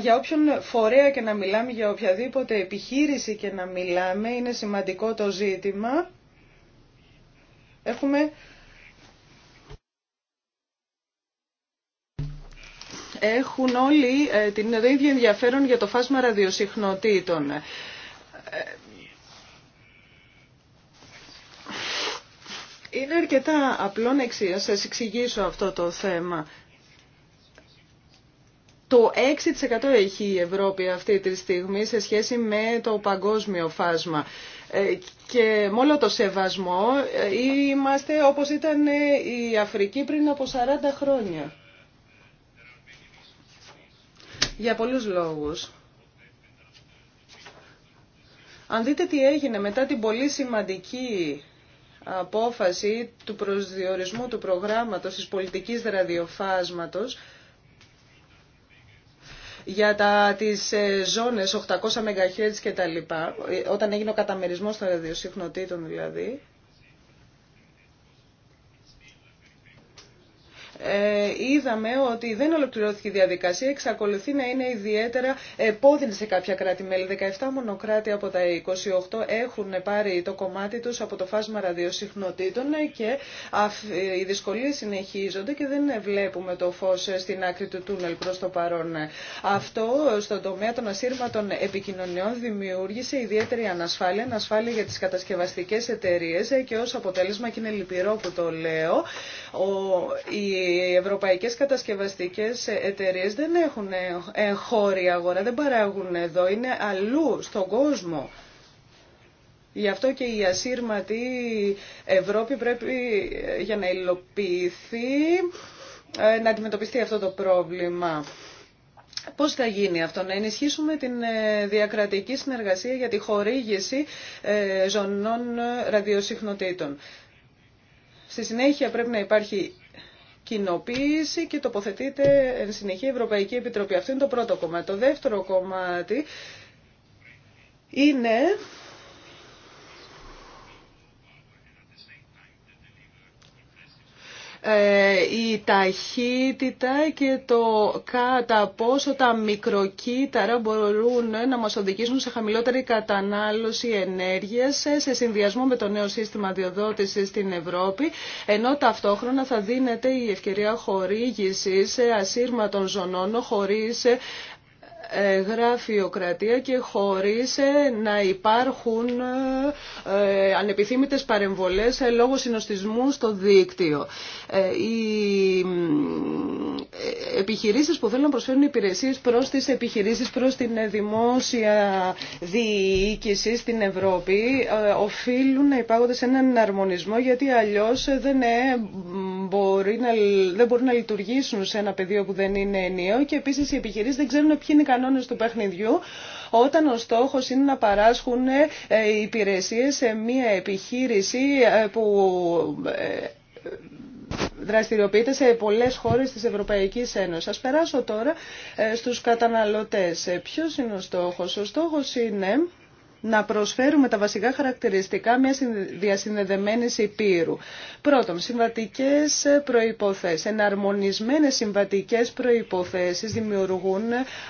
S3: για όποιον φορέα και να μιλάμε, για οποιαδήποτε επιχείρηση και να μιλάμε, είναι σημαντικό το ζήτημα. Έχουμε έχουν όλοι ε, την ίδια ενδιαφέρον για το φάσμα ραδιοσυχνοτήτων. Ε, είναι αρκετά απλό να σας εξηγήσω αυτό το θέμα. Το 6% έχει η Ευρώπη αυτή τη στιγμή σε σχέση με το παγκόσμιο φάσμα. Ε, και με όλο το σεβασμό ε, είμαστε όπως ήταν ε, η Αφρική πριν από 40 χρόνια. Για πολλούς λόγους. Αν δείτε τι έγινε μετά την πολύ σημαντική απόφαση του προσδιορισμού του προγράμματος της πολιτικής ραδιοφάσματος, για τα, τις ε, ζώνες 800 MHz και τα λοιπά, ε, όταν έγινε ο καταμερισμός των ραδιοσυχνοτήτων δηλαδή, Ε, είδαμε ότι δεν ολοκληρώθηκε η διαδικασία, εξακολουθεί να είναι ιδιαίτερα επώδυνη σε κάποια κράτη-μέλη. 17 μονοκράτη από τα 28 έχουν πάρει το κομμάτι τους από το φάσμα ραδιοσυχνοτήτων και οι δυσκολίες συνεχίζονται και δεν βλέπουμε το φως στην άκρη του τούνελ προς το παρόν. Αυτό στον τομέα των ασύρματων επικοινωνιών δημιούργησε ιδιαίτερη ανασφάλεια, ανασφάλεια για τις κατασκευαστικές εταιρείες και ως αποτέλεσμα, και είναι λυπηρό που το λέω, ο, η οι ευρωπαϊκές κατασκευαστικές εταιρείες δεν έχουν χώρη αγορά, δεν παράγουν εδώ, είναι αλλού στον κόσμο. Γι' αυτό και η ασύρματη Ευρώπη πρέπει για να υλοποιηθεί ε, να αντιμετωπιστεί αυτό το πρόβλημα. Πώς θα γίνει αυτό, να ενισχύσουμε την ε, διακρατική συνεργασία για τη χορήγηση ε, ζωνών ραδιοσυχνοτήτων. Στη συνέχεια πρέπει να υπάρχει κοινοποίηση και τοποθετείται εν συνεχεία η Ευρωπαϊκή Επιτροπή. Αυτό είναι το πρώτο κομμάτι. Το δεύτερο κομμάτι είναι Ε, η ταχύτητα και το κατά πόσο τα μικροκύτταρα μπορούν να μας οδηγήσουν σε χαμηλότερη κατανάλωση ενέργειας σε συνδυασμό με το νέο σύστημα διοδότησης στην Ευρώπη, ενώ ταυτόχρονα θα δίνεται η ευκαιρία χορήγησης ε, ασύρματων ζωνών χωρίς ε, ε, γραφειοκρατία και χωρίς ε, να υπάρχουν ε, ανεπιθύμητες παρεμβολές λόγω συνοστισμού στο δίκτυο. Οι επιχειρήσεις που θέλουν να προσφέρουν υπηρεσίες προς τις επιχειρήσεις, προς την δημόσια διοίκηση στην Ευρώπη οφείλουν να υπάγονται σε έναν αρμονισμό γιατί αλλιώς δεν, μπορεί να, δεν μπορούν να λειτουργήσουν σε ένα πεδίο που δεν είναι ενίο και επίσης οι επιχειρήσεις δεν ξέρουν ποιοι είναι κανόνες του παιχνιδιού όταν ο στόχος είναι να παράσχουν ε, υπηρεσίες σε μια επιχείρηση ε, που ε, δραστηριοποιείται σε πολλές χώρες της Ευρωπαϊκής Ένωσης. Ας περάσω τώρα στους καταναλωτές. Ποιος είναι ο στόχος. Ο στόχος είναι να προσφέρουμε τα βασικά χαρακτηριστικά μια διασυνδεδεμένη υπήρου. Πρώτον, συμβατικέ προϋποθέσεις. Εναρμονισμένες συμβατικέ προϋποθέσεις δημιουργούν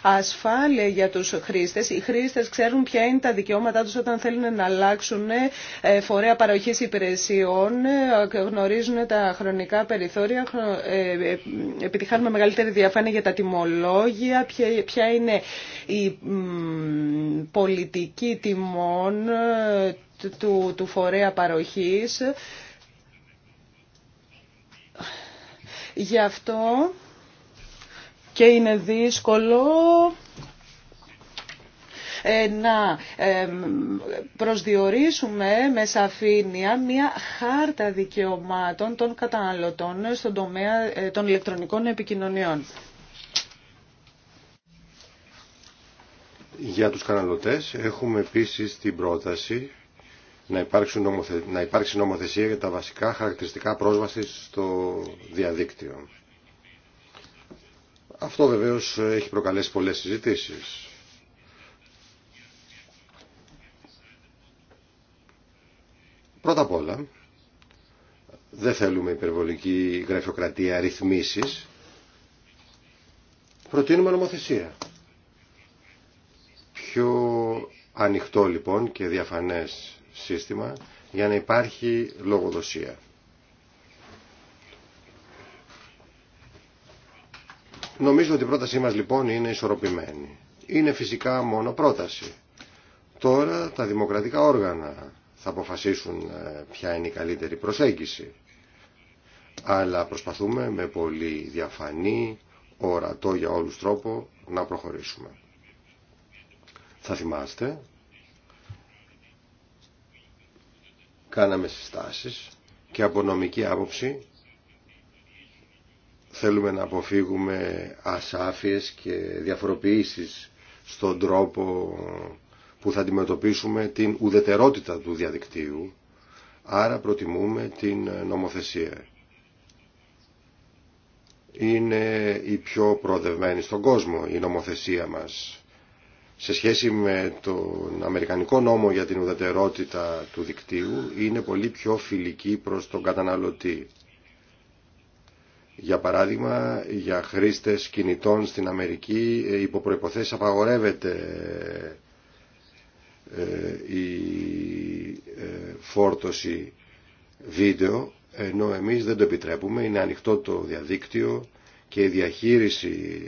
S3: ασφάλεια για του χρήστες. Οι χρήστες ξέρουν ποια είναι τα δικαιώματά τους όταν θέλουν να αλλάξουν ε, φορέα παροχής υπηρεσιών, ε, γνωρίζουν τα χρονικά περιθώρια, ε, επιτυχάνουμε μεγαλύτερη διαφάνεια για τα τιμολόγια, ποια είναι η πολιτική τιμών ε, του, του φορέα παροχής. Γι' αυτό και είναι δύσκολο ε, να ε, προσδιορίσουμε με σαφήνεια μια χάρτα δικαιωμάτων των καταναλωτών στον τομέα των ηλεκτρονικών επικοινωνιών.
S2: Για τους καναλωτές έχουμε επίσης την πρόταση να, να υπάρξει νομοθεσία για τα βασικά χαρακτηριστικά πρόσβασης στο διαδίκτυο. Αυτό βεβαίως έχει προκαλέσει πολλές συζητήσεις. Πρώτα απ' όλα, δεν θέλουμε υπερβολική γραφειοκρατία ρυθμίσεις. Προτείνουμε νομοθεσία πιο ανοιχτό λοιπόν και διαφανές σύστημα για να υπάρχει λογοδοσία. Νομίζω ότι η πρότασή μας λοιπόν είναι ισορροπημένη. Είναι φυσικά μόνο πρόταση. Τώρα τα δημοκρατικά όργανα θα αποφασίσουν ε, ποια είναι η καλύτερη προσέγγιση. Αλλά προσπαθούμε με πολύ διαφανή, ορατό για όλους τρόπο να προχωρήσουμε. Θα θυμάστε, κάναμε συστάσεις και από νομική άποψη θέλουμε να αποφύγουμε ασάφειες και διαφοροποιήσεις στον τρόπο που θα αντιμετωπίσουμε την ουδετερότητα του διαδικτύου, άρα προτιμούμε την νομοθεσία. Είναι η πιο προοδευμένη στον κόσμο η νομοθεσία μας σε σχέση με τον Αμερικανικό νόμο για την ουδετερότητα του δικτύου είναι πολύ πιο φιλική προς τον καταναλωτή. Για παράδειγμα, για χρήστες κινητών στην Αμερική ε, υπό προϋποθέσεις απαγορεύεται ε, η ε, φόρτωση βίντεο, ενώ εμείς δεν το επιτρέπουμε, είναι ανοιχτό το διαδίκτυο και η διαχείριση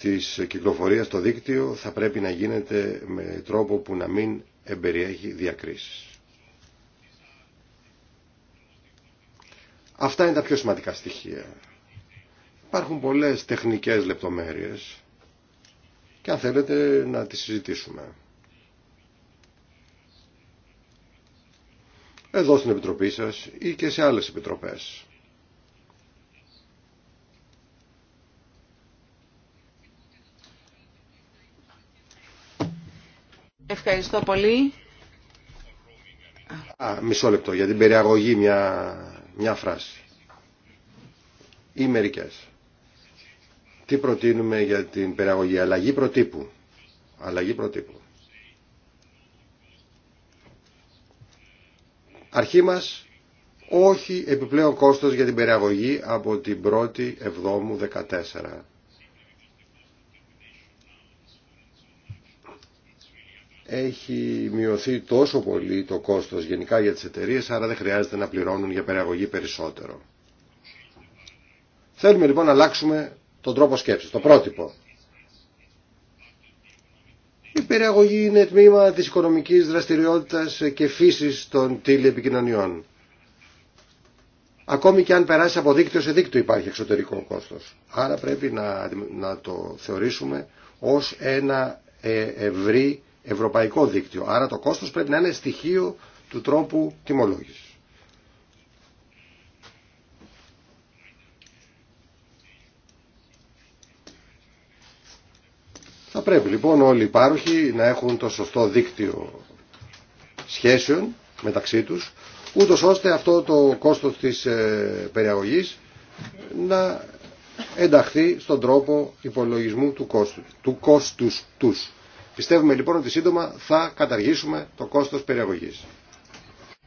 S2: της κυκλοφορίας στο δίκτυο θα πρέπει να γίνεται με τρόπο που να μην εμπεριέχει διακρίσεις. Αυτά είναι τα πιο σημαντικά στοιχεία. Υπάρχουν πολλές τεχνικές λεπτομέρειες και αν θέλετε να τις συζητήσουμε. Εδώ στην Επιτροπή σας ή και σε άλλες επιτροπές.
S1: Ευχαριστώ πολύ.
S2: Α, μισό λεπτό για την περιαγωγή μια, μια φράση. Ή μερικές. Τι προτείνουμε για την περιαγωγή. Αλλαγή προτύπου. Αλλαγή προτύπου. Αρχή μας όχι επιπλέον κόστος για την περιαγωγή από την 1η Εβδόμου 14. έχει μειωθεί τόσο πολύ το κόστος γενικά για τις εταιρείε, άρα δεν χρειάζεται να πληρώνουν για περιαγωγή περισσότερο. Θέλουμε λοιπόν να αλλάξουμε τον τρόπο σκέψης, το πρότυπο. Η περιαγωγή είναι τμήμα της οικονομικής δραστηριότητας και φύσης των τηλεπικοινωνιών. Ακόμη και αν περάσει από δίκτυο σε δίκτυο υπάρχει εξωτερικό κόστος. Άρα πρέπει να, να το θεωρήσουμε ως ένα ε, ευρύ ευρωπαϊκό δίκτυο. Άρα το κόστος πρέπει να είναι στοιχείο του τρόπου τιμολόγησης. Θα πρέπει λοιπόν όλοι οι πάροχοι να έχουν το σωστό δίκτυο σχέσεων μεταξύ τους, ούτως ώστε αυτό το κόστος της ε, περιαγωγής να ενταχθεί στον τρόπο υπολογισμού του κόστου, του κόστους τους. Πιστεύουμε λοιπόν ότι σύντομα θα καταργήσουμε το κόστος περιαγωγής.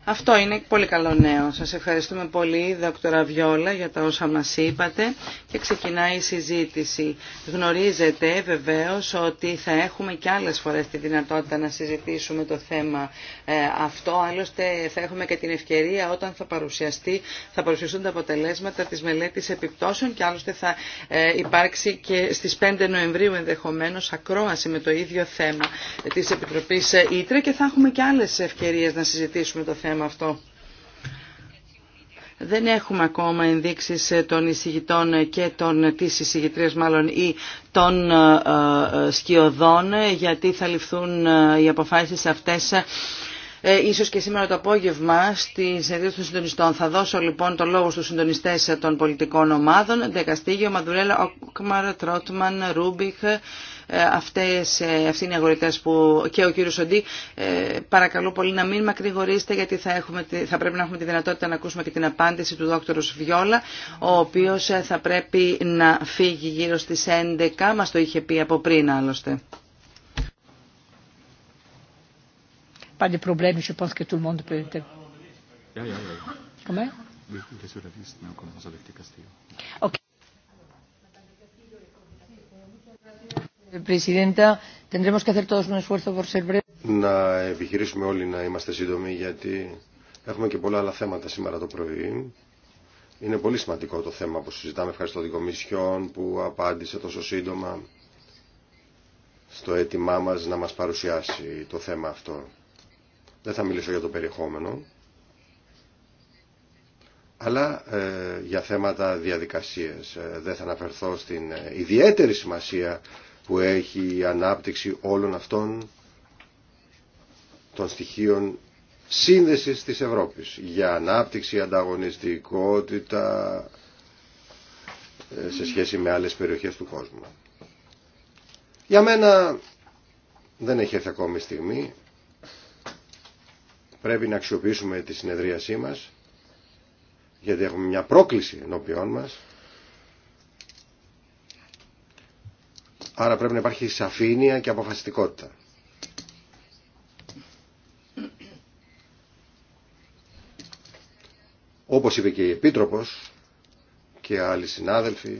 S1: Αυτό είναι πολύ καλό νέο. Σας ευχαριστούμε πολύ, δόκτωρα Βιόλα, για τα όσα μας είπατε και ξεκινάει η συζήτηση. Γνωρίζετε βεβαίως ότι θα έχουμε και άλλες φορές τη δυνατότητα να συζητήσουμε το θέμα ε, αυτό. Άλλωστε θα έχουμε και την ευκαιρία όταν θα, παρουσιαστεί, θα παρουσιαστούν τα αποτελέσματα της μελέτης επιπτώσεων και άλλωστε θα ε, υπάρξει και στις 5 Νοεμβρίου ενδεχομένως ακρόαση με το ίδιο θέμα της Επιτροπής Ήτρε και θα έχουμε και άλλες ευκαιρίες να συζητήσουμε το θέμα αυτό. Δεν έχουμε ακόμα ενδείξεις ε, των εισηγητών ε, και των, ε, της εισηγητρίας μάλλον ή των σκιωδών γιατί θα ληφθούν οι αποφάσεις αυτές ίσως και σήμερα το απόγευμα στη συνεδρία των συντονιστών. Θα δώσω λοιπόν το λόγο στους συντονιστές των πολιτικών ομάδων. Δεκαστήγιο, Μαδουρέλα, Όκμαρ, Τρότμαν, Ρούμπιχ, αυτές, ε, αυτοί οι αγορητές που και ο κύριος Σοντή ε, παρακαλώ πολύ να μην μακρηγορήσετε γιατί θα, έχουμε, θα πρέπει να έχουμε τη δυνατότητα να ακούσουμε και την απάντηση του δόκτωρου Βιόλα ο οποίος ε, θα πρέπει να φύγει γύρω στις 11 μας το είχε πει από πριν άλλωστε. Pas de problème, pense que
S2: Να επιχειρήσουμε όλοι να είμαστε σύντομοι γιατί έχουμε και πολλά άλλα θέματα σήμερα το πρωί. Είναι πολύ σημαντικό το θέμα που συζητάμε. Ευχαριστώ την Κομισιόν που απάντησε τόσο σύντομα στο αίτημά μα να μα παρουσιάσει το θέμα αυτό. Δεν θα μιλήσω για το περιεχόμενο, αλλά ε, για θέματα διαδικασίες. Ε, δεν θα αναφερθώ στην ε, ιδιαίτερη σημασία που έχει η ανάπτυξη όλων αυτών των στοιχείων σύνδεσης της Ευρώπης για ανάπτυξη, ανταγωνιστικότητα ε, σε σχέση με άλλες περιοχές του κόσμου. Για μένα δεν έχει έρθει ακόμη στιγμή. Πρέπει να αξιοποιήσουμε τη συνεδρίασή μας γιατί έχουμε μια πρόκληση ενώπιόν μας Άρα πρέπει να υπάρχει σαφήνεια και αποφασιστικότητα. Όπως είπε και η Επίτροπος και άλλοι συνάδελφοι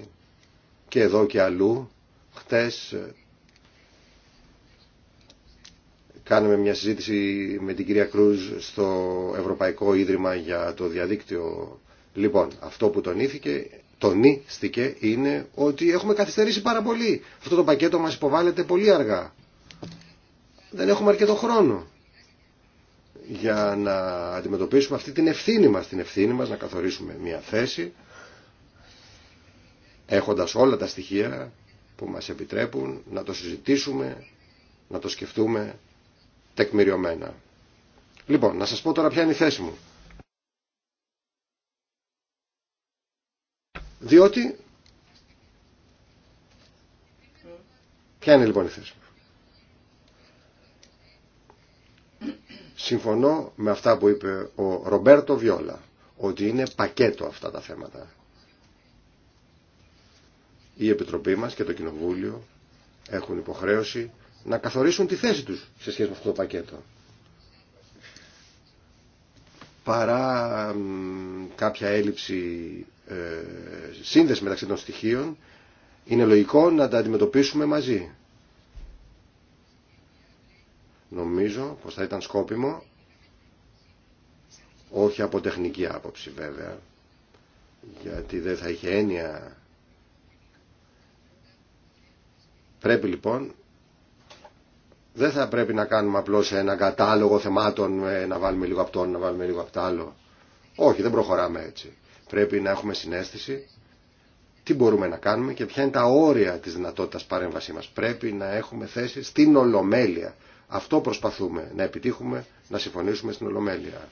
S2: και εδώ και αλλού, χτες κάναμε μια συζήτηση με την κυρία Κρούζ στο Ευρωπαϊκό Ίδρυμα για το Διαδίκτυο. Λοιπόν, αυτό που τονίθηκε τονίστηκε είναι ότι έχουμε καθυστερήσει πάρα πολύ. Αυτό το πακέτο μας υποβάλλεται πολύ αργά. Δεν έχουμε αρκετό χρόνο για να αντιμετωπίσουμε αυτή την ευθύνη μας, την ευθύνη μας να καθορίσουμε μια θέση έχοντας όλα τα στοιχεία που μας επιτρέπουν να το συζητήσουμε, να το σκεφτούμε τεκμηριωμένα. Λοιπόν, να σας πω τώρα ποια είναι η θέση μου. Διότι... Ποια είναι λοιπόν η θέση μου. Συμφωνώ με αυτά που είπε ο Ρομπέρτο Βιόλα, ότι είναι πακέτο αυτά τα θέματα. Η Επιτροπή μας και το Κοινοβούλιο έχουν υποχρέωση να καθορίσουν τη θέση τους σε σχέση με αυτό το πακέτο. Παρά κάποια έλλειψη ε, σύνδεση μεταξύ των στοιχείων, είναι λογικό να τα αντιμετωπίσουμε μαζί. Νομίζω πως θα ήταν σκόπιμο, όχι από τεχνική άποψη βέβαια, γιατί δεν θα είχε έννοια. Πρέπει λοιπόν, δεν θα πρέπει να κάνουμε απλώς ένα κατάλογο θεμάτων, ε, να βάλουμε λίγο από να βάλουμε λίγο από το άλλο. Όχι, δεν προχωράμε έτσι. Πρέπει να έχουμε συνέστηση τι μπορούμε να κάνουμε και ποια είναι τα όρια της δυνατότητας παρέμβασή μας. Πρέπει να έχουμε θέση στην Ολομέλεια. Αυτό προσπαθούμε να επιτύχουμε, να συμφωνήσουμε στην Ολομέλεια.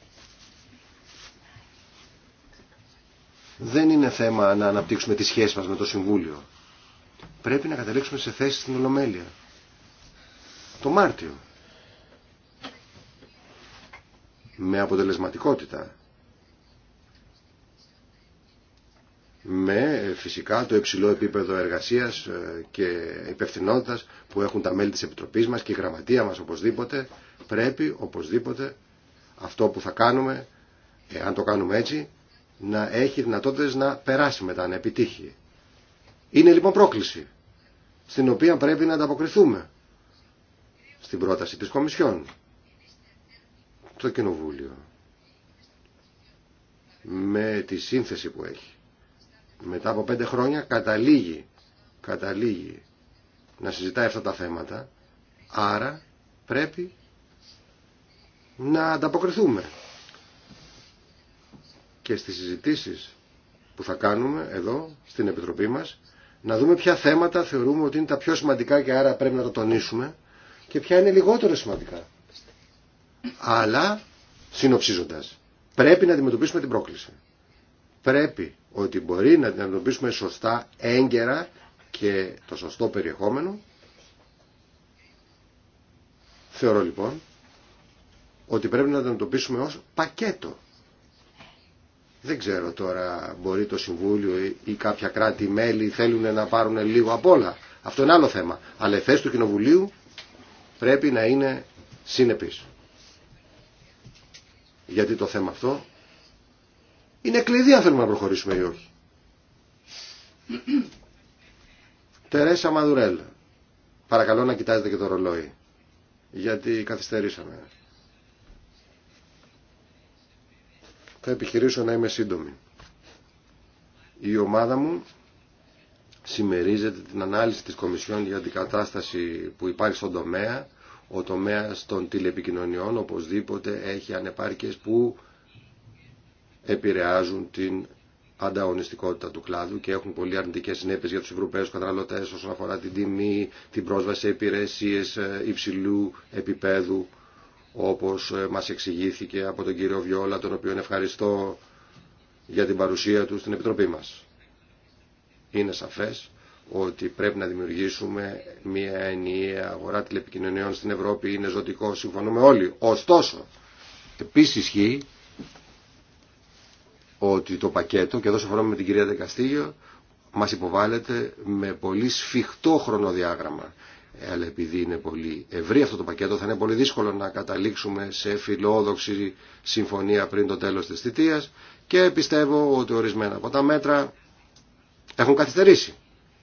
S2: Δεν είναι θέμα να αναπτύξουμε τη σχέση μας με το Συμβούλιο. Πρέπει να καταλήξουμε σε θέση στην Ολομέλεια. Το Μάρτιο. Με αποτελεσματικότητα με φυσικά το υψηλό επίπεδο εργασίας ε, και υπευθυνότητα που έχουν τα μέλη της Επιτροπής μας και η γραμματεία μας οπωσδήποτε πρέπει οπωσδήποτε αυτό που θα κάνουμε, εάν το κάνουμε έτσι, να έχει δυνατότητες να περάσει μετά, να επιτύχει. Είναι λοιπόν πρόκληση στην οποία πρέπει να ανταποκριθούμε στην πρόταση της Κομισιόν, το Κοινοβούλιο, με τη σύνθεση που έχει μετά από πέντε χρόνια καταλήγει, καταλήγει να συζητάει αυτά τα θέματα, άρα πρέπει να ανταποκριθούμε. Και στις συζητήσεις που θα κάνουμε εδώ, στην Επιτροπή μας, να δούμε ποια θέματα θεωρούμε ότι είναι τα πιο σημαντικά και άρα πρέπει να τα τονίσουμε και ποια είναι λιγότερο σημαντικά. Αλλά, συνοψίζοντας, πρέπει να αντιμετωπίσουμε την πρόκληση. Πρέπει ότι μπορεί να την αντιμετωπίσουμε σωστά, έγκαιρα και το σωστό περιεχόμενο. Θεωρώ λοιπόν ότι πρέπει να την αντιμετωπίσουμε ως πακέτο. Δεν ξέρω τώρα, μπορεί το Συμβούλιο ή κάποια κράτη-μέλη θέλουν να πάρουν λίγο απ' όλα. Αυτό είναι άλλο θέμα. Αλλά η θέση του Κοινοβουλίου πρέπει να είναι συνεπής. Γιατί το θέμα αυτό είναι κλειδί αν θέλουμε να προχωρήσουμε ή όχι. Τερέσα Μαδουρέλ. Παρακαλώ να κοιτάζετε και το ρολόι. Γιατί καθυστερήσαμε. Θα επιχειρήσω να είμαι σύντομη. Η ομάδα μου συμμερίζεται την ανάλυση της Κομισιόν για την κατάσταση που υπάρχει στον τομέα. Ο τομέας των τηλεπικοινωνιών οπωσδήποτε έχει ανεπάρκειες που επηρεάζουν την ανταγωνιστικότητα του κλάδου και έχουν πολύ αρνητικέ συνέπειε για του Ευρωπαίου καταναλωτέ όσον αφορά την τιμή, την πρόσβαση σε υπηρεσίε ε, υψηλού επίπεδου όπω ε, μα εξηγήθηκε από τον κύριο Βιόλα, τον οποίο ευχαριστώ για την παρουσία του στην Επιτροπή μα. Είναι σαφέ ότι πρέπει να δημιουργήσουμε μια ενιαία αγορά τηλεπικοινωνιών στην Ευρώπη. Είναι ζωτικό, συμφωνούμε όλοι. Ωστόσο, επίση ισχύει ότι το πακέτο, και εδώ συμφωνώ με την κυρία Δεκαστήγιο, μας υποβάλλεται με πολύ σφιχτό χρονοδιάγραμμα. Αλλά επειδή είναι πολύ ευρύ αυτό το πακέτο, θα είναι πολύ δύσκολο να καταλήξουμε σε φιλόδοξη συμφωνία πριν το τέλος της θητείας και πιστεύω ότι ορισμένα από τα μέτρα έχουν καθυστερήσει.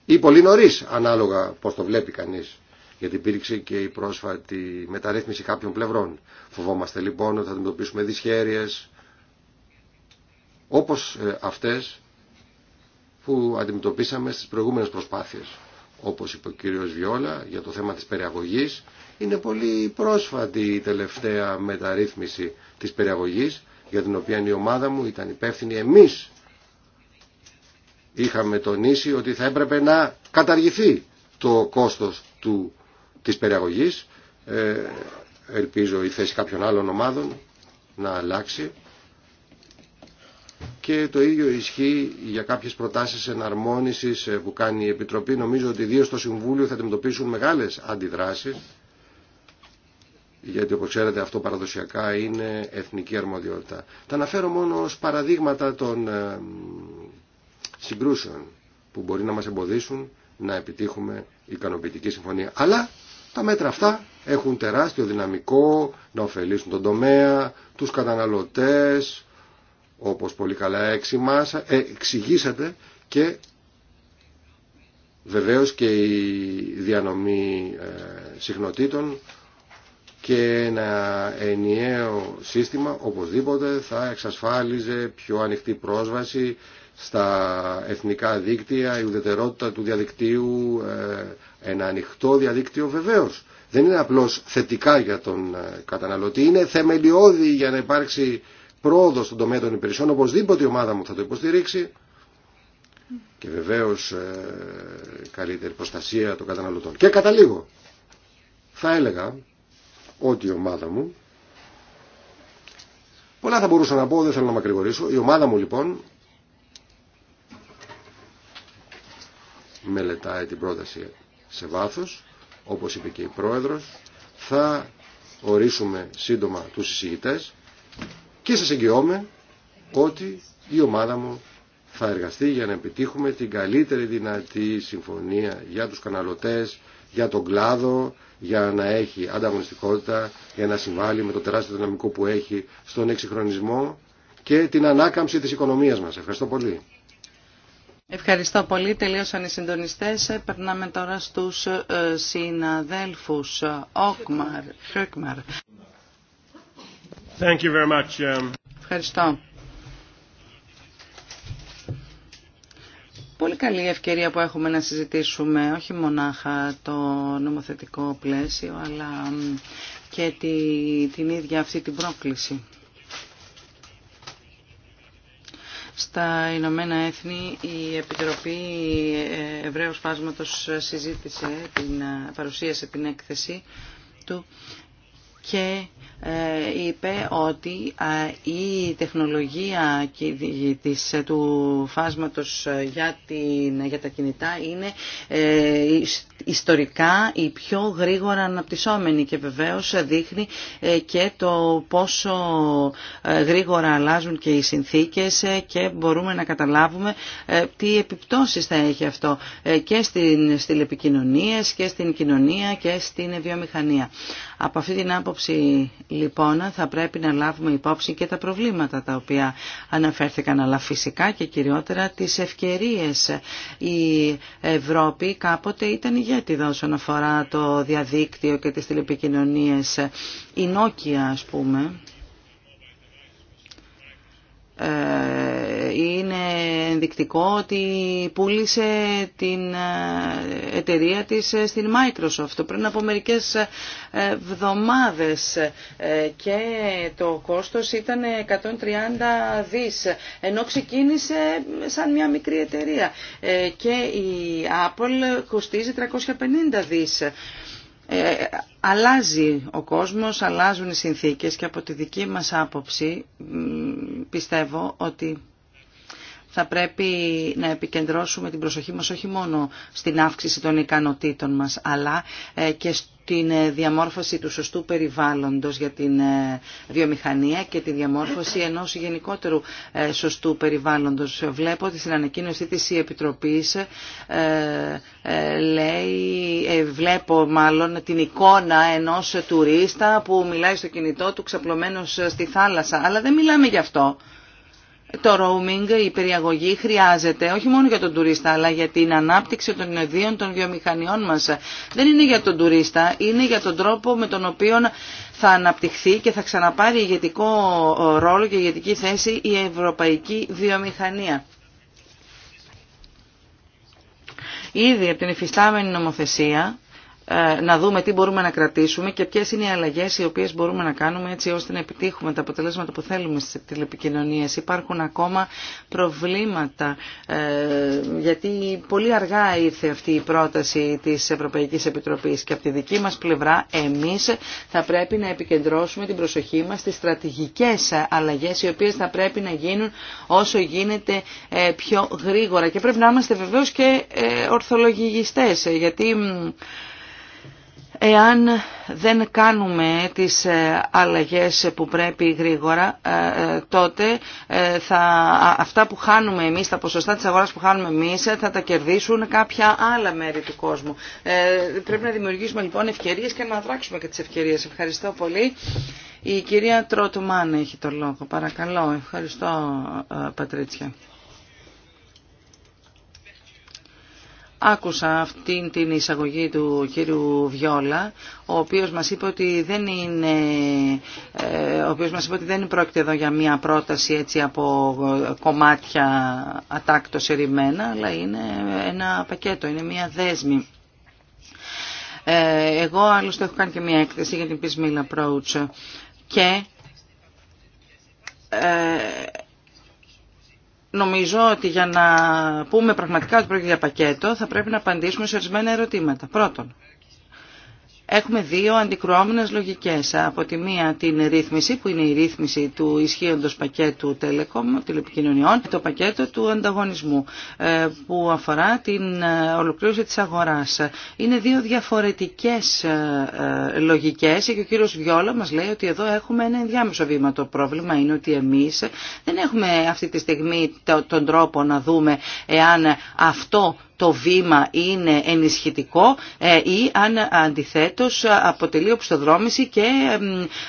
S2: Ή πολύ νωρί, ανάλογα πώς το βλέπει κανείς, γιατί υπήρξε και η πρόσφατη μεταρρύθμιση κάποιων πλευρών. Φοβόμαστε λοιπόν ότι θα αντιμετωπίσουμε δυσχέρειες, όπως ε, αυτές που αντιμετωπίσαμε στις προηγούμενες προσπάθειες. Όπως είπε ο κύριος Βιόλα για το θέμα της περιαγωγής, είναι πολύ πρόσφατη η τελευταία μεταρρύθμιση της περιαγωγής, για την οποία η ομάδα μου ήταν υπεύθυνη εμείς. Είχαμε τονίσει ότι θα έπρεπε να καταργηθεί το κόστος του, της περιαγωγής. Ε, ελπίζω η θέση κάποιων άλλων ομάδων να αλλάξει και το ίδιο ισχύει για κάποιε προτάσει εναρμόνιση ε, που κάνει η Επιτροπή. Νομίζω ότι ιδίω στο Συμβούλιο θα αντιμετωπίσουν μεγάλε αντιδράσει. Γιατί όπως ξέρετε αυτό παραδοσιακά είναι εθνική αρμοδιότητα. Τα αναφέρω μόνο ως παραδείγματα των ε, συγκρούσεων που μπορεί να μας εμποδίσουν να επιτύχουμε ικανοποιητική συμφωνία. Αλλά τα μέτρα αυτά έχουν τεράστιο δυναμικό να ωφελήσουν τον τομέα, τους καταναλωτές, όπως πολύ καλά ε, εξηγήσατε και βεβαίως και η διανομή ε, συχνοτήτων και ένα ενιαίο σύστημα οπωσδήποτε θα εξασφάλιζε πιο ανοιχτή πρόσβαση στα εθνικά δίκτυα, η ουδετερότητα του διαδικτύου, ε, ένα ανοιχτό διαδίκτυο βεβαίως. Δεν είναι απλώς θετικά για τον καταναλωτή, είναι θεμελιώδη για να υπάρξει πρόοδο στον τομέα των υπηρεσιών. Οπωσδήποτε η ομάδα μου θα το υποστηρίξει. Και βεβαίω ε, καλύτερη προστασία των καταναλωτών. Και καταλήγω. Θα έλεγα ότι η ομάδα μου. Πολλά θα μπορούσα να πω, δεν θέλω να μακρηγορήσω. Η ομάδα μου λοιπόν μελετάει την πρόταση σε βάθος, όπως είπε και η Πρόεδρος. Θα ορίσουμε σύντομα τους εισηγητές και σας εγγυώμαι ότι η ομάδα μου θα εργαστεί για να επιτύχουμε την καλύτερη δυνατή συμφωνία για τους καναλωτές, για τον κλάδο, για να έχει ανταγωνιστικότητα, για να συμβάλλει με το τεράστιο δυναμικό που έχει στον εξυγχρονισμό και την ανάκαμψη της οικονομίας μας. Ευχαριστώ πολύ.
S1: Ευχαριστώ πολύ. Τελείωσαν οι συντονιστές. Ε, περνάμε τώρα στους ε, συναδέλφους ε, Όκμαρ, Thank you very much. Um, Ευχαριστώ. Πολύ καλή ευκαιρία που έχουμε να συζητήσουμε όχι μονάχα το νομοθετικό πλαίσιο αλλά και την ίδια αυτή την πρόκληση. Στα Ηνωμένα Έθνη η Επιτροπή Εβραίου Σπάσματος συζήτησε, την, παρουσίασε την έκθεση του και ε, είπε ότι η τεχνολογία της, του φάσματος ε, για, την, για τα κινητά είναι ε, ιστορικά η πιο γρήγορα αναπτυσσόμενη και βεβαίως δείχνει και το πόσο γρήγορα αλλάζουν και οι συνθήκες και μπορούμε να καταλάβουμε τι επιπτώσεις θα έχει αυτό και στην τηλεπικοινωνίες και στην κοινωνία και στην βιομηχανία. Από αυτή την άποψη άποψη λοιπόν θα πρέπει να λάβουμε υπόψη και τα προβλήματα τα οποία αναφέρθηκαν αλλά φυσικά και κυριότερα τις ευκαιρίες. Η Ευρώπη κάποτε ήταν ηγέτιδα όσον αφορά το διαδίκτυο και τις τηλεπικοινωνίες. Η Νόκια ας πούμε ε, είναι ενδεικτικό ότι πούλησε την ε, εταιρεία της ε, στην Microsoft πριν από μερικές εβδομάδες και το κόστος ήταν 130 δις ενώ ξεκίνησε σαν μια μικρή εταιρεία και η Apple κοστίζει 350 δις. αλλάζει ο κόσμος, αλλάζουν οι συνθήκες και από τη δική μας άποψη πιστεύω ότι θα πρέπει να επικεντρώσουμε την προσοχή μας όχι μόνο στην αύξηση των ικανοτήτων μας, αλλά ε, και την ε, διαμόρφωση του σωστού περιβάλλοντος για την ε, βιομηχανία και τη διαμόρφωση ενός γενικότερου ε, σωστού περιβάλλοντος. Βλέπω ότι στην ανακοίνωσή της η Επιτροπής λέει, βλέπω μάλλον την εικόνα ενός τουρίστα που μιλάει στο κινητό του ξαπλωμένος στη θάλασσα. Αλλά δεν μιλάμε γι' αυτό το roaming, η περιαγωγή χρειάζεται όχι μόνο για τον τουρίστα αλλά για την ανάπτυξη των ιδίων των βιομηχανιών μας. Δεν είναι για τον τουρίστα, είναι για τον τρόπο με τον οποίο θα αναπτυχθεί και θα ξαναπάρει ηγετικό ε, ρόλο και ηγετική θέση η ευρωπαϊκή βιομηχανία. Ήδη από την εφιστάμενη νομοθεσία ε, να δούμε τι μπορούμε να κρατήσουμε και ποιες είναι οι αλλαγές οι οποίες μπορούμε να κάνουμε έτσι ώστε να επιτύχουμε τα αποτελέσματα που θέλουμε στις τηλεπικοινωνίες. Υπάρχουν ακόμα προβλήματα ε, γιατί πολύ αργά ήρθε αυτή η πρόταση της Ευρωπαϊκής Επιτροπής και από τη δική μας πλευρά εμείς θα πρέπει να επικεντρώσουμε την προσοχή μας στις στρατηγικές αλλαγές οι οποίες θα πρέπει να γίνουν όσο γίνεται ε, πιο γρήγορα και πρέπει να είμαστε βεβαίως και ορθολογιστές γιατί Εάν δεν κάνουμε τις ε, αλλαγές που πρέπει γρήγορα, ε, ε, τότε θα, αυτά που χάνουμε εμείς, τα ποσοστά της αγοράς που χάνουμε εμείς, θα τα κερδίσουν κάποια άλλα μέρη του κόσμου. Πρέπει να δημιουργήσουμε λοιπόν ευκαιρίες και να δράξουμε και τις ευκαιρίες. Ευχαριστώ πολύ. Η κυρία Τρότουμάν έχει το λόγο. Παρακαλώ. Ευχαριστώ Πατρίτσια. Άκουσα αυτήν την εισαγωγή του κύριου Βιόλα, ο οποίος μας είπε ότι δεν είναι, ε, ο οποίος μας είπε ότι δεν πρόκειται εδώ για μια πρόταση έτσι από κομμάτια ατάκτο ερημένα, αλλά είναι ένα πακέτο, είναι μια δέσμη. Ε, εγώ άλλωστε έχω κάνει και μια έκθεση για την Peace Approach και ε, Νομίζω ότι για να πούμε πραγματικά ότι πρόκειται για πακέτο θα πρέπει να απαντήσουμε σε ορισμένα ερωτήματα. Πρώτον, Έχουμε δύο αντικρουόμενες λογικές. Από τη μία την ρύθμιση, που είναι η ρύθμιση του ισχύοντος πακέτου Telecom, τηλεπικοινωνιών, το πακέτο του ανταγωνισμού, ε, που αφορά την ε, ολοκλήρωση της αγοράς. Είναι δύο διαφορετικές ε, λογικές και ο κύριος Βιόλα μας λέει ότι εδώ έχουμε ένα ενδιάμεσο βήμα. Το πρόβλημα είναι ότι εμείς δεν έχουμε αυτή τη στιγμή τον τρόπο να δούμε εάν αυτό το βήμα είναι ενισχυτικό ε, ή αν αντιθέτως αποτελεί οπισθοδρόμηση και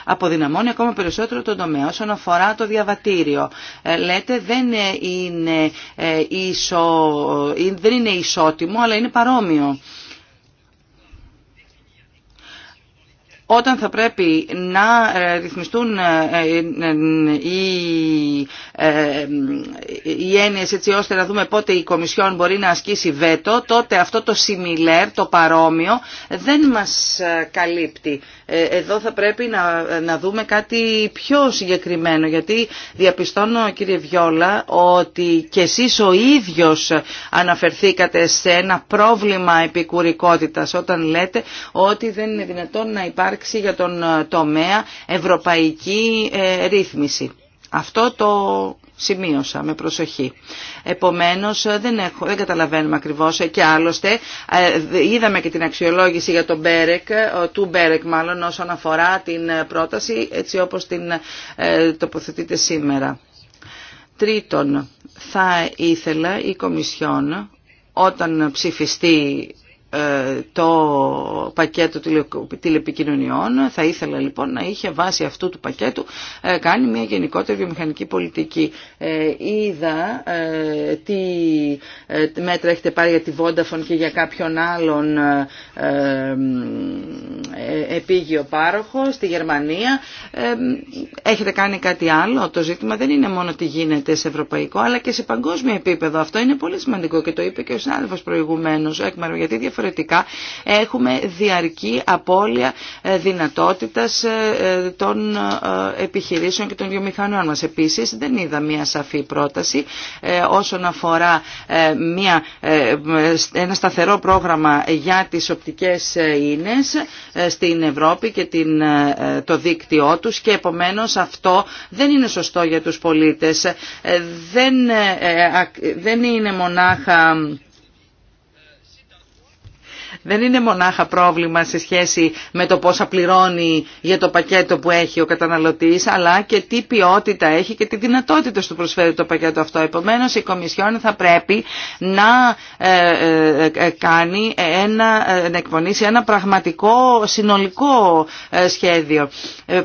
S1: αποδυναμώνει ακόμα περισσότερο τον τομέα. Όσον αφορά το διαβατήριο, ε, λέτε δεν είναι, ίσο, ε, δεν είναι ισότιμο αλλά είναι παρόμοιο. όταν θα πρέπει να ε, ρυθμιστούν ε, ε, οι έννοιες έτσι ώστε να δούμε πότε η Κομισιόν μπορεί να ασκήσει βέτο, τότε αυτό το similar, το παρόμοιο, δεν μας καλύπτει. Ε, εδώ θα πρέπει να, να δούμε κάτι πιο συγκεκριμένο γιατί διαπιστώνω κύριε Βιόλα ότι και εσείς ο ίδιος αναφερθήκατε σε ένα πρόβλημα επικουρικότητας όταν λέτε ότι δεν είναι δυνατόν να υπάρξει για τον τομέα ευρωπαϊκή ε, ρύθμιση. Αυτό το σημείωσα με προσοχή. Επομένως δεν, δεν καταλαβαίνουμε ακριβώς και άλλωστε ε, είδαμε και την αξιολόγηση για τον Μπέρεκ, ε, του Μπέρεκ μάλλον όσον αφορά την πρόταση έτσι όπως την ε, τοποθετείτε σήμερα. Τρίτον, θα ήθελα η Κομισιόν όταν ψηφιστεί ε, το πακέτο τηλεπικοινωνιών. Θα ήθελα λοιπόν να είχε βάσει αυτού του πακέτου ε, κάνει μια γενικότερη βιομηχανική πολιτική. Ε, είδα τι μέτρα έχετε πάρει για τη Vodafone και για κάποιον άλλον επίγειο πάροχο στη Γερμανία. Έχετε κάνει κάτι άλλο. Το ζήτημα δεν είναι μόνο τι γίνεται σε ευρωπαϊκό αλλά και σε παγκόσμιο επίπεδο. Αυτό είναι πολύ σημαντικό και το είπε και ο συνάδελφος προηγουμένως. γιατί διαφορετικά διαφορετικά έχουμε διαρκή απώλεια ε, δυνατότητας ε, ε, των επιχειρήσεων και των βιομηχανών μας. Επίσης δεν είδα μια σαφή πρόταση όσον αφορά μια, ένα σταθερό πρόγραμμα για τις οπτικές ίνες στην Ευρώπη και την, το δίκτυό τους και επομένως αυτό δεν είναι σωστό για τους πολίτες. Δεν, δεν είναι μονάχα δεν είναι μονάχα πρόβλημα σε σχέση με το πόσα πληρώνει για το πακέτο που έχει ο καταναλωτής, αλλά και τι ποιότητα έχει και τι δυνατότητα του προσφέρει το πακέτο αυτό. Επομένως, η Κομισιόν θα πρέπει να ε, ε, ε, κάνει ένα, να εκπονήσει ένα πραγματικό συνολικό σχέδιο.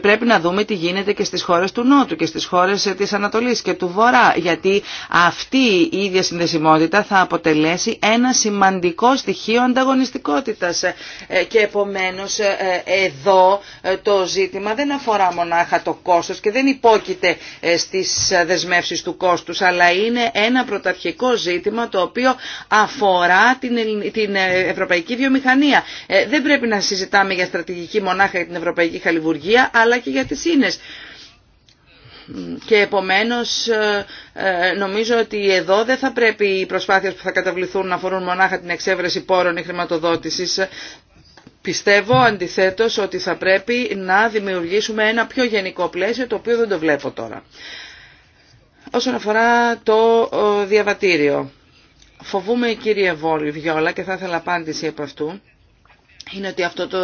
S1: Πρέπει να δούμε τι γίνεται και στις χώρες του Νότου και στις χώρες της Ανατολής και του Βορρά, γιατί αυτή η ίδια συνδεσιμότητα θα αποτελέσει ένα σημαντικό στοιχείο ανταγωνιστικό ε, και επομένως ε, εδώ ε, το ζήτημα δεν αφορά μονάχα το κόστος και δεν υπόκειται στις δεσμεύσεις του κόστους αλλά είναι ένα πρωταρχικό ζήτημα το οποίο αφορά την ευρωπαϊκή βιομηχανία. Δεν πρέπει να συζητάμε για στρατηγική μονάχα για την ευρωπαϊκή χαλιβουργία αλλά και για τις ίνες. Και επομένως ε, ε, νομίζω ότι εδώ δεν θα πρέπει οι προσπάθειες που θα καταβληθούν να αφορούν μονάχα την εξέβρεση πόρων ή χρηματοδότησης. Πιστεύω αντιθέτως ότι θα πρέπει να δημιουργήσουμε ένα πιο γενικό πλαίσιο το οποίο δεν το βλέπω τώρα. Όσον αφορά το ε, διαβατήριο. Φοβούμαι η κυρία Βιόλα και θα ήθελα απάντηση από αυτού είναι ότι αυτό το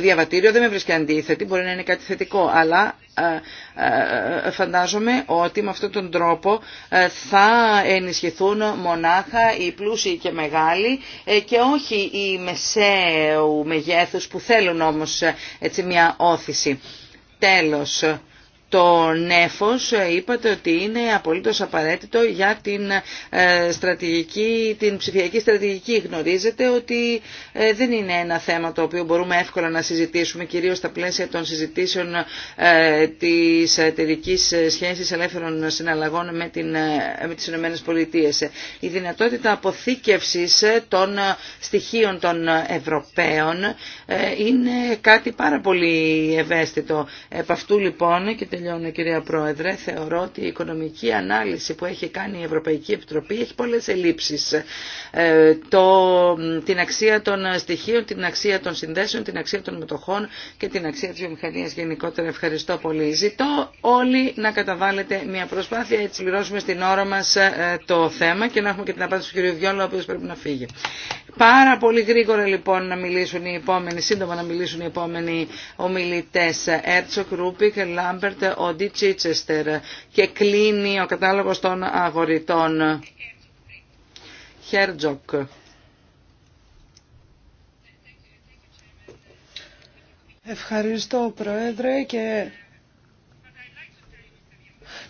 S1: διαβατήριο δεν με βρίσκει αντίθετη, μπορεί να είναι κάτι θετικό, αλλά ε, ε, φαντάζομαι ότι με αυτόν τον τρόπο ε, θα ενισχυθούν μονάχα οι πλούσιοι και μεγάλοι και όχι οι μεσαίου μεγέθους που θέλουν όμως έτσι μια όθηση. Τέλος. Το νέφος ε, είπατε ότι είναι απολύτως απαραίτητο για την, ε, στρατηγική, την ψηφιακή στρατηγική. Γνωρίζετε ότι ε, δεν είναι ένα θέμα το οποίο μπορούμε εύκολα να συζητήσουμε, κυρίως στα πλαίσια των συζητήσεων της εταιρική σχέσης ελεύθερων συναλλαγών με, την, με τις ΗΠΑ. Η δυνατότητα αποθήκευσης των στοιχείων των Ευρωπαίων είναι κάτι πάρα πολύ ευαίσθητο. Επ' αυτού λοιπόν και τελειώνω κυρία Πρόεδρε, θεωρώ ότι η οικονομική ανάλυση που έχει κάνει η Ευρωπαϊκή Επιτροπή έχει πολλέ. ελλείψεις. Ε, το, την αξία των στοιχείων, την αξία των συνδέσεων, την αξία των μετοχών και την αξία τη βιομηχανία. γενικότερα. Ευχαριστώ πολύ. Ζητώ όλοι να καταβάλλετε μια προσπάθεια, έτσι πληρώσουμε στην ώρα μας ε, το θέμα και να έχουμε και την απάντηση του κύριου Βιόλου, ο οποίος πρέπει να φύγει. Πάρα πολύ γρήγορα λοιπόν να μιλήσουν οι επόμενοι, σύντομα να μιλήσουν οι επόμενοι ομιλητές. Έρτσοκ, Ρούπικ, Λάμπερτ, ο Ντι και κλείνει ο κατάλογος των αγοριτών. Χέρτζοκ.
S3: Ευχαριστώ Πρόεδρε και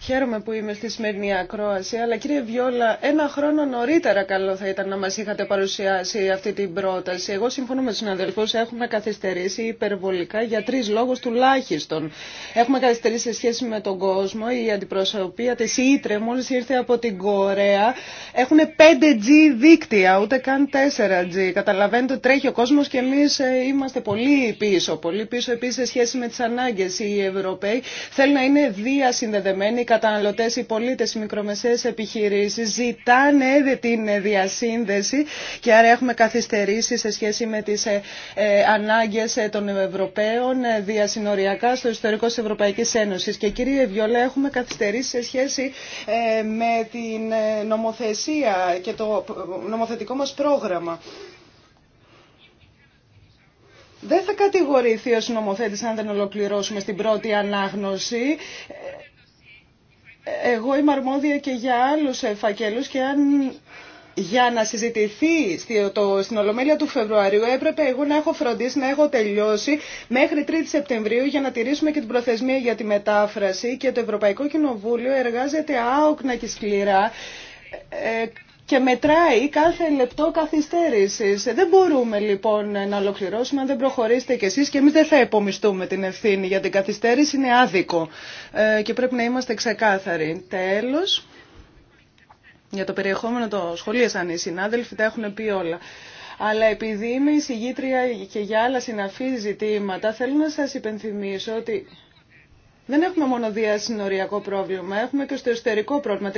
S3: Χαίρομαι που είμαι στη σημερινή ακρόαση, αλλά κύριε Βιόλα, ένα χρόνο νωρίτερα καλό θα ήταν να μας είχατε παρουσιάσει αυτή την πρόταση. Εγώ συμφωνώ με τους συναδελφούς, έχουμε καθυστερήσει υπερβολικά για τρεις λόγους τουλάχιστον. Έχουμε καθυστερήσει σε σχέση με τον κόσμο, η αντιπροσωπεία της Ήτρε μόλις ήρθε από την Κορέα. Έχουν 5G δίκτυα, ούτε καν 4G. Καταλαβαίνετε, τρέχει ο κόσμος και εμείς ε, είμαστε πολύ πίσω. Πολύ πίσω επίσης σε σχέση με τις ανάγκες. Οι Ευρωπαίοι θέλουν να είναι διασυνδεδεμένοι καταναλωτές, οι πολίτες, οι μικρομεσαίες επιχειρήσεις ζητάνε την διασύνδεση και άρα έχουμε καθυστερήσει σε σχέση με τις ε, ε, ανάγκες ε, των Ευρωπαίων διασυνοριακά στο ιστορικό της Ευρωπαϊκής Και κύριε Βιολέ, έχουμε καθυστερήσει σε σχέση με την νομοθεσία και το νομοθετικό μας πρόγραμμα. Δεν θα κατηγορηθεί ο νομοθέτης αν δεν ολοκληρώσουμε στην πρώτη ανάγνωση. Εγώ είμαι αρμόδια και για άλλους ε, φακέλους και αν για να συζητηθεί στην Ολομέλεια του Φεβρουαρίου έπρεπε εγώ να έχω φροντίσει, να έχω τελειώσει μέχρι 3 Σεπτεμβρίου για να τηρήσουμε και την προθεσμία για τη μετάφραση και το Ευρωπαϊκό Κοινοβούλιο εργάζεται άοκνα και σκληρά ε, ε, και μετράει κάθε λεπτό καθυστέρηση. Δεν μπορούμε λοιπόν να ολοκληρώσουμε αν δεν προχωρήσετε κι εσείς και εμεί δεν θα υπομιστούμε την ευθύνη για την καθυστέρηση, είναι άδικο ε, και πρέπει να είμαστε ξεκάθαροι. Τέλος, για το περιεχόμενο το σχολίασαν οι συνάδελφοι, τα έχουν πει όλα. Αλλά επειδή είμαι εισηγήτρια και για άλλα συναφή ζητήματα, θέλω να σα υπενθυμίσω ότι δεν έχουμε μόνο διασυνοριακό πρόβλημα, έχουμε και στο εσωτερικό πρόβλημα.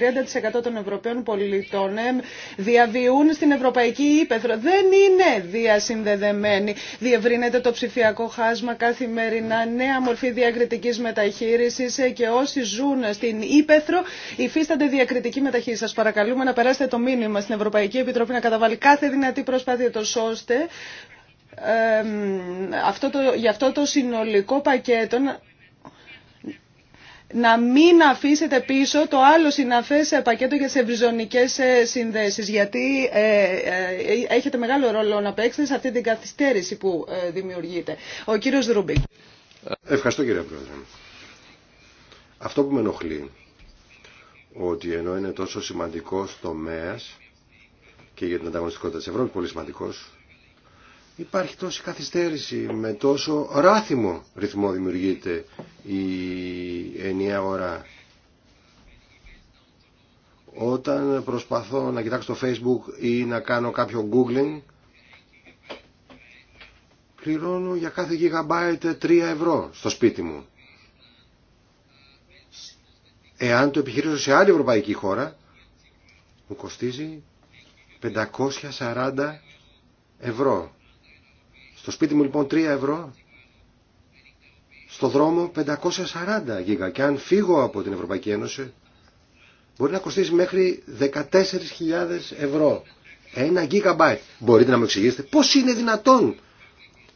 S3: 30% των Ευρωπαίων πολιτών ε, διαβιούν στην Ευρωπαϊκή Ήπεθρο. Δεν είναι διασυνδεδεμένοι. Διευρύνεται το ψηφιακό χάσμα καθημερινά, νέα μορφή διακριτική μεταχείριση ε, και όσοι ζουν στην Ήπεθρο υφίστανται διακριτική μεταχείριση. Σα παρακαλούμε να περάσετε το μήνυμα στην Ευρωπαϊκή Επιτροπή να καταβάλει κάθε δυνατή προσπάθεια τόσο ώστε ε, αυτό το, για αυτό το συνολικό πακέτο να μην αφήσετε πίσω το άλλο συναφές ε, πακέτο για τις ευρυζωνικές ε, συνδέσεις, γιατί ε, έχετε μεγάλο ρόλο να παίξετε σε αυτή την καθυστέρηση που δημιουργείται. Ο κύριος Ρούμπικ.
S2: Ευχαριστώ κύριε Πρόεδρε. Αυτό που με ενοχλεί, ότι ενώ είναι τόσο σημαντικός τομέας και για την ανταγωνιστικότητα της Ευρώπης, πολύ σημαντικός, υπάρχει τόση καθυστέρηση, με τόσο ράθιμο ρυθμό δημιουργείται η ενιαία ώρα. Όταν προσπαθώ να κοιτάξω το facebook ή να κάνω κάποιο googling, πληρώνω για κάθε gigabyte 3 ευρώ στο σπίτι μου. Εάν το επιχειρήσω σε άλλη ευρωπαϊκή χώρα, μου κοστίζει 540 ευρώ. Στο σπίτι μου λοιπόν 3 ευρώ, στο δρόμο 540 γίγα. Και αν φύγω από την Ευρωπαϊκή Ένωση, μπορεί να κοστίσει μέχρι 14.000 ευρώ. Ένα μπάιτ. Μπορείτε να μου εξηγήσετε πώς είναι δυνατόν,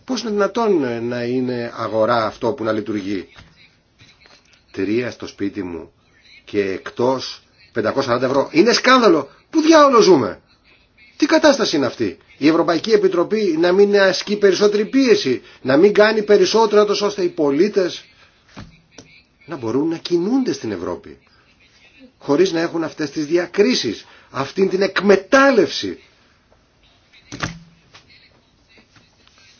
S2: πώς είναι δυνατόν ε, να είναι αγορά αυτό που να λειτουργεί. Τρία στο σπίτι μου και εκτός 540 ευρώ. Είναι σκάνδαλο. Πού διάολο ζούμε. Τι κατάσταση είναι αυτή. Η Ευρωπαϊκή Επιτροπή να μην ασκεί περισσότερη πίεση, να μην κάνει περισσότερα τόσο ώστε οι πολίτες να μπορούν να κινούνται στην Ευρώπη χωρίς να έχουν αυτές τις διακρίσεις, αυτήν την εκμετάλλευση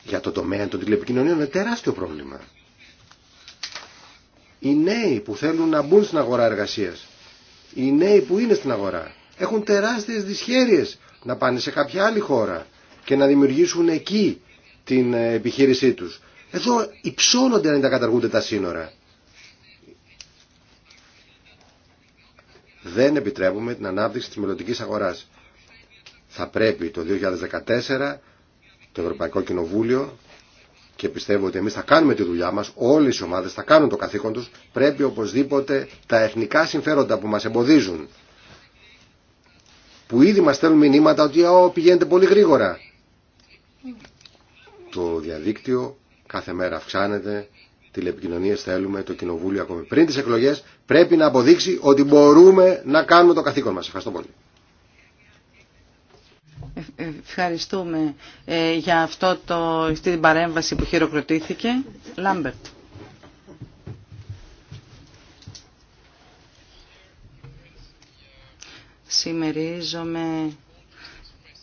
S2: για το τομέα των τηλεπικοινωνιών είναι τεράστιο πρόβλημα. Οι νέοι που θέλουν να μπουν στην αγορά εργασίας, οι νέοι που είναι στην αγορά, έχουν τεράστιες δυσχέρειες να πάνε σε κάποια άλλη χώρα και να δημιουργήσουν εκεί την ε, επιχείρησή τους. Εδώ υψώνονται αν τα καταργούνται τα σύνορα. Δεν επιτρέπουμε την ανάπτυξη της μελλοντική αγοράς. Θα πρέπει το 2014 το Ευρωπαϊκό Κοινοβούλιο και πιστεύω ότι εμείς θα κάνουμε τη δουλειά μας, όλες οι ομάδες θα κάνουν το καθήκον τους, πρέπει οπωσδήποτε τα εθνικά συμφέροντα που μας εμποδίζουν που ήδη μας στέλνουν μηνύματα ότι ο, πηγαίνετε πολύ γρήγορα. Το διαδίκτυο κάθε μέρα αυξάνεται, τηλεπικοινωνίες θέλουμε, το κοινοβούλιο ακόμη πριν τις εκλογές πρέπει να αποδείξει ότι μπορούμε να κάνουμε το καθήκον μας. Ευχαριστώ πολύ.
S1: Ε, ε, ευχαριστούμε ε, για αυτό το, αυτή την παρέμβαση που χειροκροτήθηκε. Λάμπερτ. Σημερίζομαι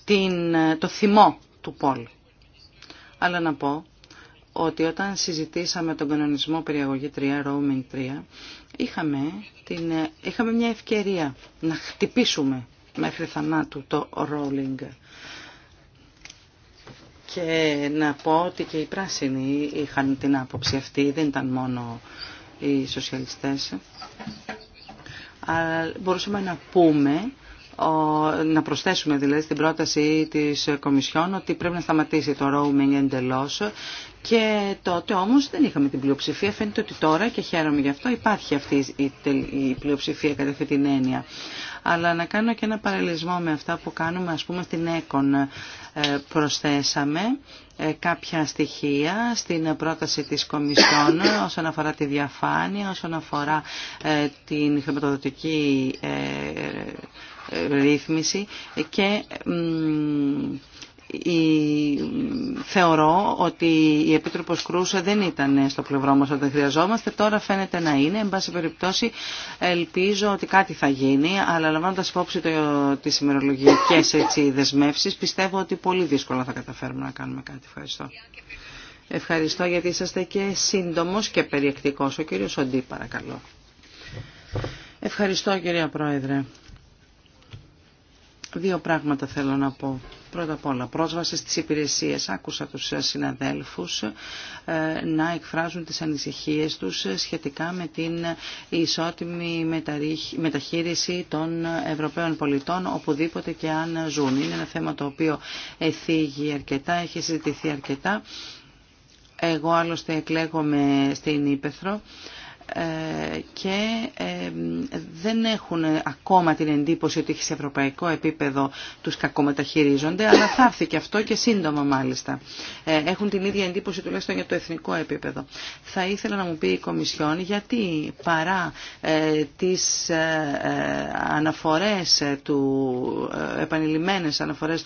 S1: την, το θυμό του Πολ. Αλλά να πω ότι όταν συζητήσαμε τον κανονισμό περιαγωγή 3, roaming 3, είχαμε, την, είχαμε μια ευκαιρία να χτυπήσουμε μέχρι θανάτου το rolling. Και να πω ότι και οι πράσινοι είχαν την άποψη αυτή, δεν ήταν μόνο οι σοσιαλιστές μπορούσαμε να πούμε να προσθέσουμε δηλαδή στην πρόταση της Κομισιόν ότι πρέπει να σταματήσει το roaming εντελώς και τότε όμως δεν είχαμε την πλειοψηφία. Φαίνεται ότι τώρα και χαίρομαι γι' αυτό υπάρχει αυτή η πλειοψηφία κατά αυτή την έννοια. Αλλά να κάνω και ένα παραλληλισμό με αυτά που κάνουμε ας πούμε στην ΕΚΟΝ ε, προσθέσαμε ε, κάποια στοιχεία στην πρόταση της Κομισιόν όσον αφορά τη διαφάνεια, όσον αφορά ε, την χρηματοδοτική ε, ρύθμιση και θεωρώ ότι η Επίτροπος Κρούσα δεν ήταν στο πλευρό μας όταν χρειαζόμαστε. Τώρα φαίνεται να είναι. Εν πάση περιπτώσει ελπίζω ότι κάτι θα γίνει, αλλά λαμβάνοντα υπόψη το, τις ημερολογικές έτσι, δεσμεύσεις, πιστεύω ότι πολύ δύσκολα θα καταφέρουμε να κάνουμε κάτι. Ευχαριστώ. Ευχαριστώ γιατί είσαστε και σύντομος και περιεκτικός. Ο κύριος Οντή παρακαλώ. Ευχαριστώ κυρία Πρόεδρε. Δύο πράγματα θέλω να πω. Πρώτα απ' όλα, πρόσβαση στις υπηρεσίες. Άκουσα τους συναδέλφους ε, να εκφράζουν τις ανησυχίες τους σχετικά με την ισότιμη μεταχείριση των Ευρωπαίων πολιτών οπουδήποτε και αν ζουν. Είναι ένα θέμα το οποίο εθίγει αρκετά, έχει συζητηθεί αρκετά. Εγώ άλλωστε εκλέγομαι στην Ήπεθρο ε, και ε, δεν έχουν ακόμα την εντύπωση ότι σε ευρωπαϊκό επίπεδο τους κακομεταχειρίζονται, αλλά θα έρθει και αυτό και σύντομα μάλιστα. Ε, έχουν την ίδια εντύπωση τουλάχιστον για το εθνικό επίπεδο. Θα ήθελα να μου πει η Κομισιόν γιατί παρά τις αναφορές του, επανειλημμένες αναφορές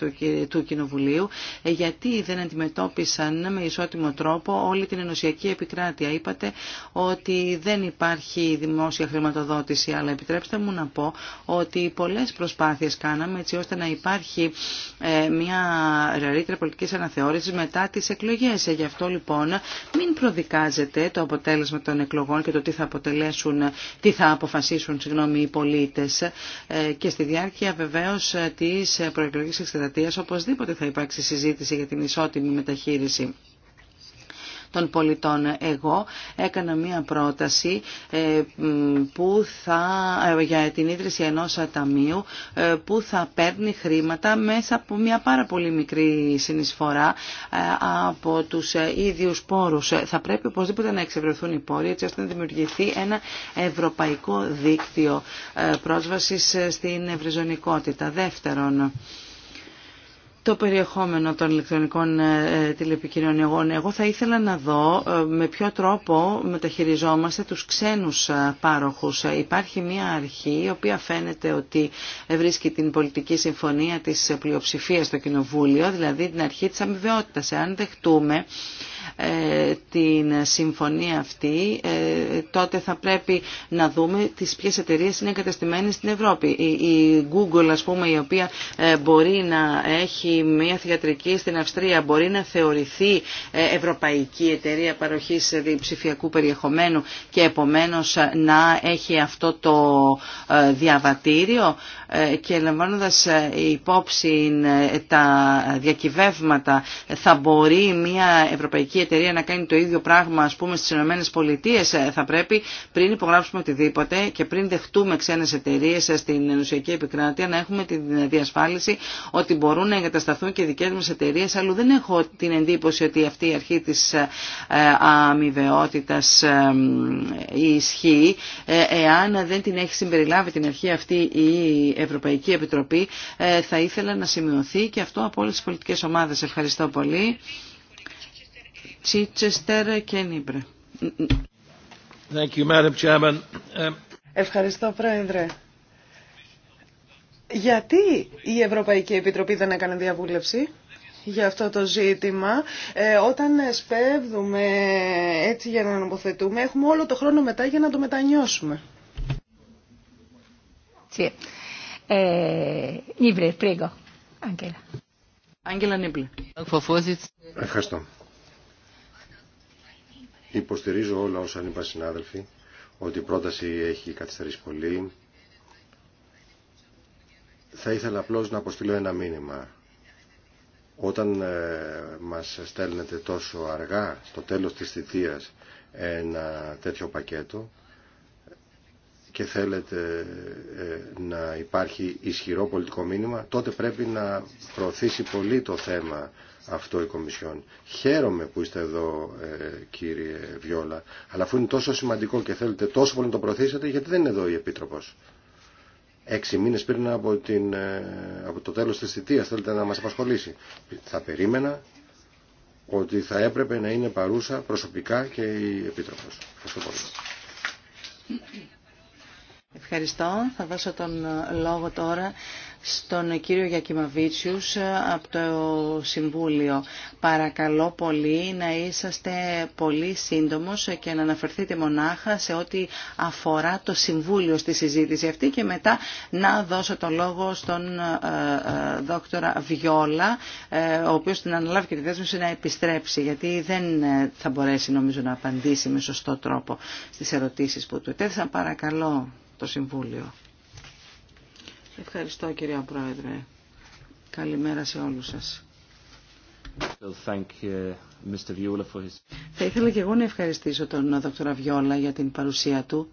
S1: του Κοινοβουλίου, γιατί δεν αντιμετώπισαν με ισότιμο τρόπο όλη την ενωσιακή επικράτεια. Είπατε ότι δεν δεν υπάρχει δημόσια χρηματοδότηση, αλλά επιτρέψτε μου να πω ότι πολλές προσπάθειες κάναμε έτσι ώστε να υπάρχει ε, μια ρεαλίτρια πολιτική αναθεώρηση μετά τις εκλογές. Ε, γι' αυτό λοιπόν μην προδικάζετε το αποτέλεσμα των εκλογών και το τι θα αποτελέσουν, τι θα αποφασίσουν συγγνώμη, οι πολίτες ε, και στη διάρκεια βεβαίως της προεκλογής εξετατείας οπωσδήποτε θα υπάρξει συζήτηση για την ισότιμη μεταχείριση των πολιτών. Εγώ έκανα μία πρόταση ε, που θα, ε, για την ίδρυση ενός ταμείου ε, που θα παίρνει χρήματα μέσα από μία πάρα πολύ μικρή συνεισφορά από τους ίδιους πόρους. Θα πρέπει οπωσδήποτε να εξευρεθούν οι πόροι έτσι ώστε να δημιουργηθεί ένα ευρωπαϊκό δίκτυο πρόσβασης στην ευρυζωνικότητα. Δεύτερον, το περιεχόμενο των ηλεκτρονικών ε, ε, τηλεπικοινωνιών. Ναι, εγώ θα ήθελα να δω ε, με ποιο τρόπο μεταχειριζόμαστε τους ξένους πάροχους. Υπάρχει μια αρχή η οποία φαίνεται ότι βρίσκει την πολιτική συμφωνία της πλειοψηφίας στο Κοινοβούλιο, δηλαδή την αρχή της αμοιβαιότητας. Εάν δεχτούμε ε, την συμφωνία αυτή, ε, τότε θα πρέπει να δούμε τις ποιες εταιρείες είναι εγκαταστημένες στην Ευρώπη. Η Google, ας πούμε, η οποία ε, μπορεί να έχει μια θεατρική στην Αυστρία, μπορεί να θεωρηθεί ευρωπαϊκή εταιρεία παροχής ψηφιακού περιεχομένου και επομένως να έχει αυτό το διαβατήριο και λαμβάνοντας υπόψη τα διακυβεύματα θα μπορεί μια ευρωπαϊκή εταιρεία να κάνει το ίδιο πράγμα α πούμε στι ΗΠΑ, Πολιτείε, ε, θα πρέπει πριν υπογράψουμε οτιδήποτε και πριν δεχτούμε ξένε εταιρείε ε, στην ενωσιακή επικράτεια να έχουμε τη διασφάλιση ότι μπορούν να εγκατασταθούν και δικέ μα εταιρείε, αλλά δεν έχω την εντύπωση ότι αυτή η αρχή τη ε, αμοιβαιότητα ισχύει εάν δεν την έχει συμπεριλάβει την αρχή αυτή η Ευρωπαϊκή Επιτροπή θα ήθελα να σημειωθεί και αυτό από όλε τι πολιτικέ ομάδε. Ευχαριστώ πολύ. Τσίτσεστερ και Νίμπρε. Um,
S3: Ευχαριστώ, Πρόεδρε. Γιατί η Ευρωπαϊκή Επιτροπή δεν έκανε διαβούλευση για αυτό το ζήτημα. Ε, όταν σπέβδουμε έτσι για να νομοθετούμε, έχουμε όλο το χρόνο μετά για να το μετανιώσουμε.
S1: Άγγελα Νίμπλε.
S2: Ευχαριστώ. Υποστηρίζω όλα όσα είπα συνάδελφοι ότι η πρόταση έχει καθυστερήσει πολύ. Θα ήθελα απλώς να αποστείλω ένα μήνυμα. Όταν ε, μας στέλνετε τόσο αργά στο τέλος της θητείας ένα τέτοιο πακέτο και θέλετε ε, να υπάρχει ισχυρό πολιτικό μήνυμα τότε πρέπει να προωθήσει πολύ το θέμα αυτό η Κομισιόν. Χαίρομαι που είστε εδώ ε, κύριε Βιόλα, αλλά αφού είναι τόσο σημαντικό και θέλετε τόσο πολύ να το προωθήσετε, γιατί δεν είναι εδώ η Επίτροπος. Έξι μήνες πριν από, την, ε, από το τέλος της θητείας θέλετε να μας απασχολήσει. Θα περίμενα ότι θα έπρεπε να είναι παρούσα προσωπικά και η Επίτροπος. Ευχαριστώ πολύ.
S1: Ευχαριστώ. Θα δώσω τον λόγο τώρα στον κύριο Γιακυμαβίτσιους ε, από το Συμβούλιο. Παρακαλώ πολύ να είσαστε πολύ σύντομος και να αναφερθείτε μονάχα σε ό,τι αφορά το Συμβούλιο στη συζήτηση αυτή και μετά να δώσω το λόγο στον ε, ε, δόκτορα Βιόλα, ο οποίος την αναλάβει και τη δέσμευση να επιστρέψει, γιατί δεν θα μπορέσει νομίζω να απαντήσει με σωστό τρόπο στις ερωτήσεις που του ετέθησαν. Παρακαλώ το Συμβούλιο. Ευχαριστώ κυρία Πρόεδρε. Καλημέρα σε όλους σας. Θα ήθελα και εγώ να ευχαριστήσω τον Δ. Βιόλα για την παρουσία του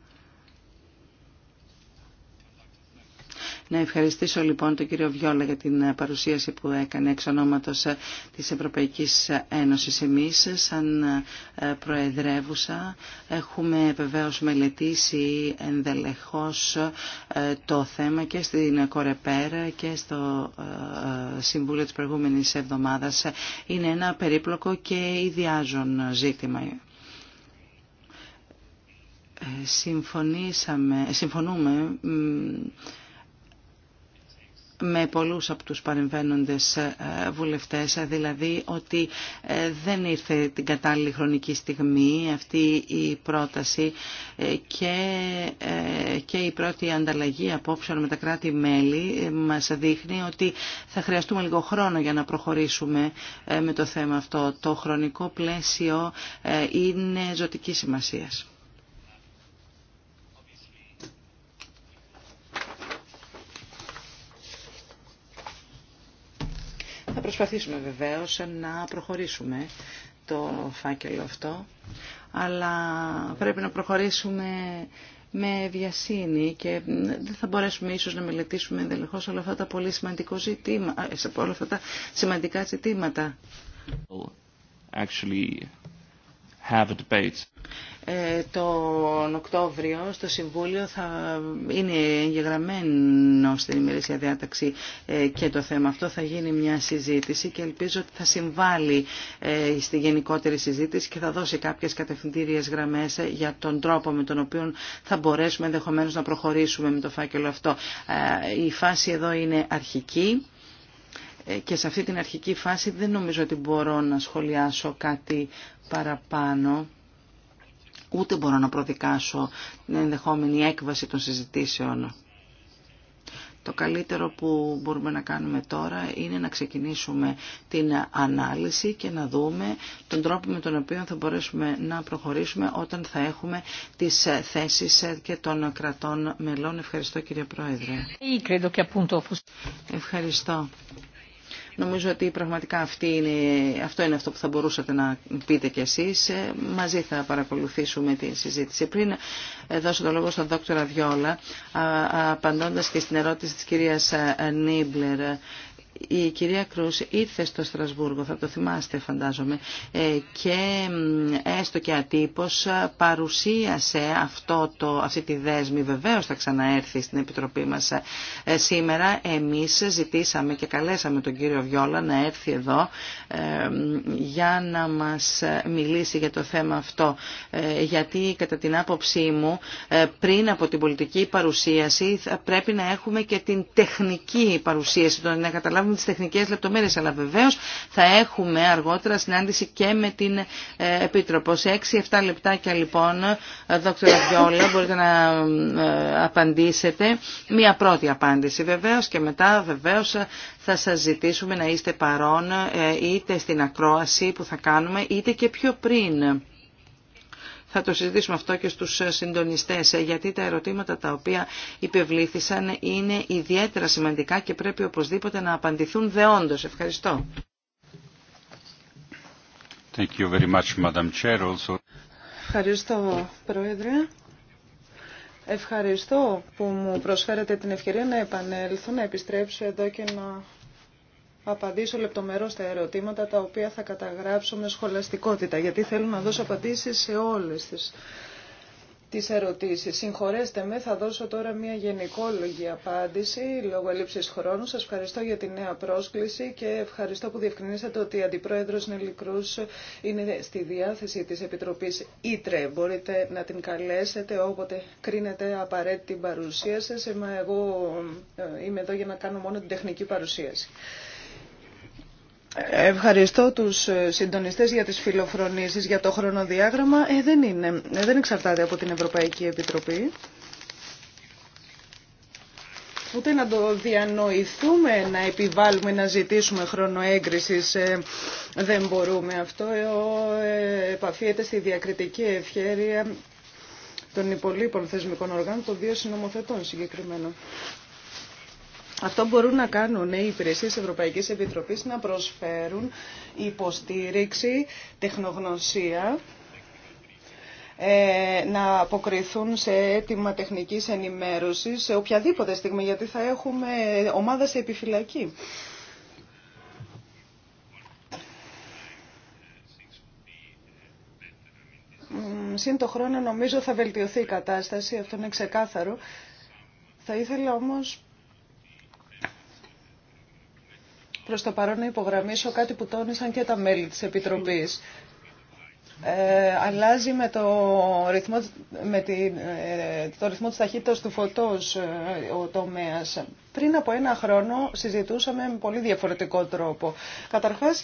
S1: Να ευχαριστήσω λοιπόν τον κύριο Βιόλα για την παρουσίαση που έκανε εξ ονόματος ε, της Ευρωπαϊκής Ένωσης. Εμείς ε, σαν ε, Προεδρεύουσα έχουμε βεβαίω μελετήσει ενδελεχώς το θέμα και στην Κορεπέρα και στο Συμβούλιο της προηγούμενης εβδομάδας. Είναι ένα περίπλοκο και ιδιάζον ζήτημα συμφωνήσαμε, συμφωνούμε με πολλούς από τους παρεμβαίνοντες ε, βουλευτές, ε, δηλαδή ότι ε, δεν ήρθε την κατάλληλη χρονική στιγμή αυτή η πρόταση και, και η πρώτη ανταλλαγή απόψεων με τα κράτη-μέλη μας δείχνει ότι θα χρειαστούμε λίγο χρόνο για να προχωρήσουμε με το θέμα αυτό. Το χρονικό πλαίσιο είναι ζωτική σημασίας. προσπαθήσουμε βεβαίως να προχωρήσουμε το φάκελο αυτό, αλλά πρέπει να προχωρήσουμε με βιασύνη και δεν θα μπορέσουμε ίσως να μελετήσουμε ενδελεχώς όλα αυτά τα πολύ ζητήμα, ε, όλα αυτά τα σημαντικά ζητήματα have a debate. Ε, τον Οκτώβριο στο Συμβούλιο θα είναι εγγεγραμμένο στην ημερήσια διάταξη ε, και το θέμα αυτό. Θα γίνει μια συζήτηση και ελπίζω ότι θα συμβάλλει ε, στη γενικότερη συζήτηση και θα δώσει κάποιες κατευθυντήριες γραμμές ε, για τον τρόπο με τον οποίο θα μπορέσουμε ενδεχομένως να προχωρήσουμε με το φάκελο αυτό. η φάση εδώ είναι αρχική ε, και σε αυτή την αρχική φάση δεν νομίζω ότι μπορώ να σχολιάσω κάτι παραπάνω ούτε μπορώ να προδικάσω την ενδεχόμενη έκβαση των συζητήσεων. Το καλύτερο που μπορούμε να κάνουμε τώρα είναι να ξεκινήσουμε την ανάλυση και να δούμε τον τρόπο με τον οποίο θα μπορέσουμε να προχωρήσουμε όταν θα έχουμε τις θέσεις και των κρατών μελών. Ευχαριστώ κύριε Πρόεδρε. Ευχαριστώ. Νομίζω ότι πραγματικά αυτό είναι αυτό που θα μπορούσατε να πείτε κι εσείς. Ε, μαζί θα παρακολουθήσουμε την συζήτηση. Πριν ε, δώσω το λόγο στον δόκτωρα Διόλα, απαντώντας και στην ερώτηση της κυρίας ε, Νίμπλερ, η κυρία Κρούς ήρθε στο Στρασβούργο, θα το θυμάστε φαντάζομαι, ε, και έστω και ατύπως παρουσίασε αυτό το, αυτή τη δέσμη. Βεβαίως θα ξαναέρθει στην Επιτροπή μας ε, σήμερα. Εμείς ζητήσαμε και καλέσαμε τον κύριο Βιόλα να έρθει εδώ ε, για να μας μιλήσει για το θέμα αυτό. Γιατί κατά την άποψή μου πριν από την πολιτική παρουσίαση πρέπει να έχουμε και την τεχνική παρουσίαση, να με τι τεχνικέ λεπτομέρειε, αλλά βεβαίω θα έχουμε αργότερα συνάντηση και με την ε, Επίτροπο. Σε 6-7 λεπτάκια λοιπόν, δόκτωρα Βιόλα, μπορείτε να ε, απαντήσετε. Μία πρώτη απάντηση βεβαίω, και μετά βεβαίω θα σας ζητήσουμε να είστε παρόν ε, είτε στην ακρόαση που θα κάνουμε είτε και πιο πριν θα το συζητήσουμε αυτό και στους συντονιστές, ε, γιατί τα ερωτήματα τα οποία υπευλήθησαν είναι ιδιαίτερα σημαντικά και πρέπει οπωσδήποτε να απαντηθούν δεόντως. Ευχαριστώ.
S2: Thank you very much, Madam Chair, also.
S3: Ευχαριστώ, Πρόεδρε. Ευχαριστώ που μου προσφέρετε την ευκαιρία να επανέλθω, να επιστρέψω εδώ και να απαντήσω λεπτομερώς στα ερωτήματα τα οποία θα καταγράψω με σχολαστικότητα γιατί θέλω να δώσω απαντήσεις σε όλες τις, τις ερωτήσεις. Συγχωρέστε με, θα δώσω τώρα μια γενικόλογη απάντηση λόγω έλλειψη χρόνου. Σας ευχαριστώ για τη νέα πρόσκληση και ευχαριστώ που διευκρινίσατε ότι η Αντιπρόεδρος Νέλη είναι στη διάθεση της Επιτροπής Ήτρε. Μπορείτε να την καλέσετε όποτε κρίνετε απαραίτητη παρουσία σας. Εγώ ε, είμαι εδώ για να κάνω μόνο την τεχνική παρουσίαση. Ευχαριστώ τους ε, συντονιστές για τις φιλοφρονήσεις, για το χρονοδιάγραμμα. Ε, δεν, είναι, ε, δεν εξαρτάται από την Ευρωπαϊκή Επιτροπή. Ούτε να το διανοηθούμε, να επιβάλλουμε, να ζητήσουμε χρόνο έγκρισης, ε, δεν μπορούμε. Αυτό επαφίεται στη διακριτική ευχέρεια των υπολείπων θεσμικών οργάνων, των δύο συνομοθετών συγκεκριμένα. Αυτό μπορούν να κάνουν οι υπηρεσίες Ευρωπαϊκής Επιτροπής να προσφέρουν υποστήριξη, τεχνογνωσία, ε, να αποκριθούν σε αίτημα τεχνικής ενημέρωσης σε οποιαδήποτε στιγμή, γιατί θα έχουμε ομάδα σε επιφυλακή. Συν το χρόνο νομίζω θα βελτιωθεί η κατάσταση, αυτό είναι ξεκάθαρο. Θα ήθελα όμως Προ το παρόν να υπογραμμίσω κάτι που τόνισαν και τα μέλη της Επιτροπής. Ε, αλλάζει με το ρυθμό, με την, ε, το ρυθμό της ταχύτητας του φωτός ε, ο τομέας. Πριν από ένα χρόνο συζητούσαμε με πολύ διαφορετικό τρόπο. Καταρχάς,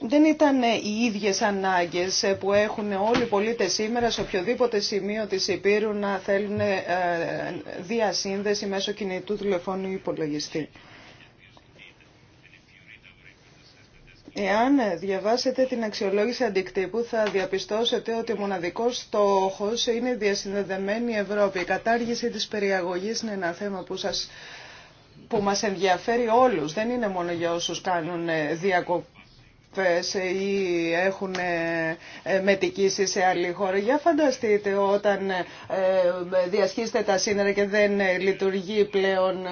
S3: δεν ήταν οι ίδιες ανάγκες που έχουν όλοι οι πολίτες σήμερα σε οποιοδήποτε σημείο της Υπήρου να θέλουν ε, διασύνδεση μέσω κινητού τηλεφώνου υπολογιστή. Εάν διαβάσετε την αξιολόγηση αντικτύπου θα διαπιστώσετε ότι ο μοναδικός στόχος είναι η διασυνδεδεμένη Ευρώπη. Η κατάργηση της περιαγωγής είναι ένα θέμα που, σας, που μας ενδιαφέρει όλους. Δεν είναι μόνο για όσους κάνουν ε, διακοπές ή έχουν ε, ε, μετικήσει σε άλλη χώρα. Για φανταστείτε όταν διασχίσετε τα σύνορα και δεν λειτουργεί πλέον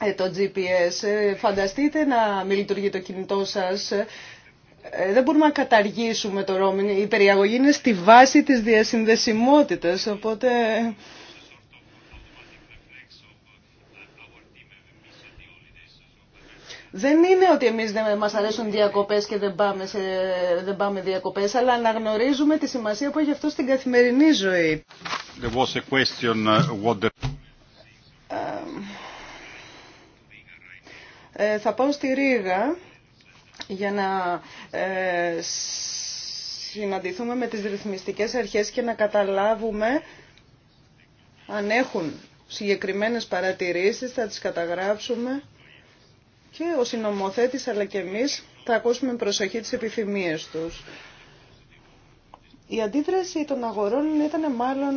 S3: ε, το GPS. Ε, φανταστείτε να μην λειτουργεί το κινητό σας. Ε, δεν μπορούμε να καταργήσουμε το roaming. Η περιαγωγή είναι στη βάση της διασυνδεσιμότητας, οπότε... Δεν είναι ότι εμείς δεν μας αρέσουν διακοπές και δεν πάμε, σε, δεν πάμε διακοπές, αλλά αναγνωρίζουμε τη σημασία που έχει αυτό στην
S2: καθημερινή ζωή. Uh,
S3: ε, θα πάω στη Ρήγα για να ε, συναντηθούμε με τις ρυθμιστικές αρχές και να καταλάβουμε αν έχουν συγκεκριμένες παρατηρήσεις, θα τις καταγράψουμε και ο συνομοθέτης αλλά και εμείς θα ακούσουμε με προσοχή τις επιθυμίες τους. Η αντίδραση των αγορών ήταν μάλλον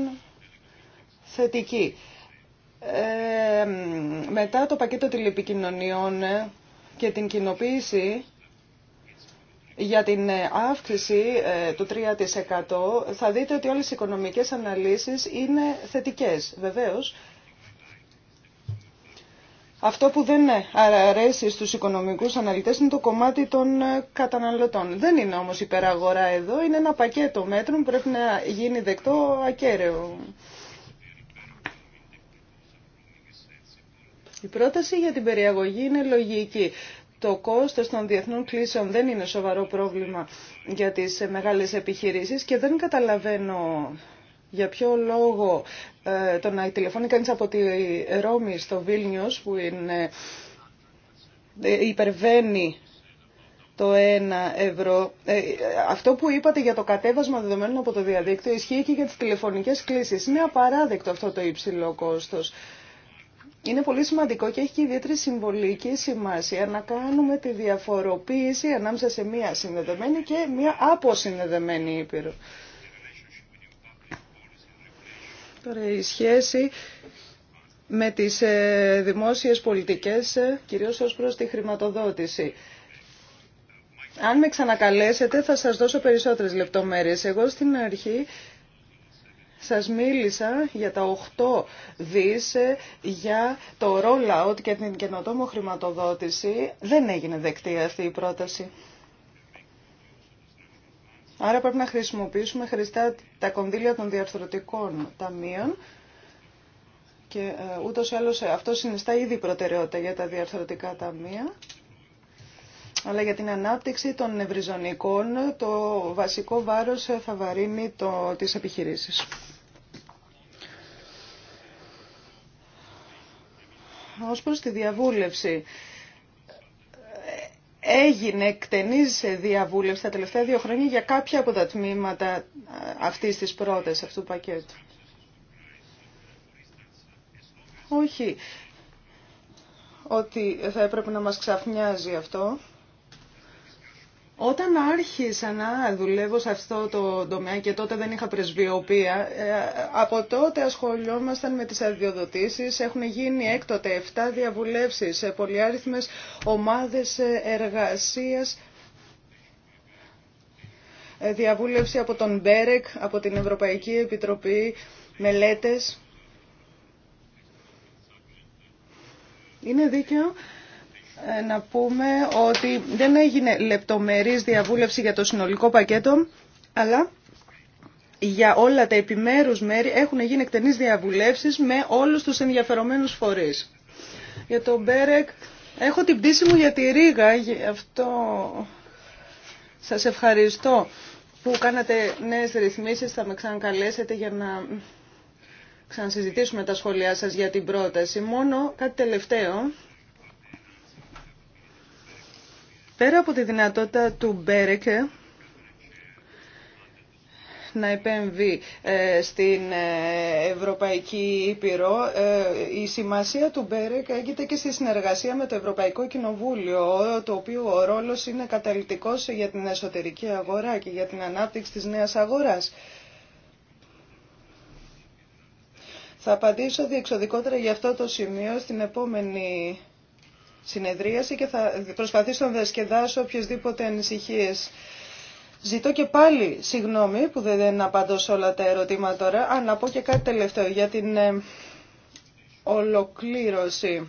S3: θετική. Ε, μετά το πακέτο τηλεπικοινωνιών και την κοινοποίηση για την αύξηση ε, του 3% θα δείτε ότι όλες οι οικονομικές αναλύσεις είναι θετικές. Βεβαίως, αυτό που δεν αρέσει στους οικονομικούς αναλυτές είναι το κομμάτι των ε, καταναλωτών. Δεν είναι όμως υπεραγορά εδώ, είναι ένα πακέτο μέτρων που πρέπει να γίνει δεκτό ακέραιο. Η πρόταση για την περιαγωγή είναι λογική. Το κόστος των διεθνών κλήσεων δεν είναι σοβαρό πρόβλημα για τις μεγάλες επιχειρήσεις και δεν καταλαβαίνω για ποιο λόγο ε, το να τηλεφώνει κανείς από τη Ρώμη στο Βίλνιος που είναι, ε, υπερβαίνει το 1 ευρώ. Ε, αυτό που είπατε για το κατέβασμα δεδομένων από το διαδίκτυο ισχύει και για τις τηλεφωνικές κλήσεις. Είναι απαράδεκτο αυτό το υψηλό κόστος. Είναι πολύ σημαντικό και έχει και ιδιαίτερη συμβολική σημασία να κάνουμε τη διαφοροποίηση ανάμεσα σε μία συνδεδεμένη και μία αποσυνδεδεμένη ήπειρο. Τώρα η σχέση με τις ε, δημόσιες πολιτικές, ε, κυρίως ως προς τη χρηματοδότηση. Αν με ξανακαλέσετε θα σας δώσω περισσότερες λεπτομέρειες. Εγώ στην αρχή σας μίλησα για τα 8 δις ε, για το rollout και την καινοτόμο χρηματοδότηση. Δεν έγινε δεκτή αυτή η πρόταση. Άρα πρέπει να χρησιμοποιήσουμε χρηστά τα κονδύλια των διαρθρωτικών ταμείων και ε, ούτως ή άλλως αυτό συνιστά ήδη προτεραιότητα για τα διαρθρωτικά ταμεία αλλά για την ανάπτυξη των ευρυζωνικών το βασικό βάρος θα βαρύνει το, τις επιχειρήσεις. Ως προς τη διαβούλευση, έγινε εκτενής διαβούλευση τα τελευταία δύο χρόνια για κάποια από τα τμήματα ε, αυτής της πρώτης, αυτού του πακέτου. Όχι ότι θα έπρεπε να μας ξαφνιάζει αυτό. Όταν άρχισα να δουλεύω σε αυτό το τομέα και τότε δεν είχα πρεσβειοποία, ε, από τότε ασχολιόμασταν με τις αδειοδοτήσεις. Έχουν γίνει έκτοτε 7 διαβουλεύσεις σε πολυάριθμες ομάδες ε, εργασίας. Ε, διαβούλευση από τον Μπέρεκ, από την Ευρωπαϊκή Επιτροπή, μελέτες. Είναι δίκαιο ε, να πούμε ότι δεν έγινε λεπτομερής διαβούλευση για το συνολικό πακέτο, αλλά για όλα τα επιμέρους μέρη έχουν γίνει εκτενείς διαβουλεύσεις με όλους τους ενδιαφερομένους φορείς. Για τον Μπέρεκ έχω την πτήση μου για τη Ρήγα, αυτό σας ευχαριστώ που κάνατε νέες ρυθμίσεις, θα με ξανακαλέσετε για να ξανασυζητήσουμε τα σχόλιά σας για την πρόταση. Μόνο κάτι τελευταίο Πέρα από τη δυνατότητα του Μπέρεκε να επέμβει ε, στην ε, Ευρωπαϊκή Ήπειρο. Ε, η σημασία του Μπέρεκε έγινε και στη συνεργασία με το Ευρωπαϊκό Κοινοβούλιο, το οποίο ο ρόλος είναι καταλητικός για την εσωτερική αγορά και για την ανάπτυξη της νέας αγοράς. Θα απαντήσω διεξοδικότερα για αυτό το σημείο στην επόμενη συνεδρίαση και θα προσπαθήσω να διασκεδάσω οποιασδήποτε ανησυχίε. Ζητώ και πάλι συγγνώμη που δεν απαντώ σε όλα τα ερωτήματα τώρα, αν να πω και κάτι τελευταίο για την ε, ολοκλήρωση.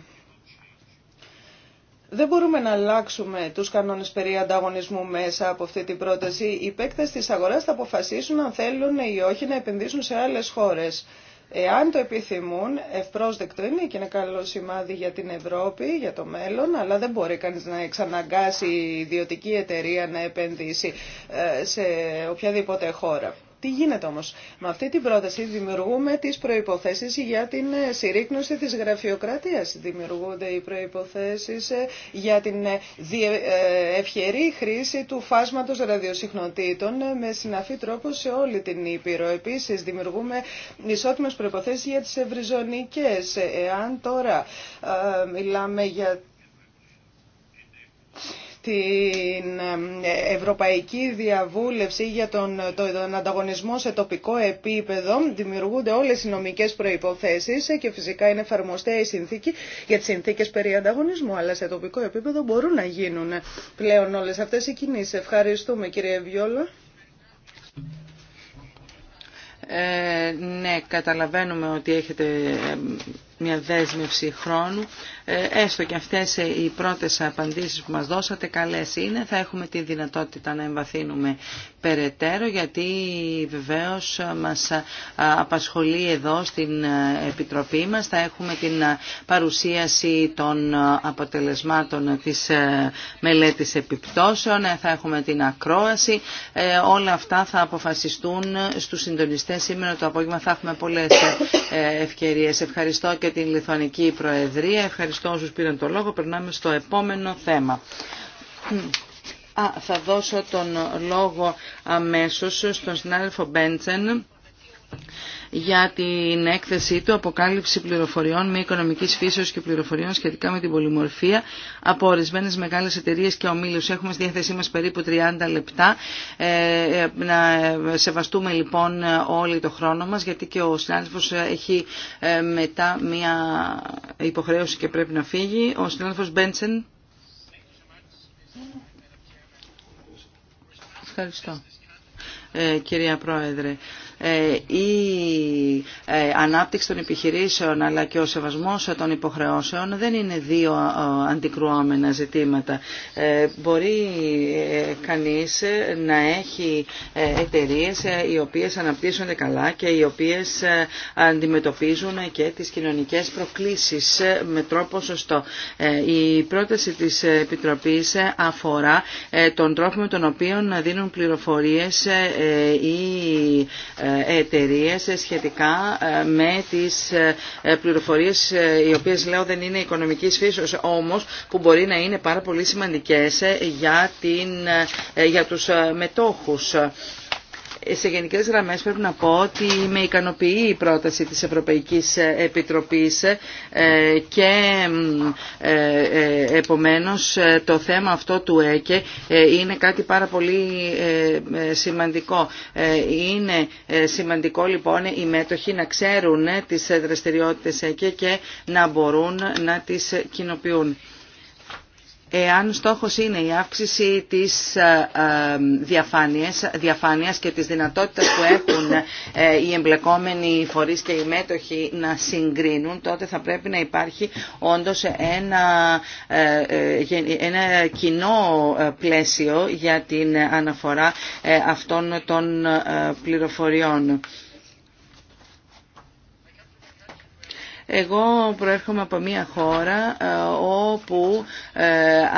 S3: Δεν μπορούμε να αλλάξουμε τους κανόνες περί ανταγωνισμού μέσα από αυτή την πρόταση. Οι παίκτες της αγοράς θα αποφασίσουν αν θέλουν ή όχι να επενδύσουν σε άλλες χώρες. Εάν το επιθυμούν, ευπρόσδεκτο είναι και ένα καλό σημάδι για την Ευρώπη, για το μέλλον, αλλά δεν μπορεί κανείς να εξαναγκάσει η ιδιωτική εταιρεία να επενδύσει ε, σε οποιαδήποτε χώρα. Τι γίνεται όμως. Με αυτή την πρόταση δημιουργούμε τις προϋποθέσεις για την ε, συρρήκνωση της γραφειοκρατίας. Δημιουργούνται οι προϋποθέσεις ε, για την ε, ευχερή χρήση του φάσματος ραδιοσυχνοτήτων με συναφή τρόπο σε όλη την Ήπειρο. Επίσης δημιουργούμε ισότιμες προϋποθέσεις για τις ευρυζωνικές. Εάν τώρα μιλάμε για την Ευρωπαϊκή Διαβούλευση για τον, ανταγωνισμό σε τοπικό επίπεδο δημιουργούνται όλες οι νομικές προϋποθέσεις και φυσικά είναι εφαρμοστέ η συνθήκη για τις συνθήκες περί ανταγωνισμού αλλά σε τοπικό επίπεδο μπορούν να γίνουν πλέον όλες αυτές οι κινήσεις. Ευχαριστούμε κύριε Βιόλα.
S1: Ε, ναι, καταλαβαίνουμε ότι έχετε μια δέσμευση χρόνου. Ε, έστω και αυτές οι πρώτες απαντήσεις που μας δώσατε καλές είναι. Θα έχουμε τη δυνατότητα να εμβαθύνουμε περαιτέρω γιατί βεβαίως μας απασχολεί εδώ στην Επιτροπή μας. Θα έχουμε την παρουσίαση των αποτελεσμάτων της μελέτης επιπτώσεων, ε, θα έχουμε την ακρόαση. Ε, όλα αυτά θα αποφασιστούν στους συντονιστές σήμερα το απόγευμα. Θα έχουμε πολλές ευκαιρίες. Ευχαριστώ και την Λιθουανική Προεδρία. Ευχαριστώ σε όσους πήραν το λόγο. Περνάμε στο επόμενο θέμα. θα δώσω τον λόγο αμέσως στον συνάδελφο Μπέντσεν για την έκθεσή του «Αποκάλυψη πληροφοριών με οικονομικής φύσεως και πληροφοριών σχετικά με την πολυμορφία από ορισμένες μεγάλες εταιρείες και ομίλους». Έχουμε στη διάθεσή μας περίπου 30 λεπτά. Ε, ε, να σεβαστούμε λοιπόν όλοι το χρόνο μας γιατί και ο συνάδελφος έχει ε, μετά μια υποχρέωση και πρέπει να φύγει. Ο συνάδελφος Μπέντσεν. Ευχαριστώ. κυρία Πρόεδρε. Ε, η ε, ανάπτυξη των επιχειρήσεων αλλά και ο σεβασμός των υποχρεώσεων δεν είναι δύο ε, αντικρουόμενα ζητήματα. Μπορεί κανείς να έχει εταιρείες οι οποίες αναπτύσσονται καλά και οι οποίες αντιμετωπίζουν και τις κοινωνικές προκλήσεις με τρόπο σωστό. Η πρόταση της Επιτροπής αφορά τον τρόπο με τον οποίο να δίνουν πληροφορίες οι ε, εταιρείε ε, σχετικά ε, με τις πληροφορίες οι οποίες λέω δεν είναι οικονομικής φύσεως όμως που μπορεί να είναι πάρα πολύ σημαντικές για, την, για τους μετόχους σε γενικέ γραμμέ πρέπει να πω ότι με ικανοποιεί η πρόταση της Ευρωπαϊκή Επιτροπή, ε, και ε, ε, επομένω το θέμα αυτό του ΕΚΕ είναι κάτι πάρα πολύ σημαντικό. Είναι σημαντικό λοιπόν οι μέτοχοι να ξέρουν τι δραστηριότητε ΕΚΕ και να μπορούν να τι κοινοποιούν εάν στόχος είναι η αύξηση της ε, ε, διαφάνειας, και της δυνατότητας που έχουν ε, οι εμπλεκόμενοι φορείς και οι μέτοχοι να συγκρίνουν, τότε θα πρέπει να υπάρχει όντως ένα, ένα κοινό πλαίσιο για την αναφορά αυτών των πληροφοριών. Εγώ προέρχομαι από μια χώρα ε, όπου ε,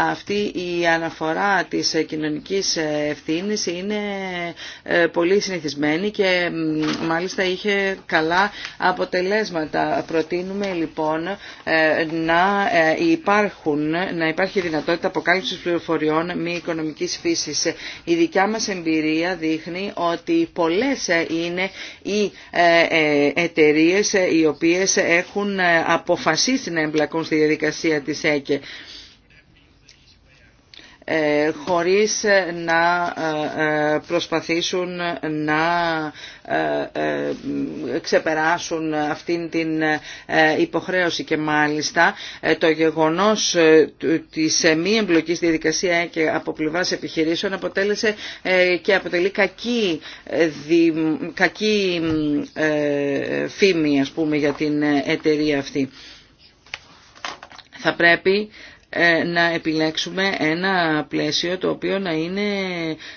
S1: αυτή η αναφορά της κοινωνικής ευθύνης είναι ε, πολύ συνηθισμένη και μάλιστα είχε καλά αποτελέσματα. Προτείνουμε λοιπόν να υπάρχουν, να υπάρχει δυνατότητα αποκάλυψης πληροφοριών μη οικονομικής φύσης. Η δικιά μας εμπειρία δείχνει ότι πολλές είναι οι εταιρείες οι οποίες έχουν έχουν ε, αποφασίσει να εμπλακούν στη διαδικασία της ΕΚΕ. Ε, χωρίς να ε, ε, προσπαθήσουν να ξεπεράσουν αυτήν την υποχρέωση και μάλιστα το γεγονός της μη εμπλοκής διαδικασία και από πλευράς επιχειρήσεων αποτέλεσε και αποτελεί κακή, κακή φήμη ας πούμε για την εταιρεία αυτή. Θα πρέπει ε, να επιλέξουμε ένα πλαίσιο το οποίο να είναι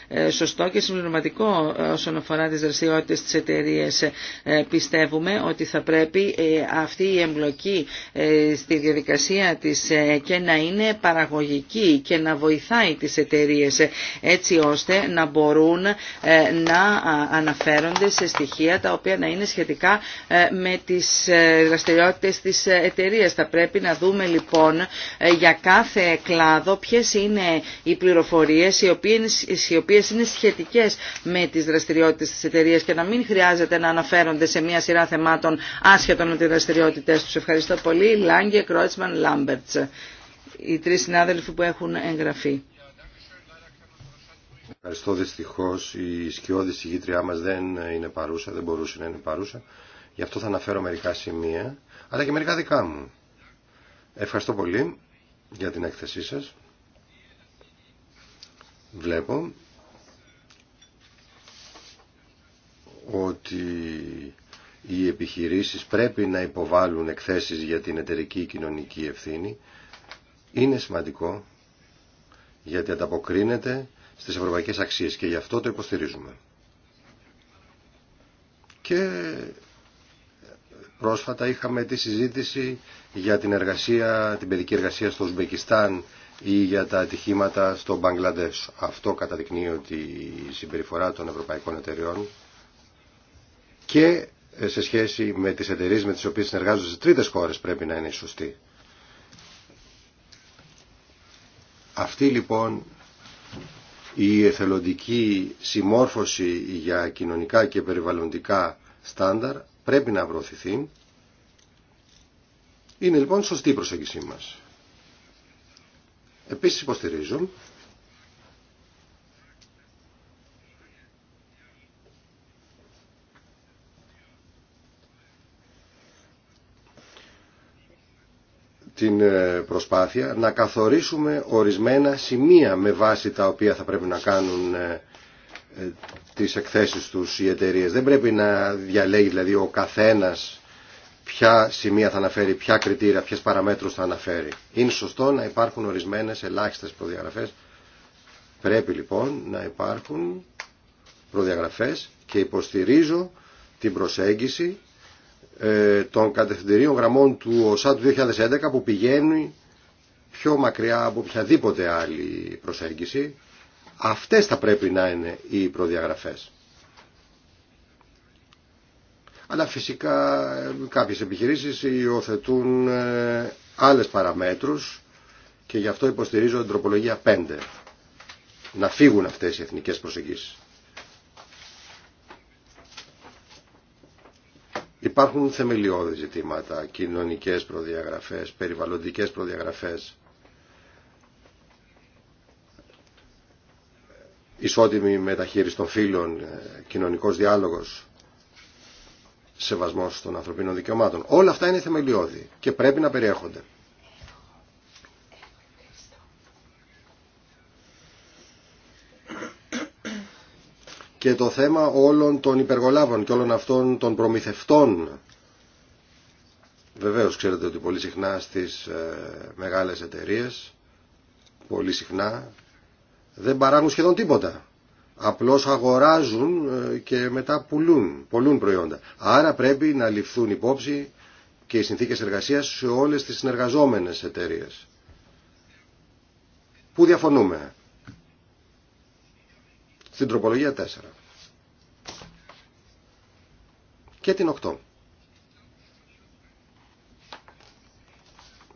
S1: ε, σωστό και συμπληρωματικό ε, όσον αφορά τις δραστηριότητες της εταιρείας. Πιστεύουμε ότι θα πρέπει αυτή η εμπλοκή στη διαδικασία της και να είναι παραγωγική και να βοηθάει τις εταιρείες έτσι ώστε να μπορούν να αναφέρονται σε στοιχεία τα οποία να είναι σχετικά με τις δραστηριότητες της εταιρείας. Θα πρέπει να δούμε λοιπόν για κάθε κλάδο ποιες είναι οι πληροφορίες οι οποίες, είναι σχετικές με τις δραστηριότητες της εταιρείας και να μην χρειάζεται να αναφέρονται σε μια σειρά θεμάτων άσχετων με τις δραστηριότητες τους. Ευχαριστώ πολύ. Λάγκε, Κρότσμαν, Λάμπερτς. Οι τρεις συνάδελφοι που έχουν εγγραφεί.
S2: Ευχαριστώ δυστυχώ. Η σκιώδη συγγήτριά μα δεν είναι παρούσα, δεν μπορούσε να είναι παρούσα. Γι' αυτό θα αναφέρω μερικά σημεία, αλλά και μερικά δικά μου. Ευχαριστώ πολύ για την έκθεσή σας. Βλέπω ότι οι επιχειρήσεις πρέπει να υποβάλουν εκθέσεις για την εταιρική κοινωνική ευθύνη. Είναι σημαντικό γιατί ανταποκρίνεται στις ευρωπαϊκές αξίες και γι' αυτό το υποστηρίζουμε. Και Πρόσφατα είχαμε τη συζήτηση για την, εργασία, την παιδική εργασία στο Ουσμπεκιστάν ή για τα ατυχήματα στο Μπαγκλαντές. Αυτό καταδεικνύει ότι η συμπεριφορά των ευρωπαϊκών εταιριών και ε, σε σχέση με τις εταιρείες με τις οποίες συνεργάζονται σε τρίτες χώρες πρέπει να είναι σωστή. Αυτή λοιπόν η εθελοντική συμμόρφωση για κοινωνικά και περιβαλλοντικά στάνταρ πρέπει να προωθηθεί. Είναι λοιπόν σωστή η προσέγγιση μας. Επίσης υποστηρίζω την ε, προσπάθεια να καθορίσουμε ορισμένα σημεία με βάση τα οποία θα πρέπει να κάνουν ε, τις εκθέσεις τους οι εταιρείε. Δεν πρέπει να διαλέγει δηλαδή ο καθένας ποια σημεία θα αναφέρει, ποια κριτήρια, ποιες παραμέτρους θα αναφέρει. Είναι σωστό να υπάρχουν ορισμένες ελάχιστες προδιαγραφές. Πρέπει λοιπόν να υπάρχουν προδιαγραφές και υποστηρίζω την προσέγγιση ε, των κατευθυντηρίων γραμμών του ΟΣΑ του 2011 που πηγαίνει πιο μακριά από οποιαδήποτε άλλη προσέγγιση Αυτές θα πρέπει να είναι οι προδιαγραφές. Αλλά φυσικά ε, κάποιες επιχειρήσεις υιοθετούν ε, άλλες παραμέτρους και γι' αυτό υποστηρίζω την τροπολογία 5. Να φύγουν αυτές οι εθνικές προσεγγίσεις. Υπάρχουν θεμελιώδη ζητήματα, κοινωνικές προδιαγραφές, περιβαλλοντικές προδιαγραφές. ισότιμη μεταχείριση των φύλων, ε, κοινωνικός διάλογος, σεβασμός των ανθρωπίνων δικαιωμάτων. Όλα αυτά είναι θεμελιώδη και πρέπει να περιέχονται. Και το θέμα όλων των υπεργολάβων και όλων αυτών των προμηθευτών. Βεβαίως ξέρετε ότι πολύ συχνά στις ε, μεγάλες εταιρείες, πολύ συχνά δεν παράγουν σχεδόν τίποτα. Απλώς αγοράζουν ε, και μετά πουλούν, πουλούν προϊόντα. Άρα πρέπει να ληφθούν υπόψη και οι συνθήκες εργασίας σε όλες τις συνεργαζόμενες εταιρείες. Πού διαφωνούμε. Στην τροπολογία 4. Και την 8.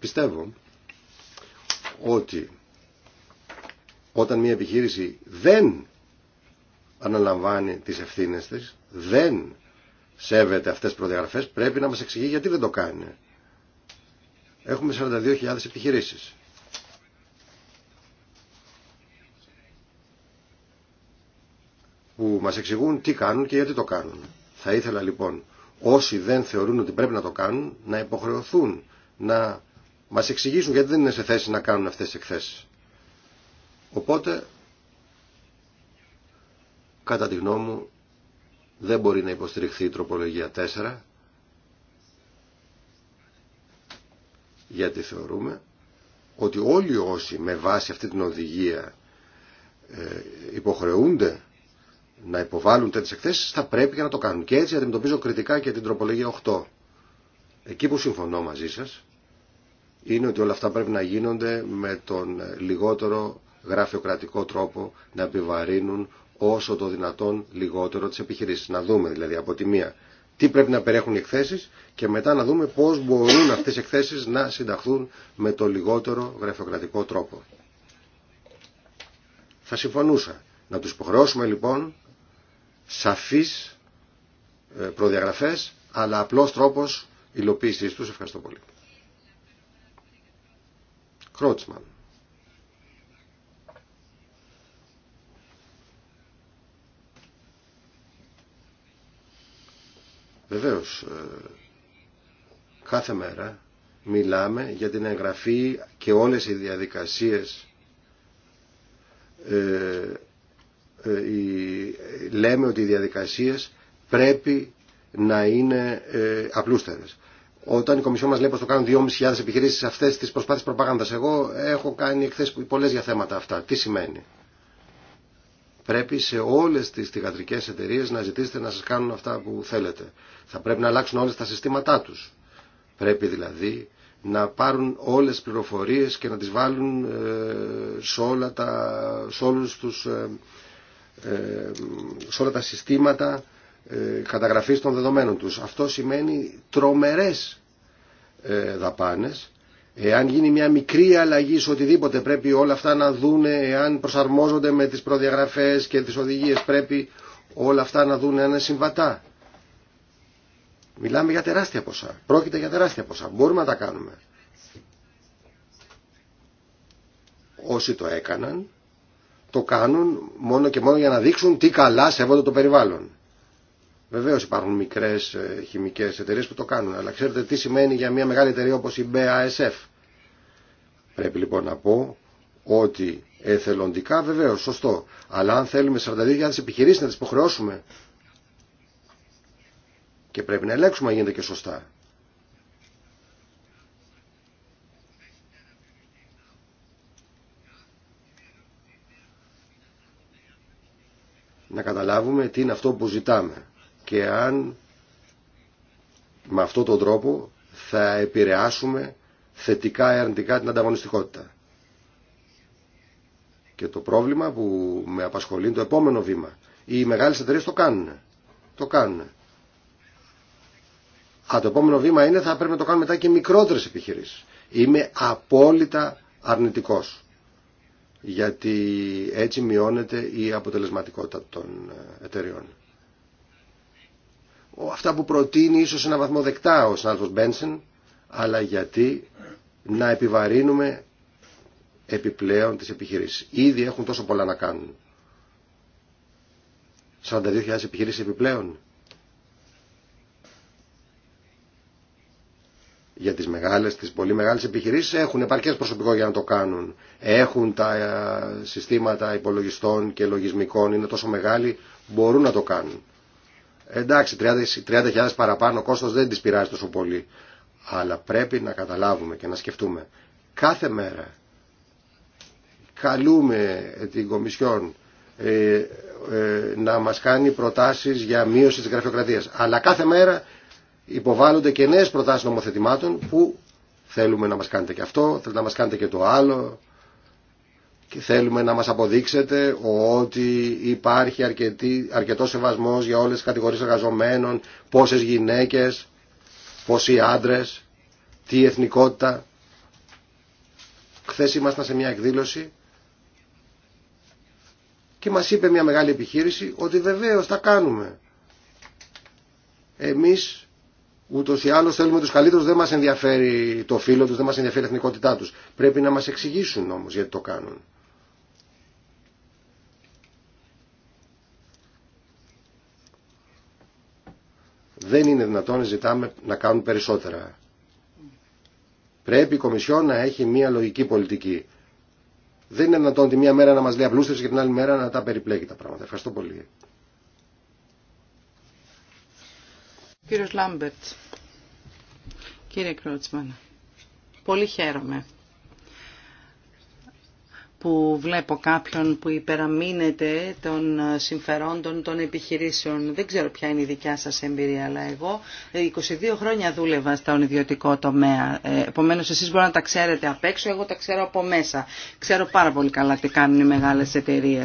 S2: Πιστεύω ότι όταν μια επιχείρηση δεν αναλαμβάνει τις ευθύνες της, δεν σέβεται αυτές τις προδιαγραφές, πρέπει να μας εξηγεί γιατί δεν το κάνει. Έχουμε 42.000 επιχειρήσεις. που μας εξηγούν τι κάνουν και γιατί το κάνουν. Θα ήθελα λοιπόν όσοι δεν θεωρούν ότι πρέπει να το κάνουν να υποχρεωθούν να μας εξηγήσουν γιατί δεν είναι σε θέση να κάνουν αυτές τις εκθέσεις. Οπότε, κατά τη γνώμη μου, δεν μπορεί να υποστηριχθεί η τροπολογία 4, γιατί θεωρούμε ότι όλοι όσοι με βάση αυτή την οδηγία ε, υποχρεούνται να υποβάλουν τέτοιες εκθέσεις θα πρέπει και να το κάνουν. Και έτσι αντιμετωπίζω κριτικά και την τροπολογία 8. Εκεί που συμφωνώ μαζί σας είναι ότι όλα αυτά πρέπει να γίνονται με τον λιγότερο γραφειοκρατικό τρόπο να επιβαρύνουν όσο το δυνατόν λιγότερο τις επιχειρήσεις. Να δούμε δηλαδή από τη μία τι πρέπει να περιέχουν οι εκθέσεις και μετά να δούμε πώς μπορούν αυτές οι εκθέσεις να συνταχθούν με το λιγότερο γραφειοκρατικό τρόπο. Θα συμφωνούσα να τους υποχρεώσουμε λοιπόν σαφείς ε, προδιαγραφές αλλά απλός τρόπος υλοποίησή τους. Ευχαριστώ πολύ. Κρότσμαν. Βεβαίως, ε, κάθε μέρα μιλάμε για την εγγραφή και όλες οι διαδικασίες ε, ε, λέμε ότι οι διαδικασίες πρέπει να είναι απλούστερες. Όταν η Κομισιόν μας λέει πως το κάνουν 2.500 επιχειρήσει αυτές τις προσπάθειες προπάγανδας, εγώ έχω κάνει εκθέσει πολλέ για θέματα αυτά. Τι σημαίνει πρέπει σε όλες τις θηγατρικές εταιρείε να ζητήσετε να σας κάνουν αυτά που θέλετε. Θα πρέπει να αλλάξουν όλες τα συστήματά τους. Πρέπει δηλαδή να πάρουν όλες τις πληροφορίες και να τις βάλουν ε, σε, όλα τα, σε, όλους τους, ε, ε, σε όλα τα συστήματα καταγραφής των δεδομένων τους. Αυτό σημαίνει τρομερές δαπάνες Εάν γίνει μια μικρή αλλαγή σε οτιδήποτε πρέπει όλα αυτά να δούνε, εάν προσαρμόζονται με τις προδιαγραφές και τις οδηγίες πρέπει όλα αυτά να δούνε ένα συμβατά. Μιλάμε για τεράστια ποσά. Πρόκειται για τεράστια ποσά. Μπορούμε να τα κάνουμε. Όσοι το έκαναν, το κάνουν μόνο και μόνο για να δείξουν τι καλά σέβονται το περιβάλλον. Βεβαίω υπάρχουν μικρέ ε, χημικέ εταιρείε που το κάνουν, αλλά ξέρετε τι σημαίνει για μια μεγάλη εταιρεία όπω η BASF. Πρέπει λοιπόν να πω ότι εθελοντικά βεβαίω, σωστό, αλλά αν θέλουμε 42.000 επιχειρήσει να τι υποχρεώσουμε και πρέπει να ελέγξουμε αν γίνεται και σωστά. να καταλάβουμε τι είναι αυτό που ζητάμε και αν με αυτόν τον τρόπο θα επηρεάσουμε θετικά ή αρνητικά την ανταγωνιστικότητα. Και το πρόβλημα που με απασχολεί είναι το επόμενο βήμα. Οι μεγάλες εταιρείε το κάνουν. Το κάνουν. Α, το επόμενο βήμα είναι θα πρέπει να το κάνουν μετά και μικρότερες επιχειρήσεις. Είμαι απόλυτα αρνητικός. Γιατί έτσι μειώνεται η αποτελεσματικότητα των ε, εταιρεών αυτά που προτείνει ίσως ένα βαθμό δεκτά ο συνάδελφος Μπένσεν, αλλά γιατί να επιβαρύνουμε επιπλέον τις επιχειρήσεις. Ήδη έχουν τόσο πολλά να κάνουν. 42.000 επιχειρήσεις επιπλέον. Για τις μεγάλες, τις πολύ μεγάλες επιχειρήσεις έχουν επαρκές προσωπικό για να το κάνουν. Έχουν τα ε, συστήματα υπολογιστών και λογισμικών, είναι τόσο μεγάλοι, μπορούν να το κάνουν. Εντάξει, 30.000 30 παραπάνω κόστος δεν τις πειράζει τόσο πολύ. Αλλά πρέπει να καταλάβουμε και να σκεφτούμε. Κάθε μέρα καλούμε την Κομισιόν ε, ε, να μας κάνει προτάσεις για μείωση της γραφειοκρατίας. Αλλά κάθε μέρα υποβάλλονται και νέες προτάσεις νομοθετημάτων που θέλουμε να μας κάνετε και αυτό, θέλετε να μας κάνετε και το άλλο, και θέλουμε να μας αποδείξετε ότι υπάρχει αρκετή, αρκετός σεβασμός για όλες τις κατηγορίες εργαζομένων, πόσες γυναίκες, πόσοι άντρες, τι εθνικότητα. Χθε ήμασταν σε μια εκδήλωση και μας είπε μια μεγάλη επιχείρηση ότι βεβαίως τα κάνουμε. Εμείς ούτω, ή άλλως θέλουμε τους καλύτερους, δεν μας ενδιαφέρει το φίλο τους, δεν μας ενδιαφέρει η εθνικότητά τους. Πρέπει να μας εξηγήσουν όμως γιατί το κάνουν. δεν είναι δυνατόν να ζητάμε να κάνουν περισσότερα. Πρέπει η Κομισιόν να έχει μια λογική πολιτική. Δεν είναι δυνατόν τη μία μέρα να μας λέει απλούστευση και την άλλη μέρα να τα περιπλέκει τα πράγματα. Ευχαριστώ πολύ.
S1: Κύριος Λάμπερτ, κύριε Κρότσμαν, πολύ χαίρομαι που βλέπω κάποιον που υπεραμείνεται των συμφερόντων των επιχειρήσεων. Δεν ξέρω ποια είναι η δικιά σας εμπειρία, αλλά εγώ 22 ε, χρόνια δούλευα στον ιδιωτικό τομέα. Ε, επομένως, εσείς μπορείτε να τα ξέρετε απ' έξω, εγώ τα ξέρω από μέσα. Ξέρω πάρα πολύ καλά τι κάνουν οι μεγάλες εταιρείε.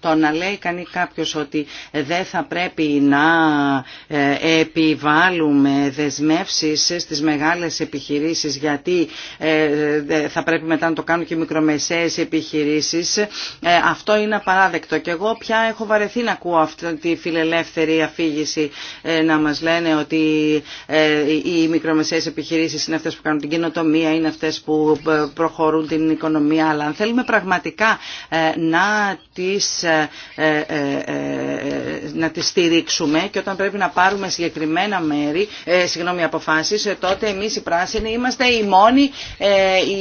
S1: Το να λέει κανεί κάποιος ότι ε, δεν θα πρέπει να επιβάλλουμε δεσμεύσεις στις μεγάλες επιχειρήσεις, γιατί θα πρέπει μετά να το κάνουν και οι μικρομεσαίες επιχειρήσεις, ε, αυτό είναι απαράδεκτο. Και εγώ πια έχω βαρεθεί να ακούω αυτή τη φιλελεύθερη αφήγηση ε, να μα λένε ότι ε, οι μικρομεσαίες επιχειρήσει είναι αυτέ που κάνουν την κοινοτομία, είναι αυτέ που προχωρούν την οικονομία. Αλλά αν θέλουμε πραγματικά να τις, να τις στηρίξουμε και όταν πρέπει να πάρουμε συγκεκριμένα μέρη, συγγνώμη, αποφάσεις, τότε εμείς οι πράσινοι είμαστε οι μόνοι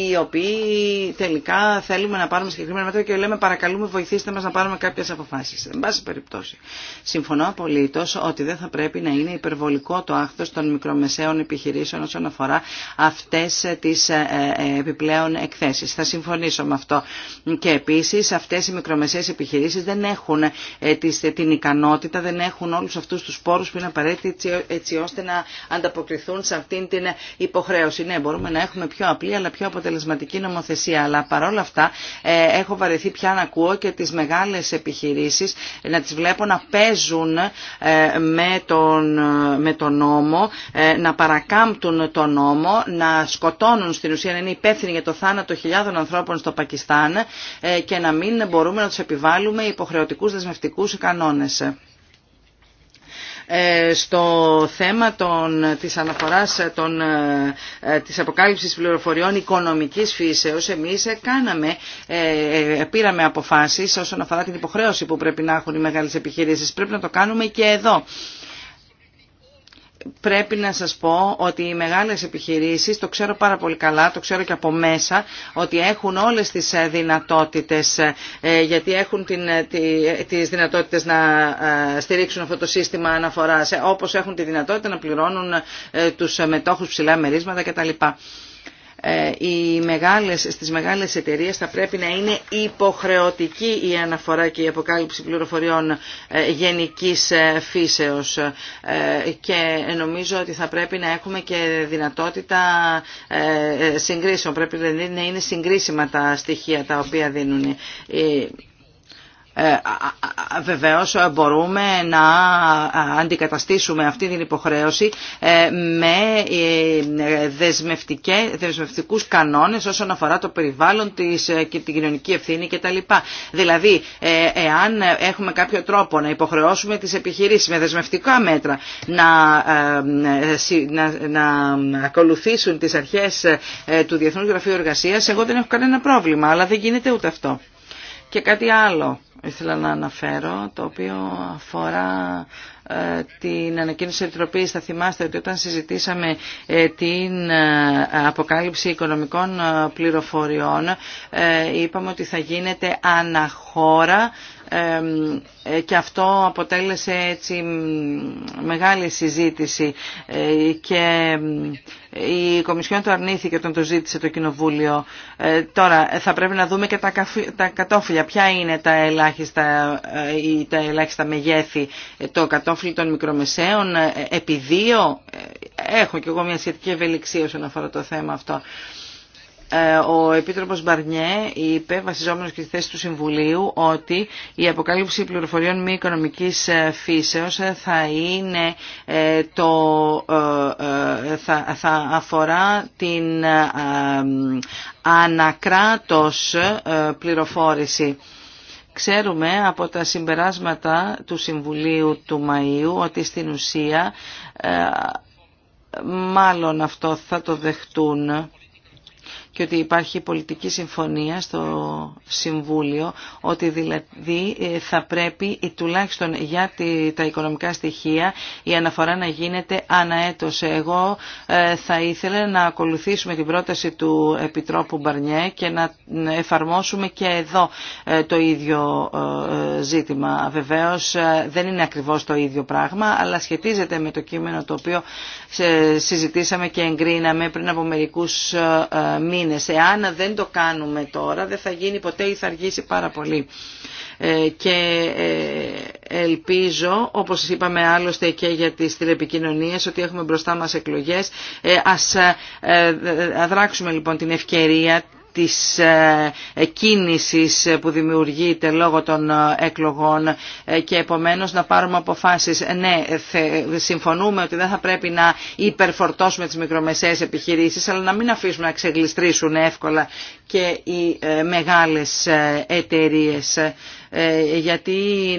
S1: οι οποίοι τελικά θέλουμε να πάρουμε πάρουμε συγκεκριμένα μέτρα και λέμε παρακαλούμε βοηθήστε μας να πάρουμε κάποιες αποφάσεις. Εν πάση περιπτώσει. Συμφωνώ απολύτω ότι δεν θα πρέπει να είναι υπερβολικό το άχθος των μικρομεσαίων επιχειρήσεων όσον αφορά αυτές τις ε, ε, επιπλέον εκθέσεις. Θα συμφωνήσω με αυτό. Και επίσης αυτές οι μικρομεσαίες επιχειρήσεις δεν έχουν ε, την ικανότητα, δεν έχουν όλους αυτούς τους πόρους που είναι απαραίτητοι έτσι ώστε να ανταποκριθούν σε αυτήν την υποχρέωση. Ναι, μπορούμε να έχουμε πιο απλή αλλά πιο αποτελεσματική νομοθεσία, αλλά παρόλα αυτά ε, έχω βαρεθεί πια να ακούω και τις μεγάλες επιχειρήσεις να τις βλέπω να παίζουν ε, με τον, με τον νόμο, ε, να παρακάμπτουν τον νόμο, να σκοτώνουν στην ουσία, να είναι υπεύθυνοι για το θάνατο χιλιάδων ανθρώπων στο Πακιστάν και να μην μπορούμε να τους επιβάλλουμε υποχρεωτικούς δεσμευτικούς κανόνες. Ε, στο θέμα των, της αναφοράς των, ε, της αποκάλυψης πληροφοριών οικονομικής φύσεως εμείς κάναμε, ε, πήραμε αποφάσεις όσον αφορά την υποχρέωση που πρέπει να έχουν οι μεγάλες επιχειρήσεις. Πρέπει να το κάνουμε και εδώ πρέπει να σας πω ότι οι μεγάλες επιχειρήσεις, το ξέρω πάρα πολύ καλά, το ξέρω και από μέσα, ότι έχουν όλες τις ε, δυνατότητες, ε, γιατί έχουν την, ε, τις δυνατότητες να στηρίξουν αυτό το σύστημα αναφοράς, όπως έχουν τη δυνατότητα να πληρώνουν τους μετόχους ψηλά μερίσματα κτλ. Ε, οι μεγάλες, στις μεγάλες εταιρείες θα πρέπει να είναι υποχρεωτική η αναφορά και η αποκάλυψη πληροφοριών ε, γενικής ε, φύσεως και νομίζω ότι θα πρέπει να έχουμε και δυνατότητα συγκρίσεων. Πρέπει να είναι συγκρίσιμα τα στοιχεία τα οποία δίνουν ε, Βεβαίω μπορούμε να αντικαταστήσουμε αυτή την υποχρέωση ε, με ε, δεσμευτικού κανόνες όσον αφορά το περιβάλλον της και την κοινωνική ευθύνη κτλ. Δηλαδή, εάν έχουμε κάποιο τρόπο να υποχρεώσουμε τις επιχειρήσεις με δεσμευτικά μέτρα να, να, να ακολουθήσουν τις αρχές του Διεθνου Γραφείου Εργασία, εγώ δεν έχω κανένα πρόβλημα, αλλά δεν γίνεται ούτε αυτό. Και κάτι άλλο ήθελα να αναφέρω, το οποίο αφορά ε, την ανακοίνωση Επιτροπής. Θα θυμάστε ότι όταν συζητήσαμε ε, την ε, αποκάλυψη οικονομικών πληροφοριών είπαμε ότι θα γίνεται αναχώρα ε, και αυτό αποτέλεσε έτσι μεγάλη συζήτηση ε, και η Κομισιόν το αρνήθηκε όταν το ζήτησε το Κοινοβούλιο. Ε, τώρα θα πρέπει να δούμε και τα, τα κατόφυλλα. Ποια είναι τα ελάχιστα, ή τα ελάχιστα μεγέθη. Το κατόφυλλο των μικρομεσαίων επί δύο. Έχω κι εγώ μια σχετική ευελιξία όσον αφορά το θέμα αυτό. Ε, ο Επίτροπος Μπαρνιέ είπε, βασιζόμενος και στη θέση του Συμβουλίου, ότι η αποκάλυψη πληροφοριών μη οικονομικής ε, φύσεως ε, θα, είναι, το, θα, θα αφορά την ανακράτος πληροφόρηση. Ξέρουμε από τα συμπεράσματα του Συμβουλίου του Μαΐου ότι στην ουσία μάλλον αυτό θα το δεχτούν και ότι υπάρχει πολιτική συμφωνία στο Συμβούλιο ότι δηλαδή ε, θα πρέπει ε, τουλάχιστον για τα οικονομικά στοιχεία η αναφορά να γίνεται αναέτος. Εγώ ε, θα ήθελα να ακολουθήσουμε την πρόταση του Επιτρόπου Μπαρνιέ και να εφαρμόσουμε και εδώ το ίδιο ζήτημα. Βεβαίως δεν είναι ακριβώς το ίδιο πράγμα αλλά σχετίζεται με το κείμενο το οποίο συζητήσαμε και εγκρίναμε πριν από μερικούς μήνες μήνες. Εάν δεν το κάνουμε τώρα δεν θα γίνει ποτέ ή θα αργήσει πάρα πολύ. Ε, και ε, ελπίζω, όπως είπαμε άλλωστε και για τις τηλεπικοινωνίες, ότι έχουμε μπροστά μας εκλογές. Ε, ας δράξουμε λοιπόν την ευκαιρία της ε, κίνησης που δημιουργείται λόγω των ε, εκλογών ε, και επομένως να πάρουμε αποφάσεις. Ναι, συμφωνούμε ότι δεν θα πρέπει να υπερφορτώσουμε τις μικρομεσαίες επιχειρήσεις αλλά να μην αφήσουμε να ξεγλιστρήσουν εύκολα και οι μεγάλες εταιρείες γιατί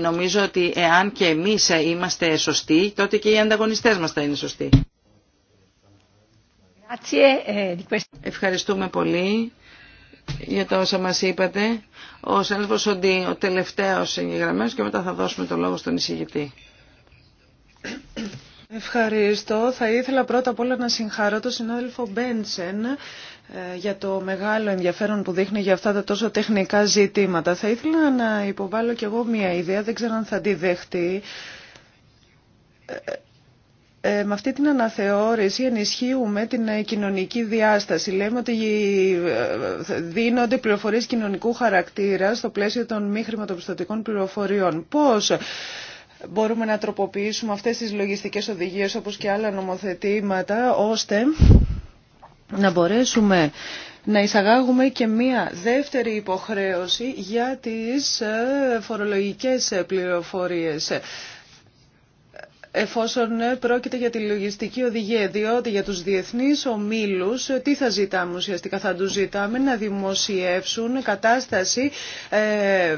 S1: νομίζω ότι εάν και εμείς είμαστε σωστοί τότε και οι ανταγωνιστές μας θα είναι σωστοί. Ευχαριστούμε πολύ για τα όσα μας είπατε. Ο Σέλβος ο τελευταίος συγγεγραμμένος και μετά θα δώσουμε το λόγο στον εισηγητή.
S3: Ευχαριστώ. Θα ήθελα πρώτα απ' όλα να συγχαρώ τον συνάδελφο Μπέντσεν ε, για το μεγάλο ενδιαφέρον που δείχνει για αυτά τα τόσο τεχνικά ζητήματα. Θα ήθελα να υποβάλω κι εγώ μία ιδέα, δεν ξέρω αν θα τη δεχτεί ε, ε, με αυτή την αναθεώρηση ενισχύουμε την ε, κοινωνική διάσταση. Λέμε ότι ε, δίνονται πληροφορίες κοινωνικού χαρακτήρα στο πλαίσιο των μη χρηματοπιστωτικών πληροφοριών. Πώς μπορούμε να τροποποιήσουμε αυτές τις λογιστικές οδηγίες όπως και άλλα νομοθετήματα ώστε να μπορέσουμε να εισαγάγουμε και μία δεύτερη υποχρέωση για τις φορολογικές πληροφορίες εφόσον ε, πρόκειται για τη λογιστική οδηγία, διότι για τους διεθνείς ομίλους ε, τι θα ζητάμε ουσιαστικά, θα τους ζητάμε να δημοσιεύσουν κατάσταση ε,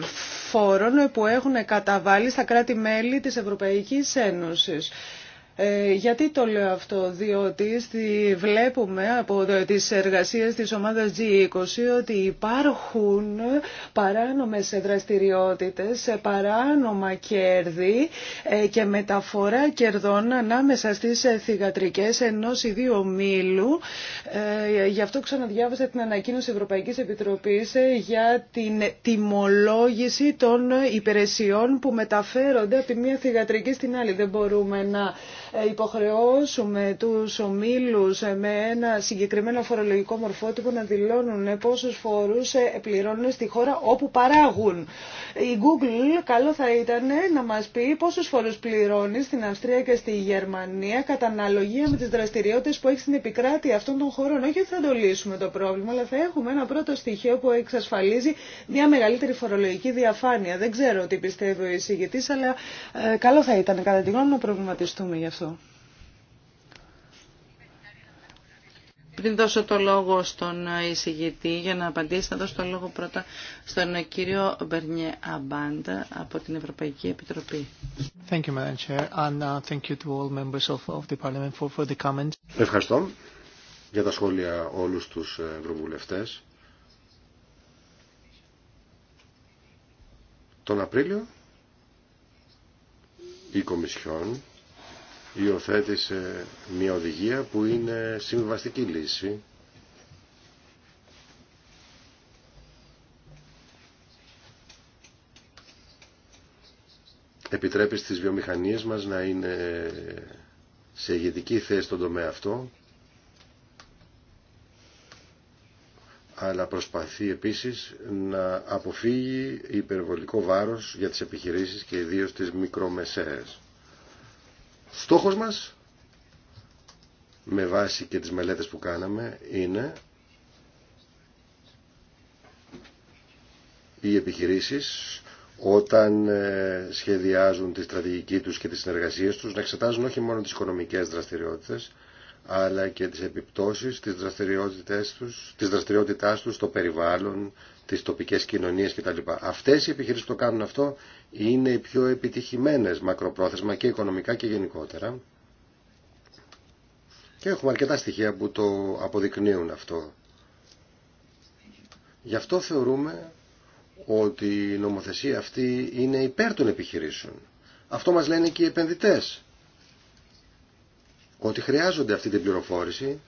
S3: φόρων που έχουν καταβάλει στα κράτη-μέλη της Ευρωπαϊκής Ένωσης. Ε, γιατί το λέω αυτό, διότι βλέπουμε από τις εργασίες της ομάδας G20 ότι υπάρχουν παράνομες δραστηριότητες, παράνομα κέρδη ε, και μεταφορά κερδών ανάμεσα στις θηγατρικές ενός ή δύο μήλου. Ε, γι' αυτό ξαναδιάβασα την ανακοίνωση Ευρωπαϊκής Επιτροπής για την τιμολόγηση των υπηρεσιών που μεταφέρονται από τη μία θηγατρική στην άλλη. Δεν μπορούμε να ε, υποχρεώσουμε τους ομίλους με ένα συγκεκριμένο φορολογικό μορφότυπο να δηλώνουν πόσους φορούς ε, πληρώνουν στη χώρα όπου παράγουν. Η Google καλό θα ήταν να μας πει πόσους φορούς πληρώνει στην Αυστρία και στη Γερμανία κατά αναλογία με τις δραστηριότητες που έχει στην επικράτεια αυτών των χωρών. Όχι ότι θα το λύσουμε το πρόβλημα, αλλά θα έχουμε ένα πρώτο στοιχείο που εξασφαλίζει μια μεγαλύτερη φορολογική διαφάνεια. Δεν ξέρω τι πιστεύει ο εισηγητής, αλλά ε, καλό θα ήταν κατά τη γνώμη να προβληματιστούμε γι' αυτό.
S1: Πριν δώσω το λόγο στον εισηγητή για να απαντήσει, θα δώσω το λόγο πρώτα στον κύριο Μπερνιέ Αμπάντα από την Ευρωπαϊκή
S2: Επιτροπή. Ευχαριστώ για τα σχόλια όλους τους ευρωβουλευτές. Τον Απρίλιο η Κομισιόν υιοθέτησε μια οδηγία που είναι συμβιβαστική λύση επιτρέπει στις βιομηχανίες μας να είναι σε ηγετική θέση στον τομέα αυτό αλλά προσπαθεί επίσης να αποφύγει υπερβολικό βάρος για τις επιχειρήσεις και ιδίως τις μικρομεσαίες. Στόχος μας, με βάση και τις μελέτες που κάναμε, είναι οι επιχειρήσεις όταν ε, σχεδιάζουν τη στρατηγική τους και τις συνεργασίες τους να εξετάζουν όχι μόνο τις οικονομικές δραστηριότητες αλλά και τις επιπτώσεις της, δραστηριότητάς τους, της δραστηριότητάς τους στο περιβάλλον, τις τοπικές κοινωνίες κτλ. Αυτές οι επιχειρήσεις που το κάνουν αυτό είναι οι πιο επιτυχημένες μακροπρόθεσμα και οικονομικά και γενικότερα. Και έχουμε αρκετά στοιχεία που το αποδεικνύουν αυτό. Γι' αυτό θεωρούμε ότι η νομοθεσία αυτή είναι υπέρ των επιχειρήσεων. Αυτό μας λένε και οι επενδυτές. Ότι χρειάζονται αυτή την πληροφόρηση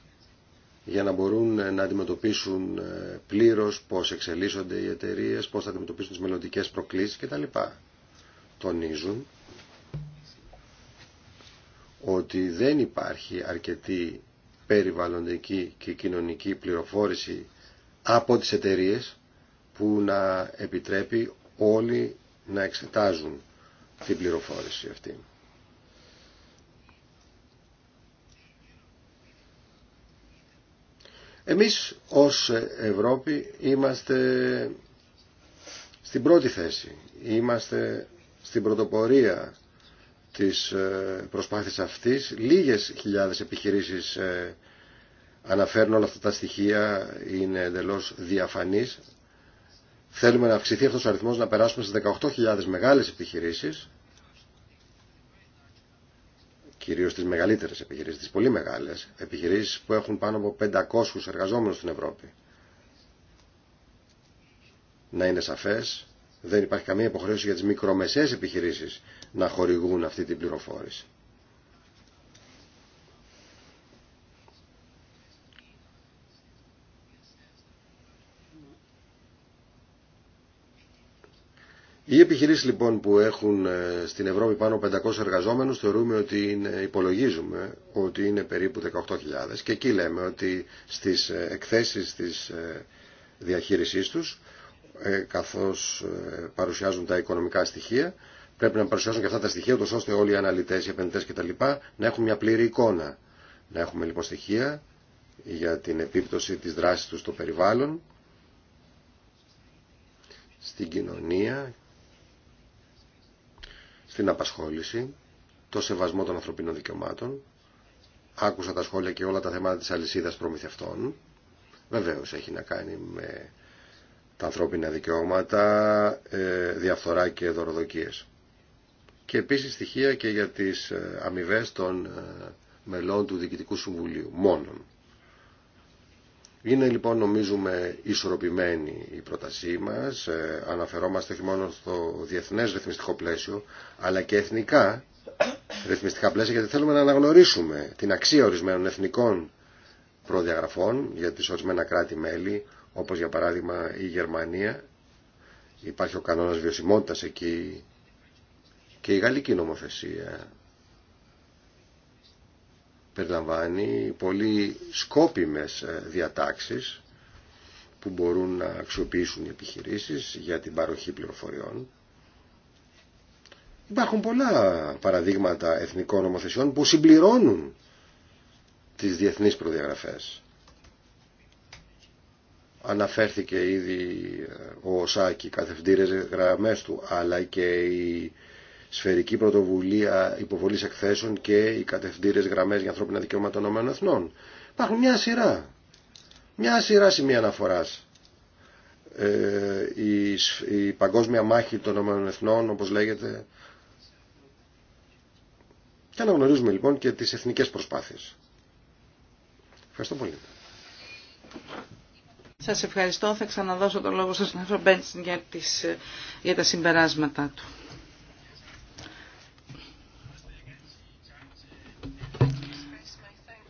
S2: για να μπορούν να αντιμετωπίσουν ε, πλήρως πώς εξελίσσονται οι εταιρείες, πώς θα αντιμετωπίσουν τις μελλοντικές προκλήσεις κτλ τονίζουν ότι δεν υπάρχει αρκετή περιβαλλοντική και κοινωνική πληροφόρηση από τις εταιρείες που να επιτρέπει όλοι να εξετάζουν την πληροφόρηση αυτή. Εμείς ως Ευρώπη είμαστε στην πρώτη θέση. Είμαστε στην πρωτοπορία της ε, προσπάθειας αυτής. Λίγες χιλιάδες επιχειρήσεις ε, αναφέρουν όλα αυτά τα στοιχεία, είναι εντελώς διαφανής. Θέλουμε να αυξηθεί αυτός ο αριθμός, να περάσουμε στις 18.000 μεγάλες επιχειρήσεις, κυρίως τις μεγαλύτερες επιχειρήσεις, τις πολύ μεγάλες επιχειρήσεις που έχουν πάνω από 500 εργαζόμενους στην Ευρώπη. Να είναι σαφές δεν υπάρχει καμία υποχρέωση για τις μικρομεσαίες επιχειρήσεις να χορηγούν αυτή την πληροφόρηση. Οι επιχειρήσεις λοιπόν που έχουν ε, στην Ευρώπη πάνω από 500 εργαζόμενους θεωρούμε ότι είναι, υπολογίζουμε ότι είναι περίπου 18.000 και εκεί λέμε ότι στις ε, εκθέσεις της ε, διαχείρισής τους ε, καθώς ε, παρουσιάζουν τα οικονομικά στοιχεία. Πρέπει να παρουσιάσουν και αυτά τα στοιχεία, ώστε όλοι οι αναλυτές, οι επενδυτές κτλ. να έχουν μια πλήρη εικόνα. Να έχουμε λοιπόν στοιχεία για την επίπτωση της δράσης τους στο περιβάλλον, στην κοινωνία, στην απασχόληση, το σεβασμό των ανθρωπίνων δικαιωμάτων. Άκουσα τα σχόλια και όλα τα θέματα της αλυσίδας προμηθευτών. Βεβαίως έχει να κάνει με τα ανθρώπινα δικαιώματα, ε, διαφθορά και δωροδοκίες. Και επίσης στοιχεία και για τις ε, αμοιβέ των ε, μελών του Διοικητικού Συμβουλίου, μόνον. Είναι λοιπόν νομίζουμε ισορροπημένη η πρότασή μας, αναφερόμαστε όχι μόνο στο διεθνές ρυθμιστικό πλαίσιο, αλλά και εθνικά ρυθμιστικά πλαίσια, γιατί θέλουμε να αναγνωρίσουμε την αξία ορισμένων εθνικών προδιαγραφών για τις ορισμένα κράτη-μέλη, όπως για παράδειγμα η Γερμανία, υπάρχει ο κανόνας βιωσιμότητας εκεί και η γαλλική νομοθεσία περιλαμβάνει πολύ σκόπιμες ε, διατάξεις που μπορούν να αξιοποιήσουν οι επιχειρήσεις για την παροχή πληροφοριών. Υπάρχουν πολλά παραδείγματα εθνικών νομοθεσιών που συμπληρώνουν τις διεθνείς προδιαγραφές αναφέρθηκε ήδη ε, ο Σάκη, καθευτήρες γραμμές του, αλλά και η σφαιρική πρωτοβουλία υποβολής εκθέσεων και οι κατευθυντήρες γραμμές για ανθρώπινα δικαιώματα των ΗΕ. Υπάρχουν μια σειρά, μια σειρά σημεία αναφοράς. Ε, η, παγκόσμια μάχη των ΗΕ, όπως λέγεται, και αναγνωρίζουμε λοιπόν και τις εθνικές προσπάθειες. Ευχαριστώ πολύ.
S1: Σας ευχαριστώ. Θα ξαναδώσω τον λόγο σας, Αφρο Μπέντσιν για, για τα συμπεράσματά του.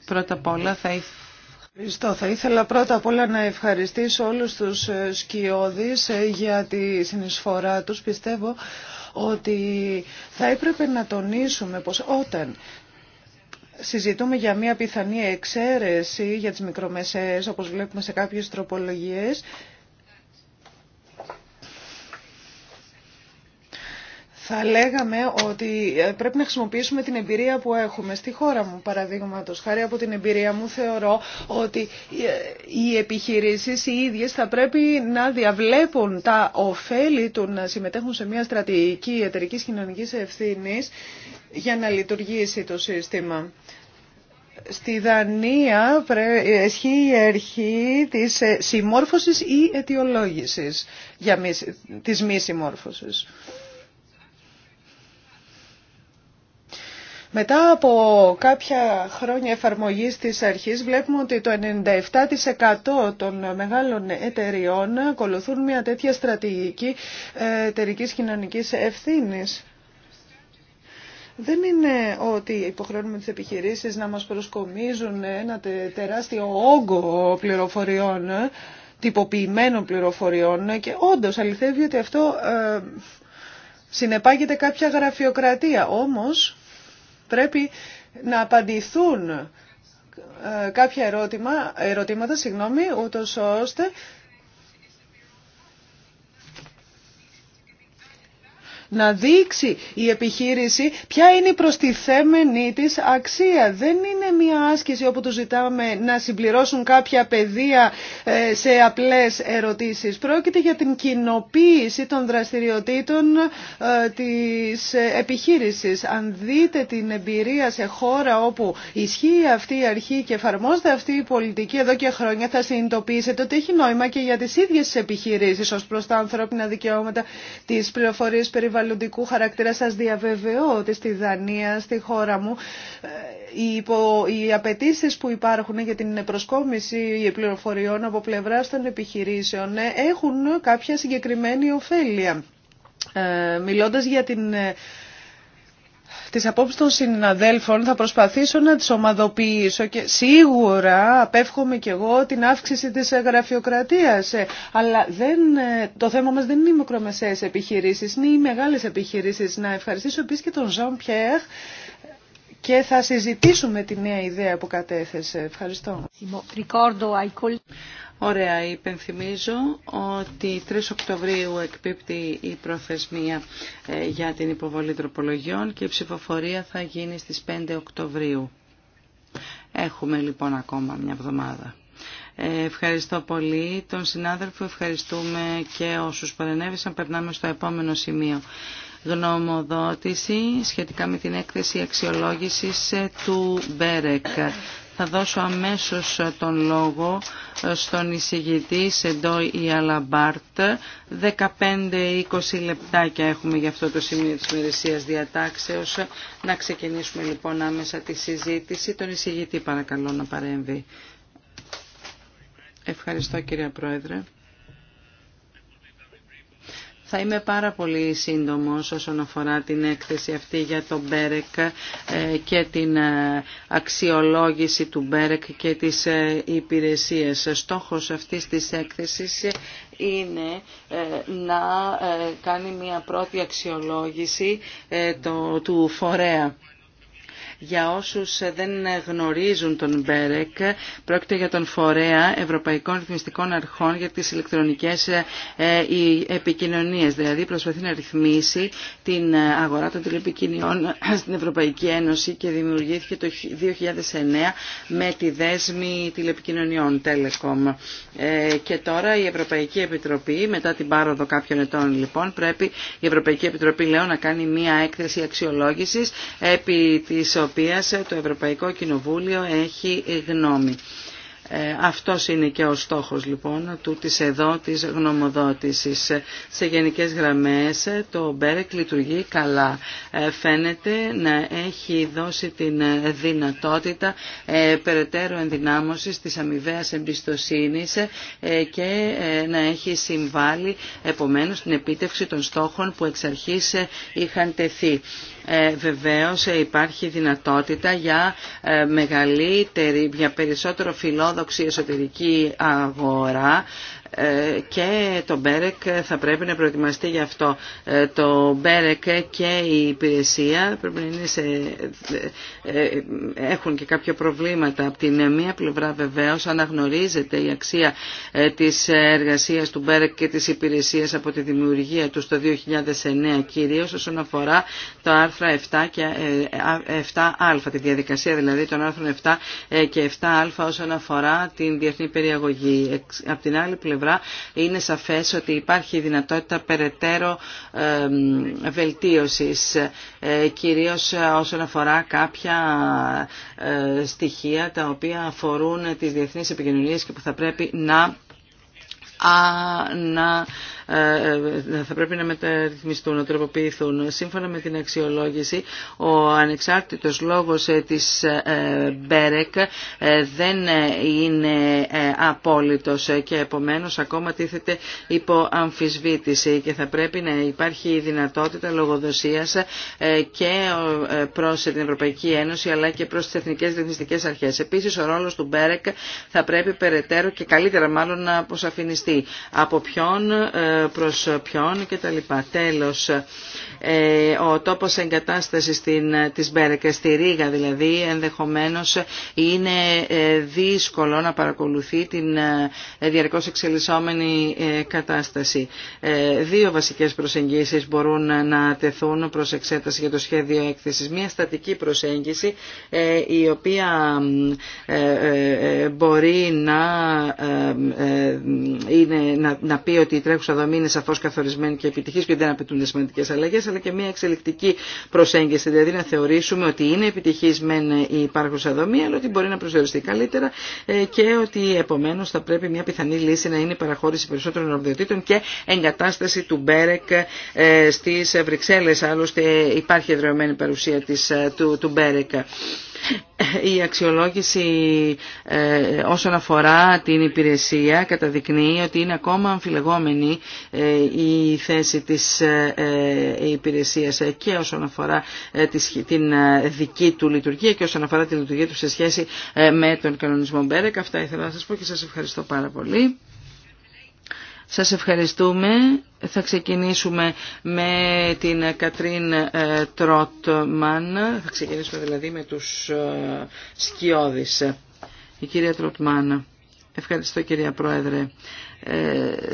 S3: Πρώτα απ' όλα θα ήθελα Θα ήθελα πρώτα απ' όλα να ευχαριστήσω όλους τους ε, σκιώδεις ε, για τη συνεισφορά τους. Πιστεύω ότι θα έπρεπε να τονίσουμε πως όταν συζητούμε για μια πιθανή εξαίρεση για τις μικρομεσαίες, όπως βλέπουμε σε κάποιες τροπολογίες, θα λέγαμε ότι ε, πρέπει να χρησιμοποιήσουμε την εμπειρία που έχουμε. Στη χώρα μου, παραδείγματο, χάρη από την εμπειρία μου, θεωρώ ότι ε, οι επιχειρήσει οι ίδιε θα πρέπει να διαβλέπουν τα ωφέλη του να συμμετέχουν σε μια στρατηγική εταιρική κοινωνική ευθύνη για να λειτουργήσει το σύστημα. Στη Δανία ισχύει η αρχή της ε, συμμόρφωσης ή αιτιολόγησης για μη, της Μετά από κάποια χρόνια εφαρμογής της αρχής βλέπουμε ότι το 97% των μεγάλων εταιριών ακολουθούν μια τέτοια στρατηγική ε, εταιρικής κοινωνικής ευθύνης. Δεν είναι ότι υποχρεώνουμε τις επιχειρήσεις να μας προσκομίζουν ένα τεράστιο όγκο πληροφοριών, τυποποιημένων πληροφοριών και όντως αληθεύει ότι αυτό ε, συνεπάγεται κάποια γραφειοκρατία. Όμως πρέπει να απαντηθούν ε, κάποια ερωτήματα, συγγνώμη, ούτως ώστε να δείξει η επιχείρηση ποια είναι η προστιθέμενη της αξία. Δεν είναι μια άσκηση όπου του ζητάμε να συμπληρώσουν κάποια πεδία ε, σε απλές ερωτήσεις. Πρόκειται για την κοινοποίηση των δραστηριοτήτων ε, της επιχείρησης. Αν δείτε την εμπειρία σε χώρα όπου ισχύει αυτή η αρχή και εφαρμόζεται αυτή η πολιτική εδώ και χρόνια θα συνειδητοποιήσετε ότι έχει νόημα και για τις ίδιες επιχειρήσεις ως προς τα ανθρώπινα δικαιώματα, τις πληροφορίες περιβαλλοντικού χαρακτήρα. Σας διαβεβαιώ ότι στη Δανία, στη χώρα μου, ε, οι, οι απαιτήσει που υπάρχουν για την προσκόμιση πληροφοριών από πλευρά των επιχειρήσεων ε, έχουν κάποια συγκεκριμένη ωφέλεια. Ε, μιλώντας για την τις απόψεις των συναδέλφων θα προσπαθήσω να τις ομαδοποιήσω και σίγουρα απέφχομαι κι εγώ την αύξηση της γραφειοκρατίας. Ε, αλλά δεν, ε, το θέμα μας δεν είναι οι μικρομεσαίες επιχειρήσεις, είναι οι μεγάλες επιχειρήσεις. Να ευχαριστήσω επίσης και τον Ζαν Πιερ και θα συζητήσουμε τη νέα ιδέα που κατέθεσε. Ευχαριστώ. Ωραία, υπενθυμίζω
S1: ότι 3 Οκτωβρίου εκπίπτει η προθεσμία ε, για την υποβολή τροπολογιών και η ψηφοφορία θα γίνει στις 5 Οκτωβρίου. Έχουμε λοιπόν ακόμα μια εβδομάδα. Ε, ευχαριστώ πολύ τον συνάδελφο, ευχαριστούμε και όσους παρενέβησαν. Περνάμε στο επόμενο σημείο γνωμοδότηση σχετικά με την έκθεση αξιολόγησης ε, του Μπέρεκ. Θα δώσω αμέσως ε, τον λόγο ε, στον εισηγητή Σεντόι Ιαλαμπάρτ. 15-20 λεπτάκια έχουμε για αυτό το σημείο της μερισίας διατάξεως. Να ξεκινήσουμε λοιπόν άμεσα τη συζήτηση. Τον εισηγητή παρακαλώ να παρέμβει. Ευχαριστώ κυρία Πρόεδρε. Θα είμαι πάρα πολύ σύντομος όσον αφορά την έκθεση αυτή για τον Μπέρεκ ε, και την ε, αξιολόγηση του Μπέρεκ και τις ε, υπηρεσίες. Στόχος αυτής της έκθεσης είναι να κάνει μια πρώτη αξιολόγηση του φορέα για όσους δεν γνωρίζουν τον Μπέρεκ, πρόκειται για τον Φορέα Ευρωπαϊκών Ρυθμιστικών Αρχών για τις ηλεκτρονικές ε, επικοινωνίες. Δηλαδή προσπαθεί να ρυθμίσει την αγορά των τηλεπικοινωνιών στην Ευρωπαϊκή Ένωση και δημιουργήθηκε το 2009 με τη δέσμη τηλεπικοινωνιών Telecom. Ε, και τώρα η Ευρωπαϊκή Επιτροπή, μετά την πάροδο κάποιων ετών λοιπόν, πρέπει η Ευρωπαϊκή Επιτροπή λέω να κάνει μία έκθεση αξιολόγηση επί της οποίας το Ευρωπαϊκό Κοινοβούλιο έχει γνώμη. Ε, αυτός είναι και ο στόχος λοιπόν του της εδώ της γνωμοδότησης. Σε γενικές γραμμές το Μπέρεκ λειτουργεί καλά. Ε, φαίνεται να έχει δώσει την δυνατότητα ε, περαιτέρω ενδυνάμωσης της αμοιβαία εμπιστοσύνης και να έχει συμβάλει επομένως την επίτευξη των στόχων που εξ αρχής είχαν τεθεί. Ε, βεβαίως ε, υπάρχει δυνατότητα για ε, μεγαλύτερη, για περισσότερο φιλόδοξη εσωτερική αγορά ε, και το Μπέρεκ θα πρέπει να προετοιμαστεί γι' αυτό. Ε, το Μπέρεκ και η υπηρεσία πρέπει να είναι σε... Ε, έχουν και κάποια προβλήματα. Από την μία πλευρά βεβαίως αναγνωρίζεται η αξία της εργασίας του Μπέρεκ και της υπηρεσίας από τη δημιουργία του το 2009 κυρίως όσον αφορά το αρθρο 7 και 7α, τη διαδικασία δηλαδή των άρθρων 7 και 7α όσον αφορά την διεθνή περιαγωγή. Από την άλλη πλευρά είναι σαφές ότι υπάρχει δυνατότητα περαιτέρω βελτίωσης, ε, κυρίως όσον αφορά κάποια ε, στοιχεία τα οποία αφορούν τις διεθνείς επικοινωνίες και που θα πρέπει να, να θα πρέπει να μεταρρυθμιστούν, να τροποποιηθούν. Σύμφωνα με την αξιολόγηση, ο ανεξάρτητος λόγος ε, της ε, Μπέρεκ ε, δεν είναι απόλυτος και επομένως ακόμα τίθεται υπό αμφισβήτηση και θα πρέπει να υπάρχει δυνατότητα λογοδοσίας και προς την Ευρωπαϊκή Ένωση αλλά και προς τις εθνικές ρυθμιστικές αρχές. Επίσης ο ρόλος του Μπέρεκ θα πρέπει περαιτέρω και καλύτερα μάλλον να αποσαφινιστεί. Από ποιον προς ποιον λοιπά. Τέλος, ε, ο τόπος εγκατάστασης στην, της Μπέρεκ, στη Ρήγα δηλαδή, ενδεχομένως είναι ε, δύσκολο να παρακολουθεί την ε, διαρκώς εξελισσόμενη κατάσταση. Δύο βασικές προσεγγίσεις μπορούν να τεθούν προς εξέταση για το σχέδιο έκθεσης. Μία στατική προσέγγιση η οποία μπορεί να, είναι, να, να πει ότι η τρέχουσα είναι σαφώ καθορισμένη και επιτυχή και δεν απαιτούν σημαντικέ αλλαγέ, αλλά και μια εξελικτική προσέγγιση. Δηλαδή να θεωρήσουμε ότι είναι επιτυχή μεν η υπάρχουσα δομή, αλλά ότι μπορεί να προσδιοριστεί καλύτερα ε, και ότι επομένω θα πρέπει μια πιθανή λύση να είναι η παραχώρηση περισσότερων αρμοδιοτήτων και εγκατάσταση του Μπέρεκ ε, στι Βρυξέλλε. Άλλωστε υπάρχει εδρεωμένη παρουσία της, ε, του, του Μπέρεκ. Η αξιολόγηση ε, όσον αφορά την υπηρεσία καταδεικνύει ότι είναι ακόμα αμφιλεγόμενη ε, η θέση της ε, υπηρεσίας και όσον αφορά την δική του λειτουργία και όσον αφορά την λειτουργία του σε σχέση με τον κανονισμό Μπέρεκ. Αυτά ήθελα να σας πω και σας ευχαριστώ πάρα πολύ. Σας ευχαριστούμε. Θα ξεκινήσουμε με την Κατρίν ε, Τρότμαν. Θα ξεκινήσουμε δηλαδή με τους ε, σκιώδεις. Η κυρία Τρότμαν. Ευχαριστώ κυρία Πρόεδρε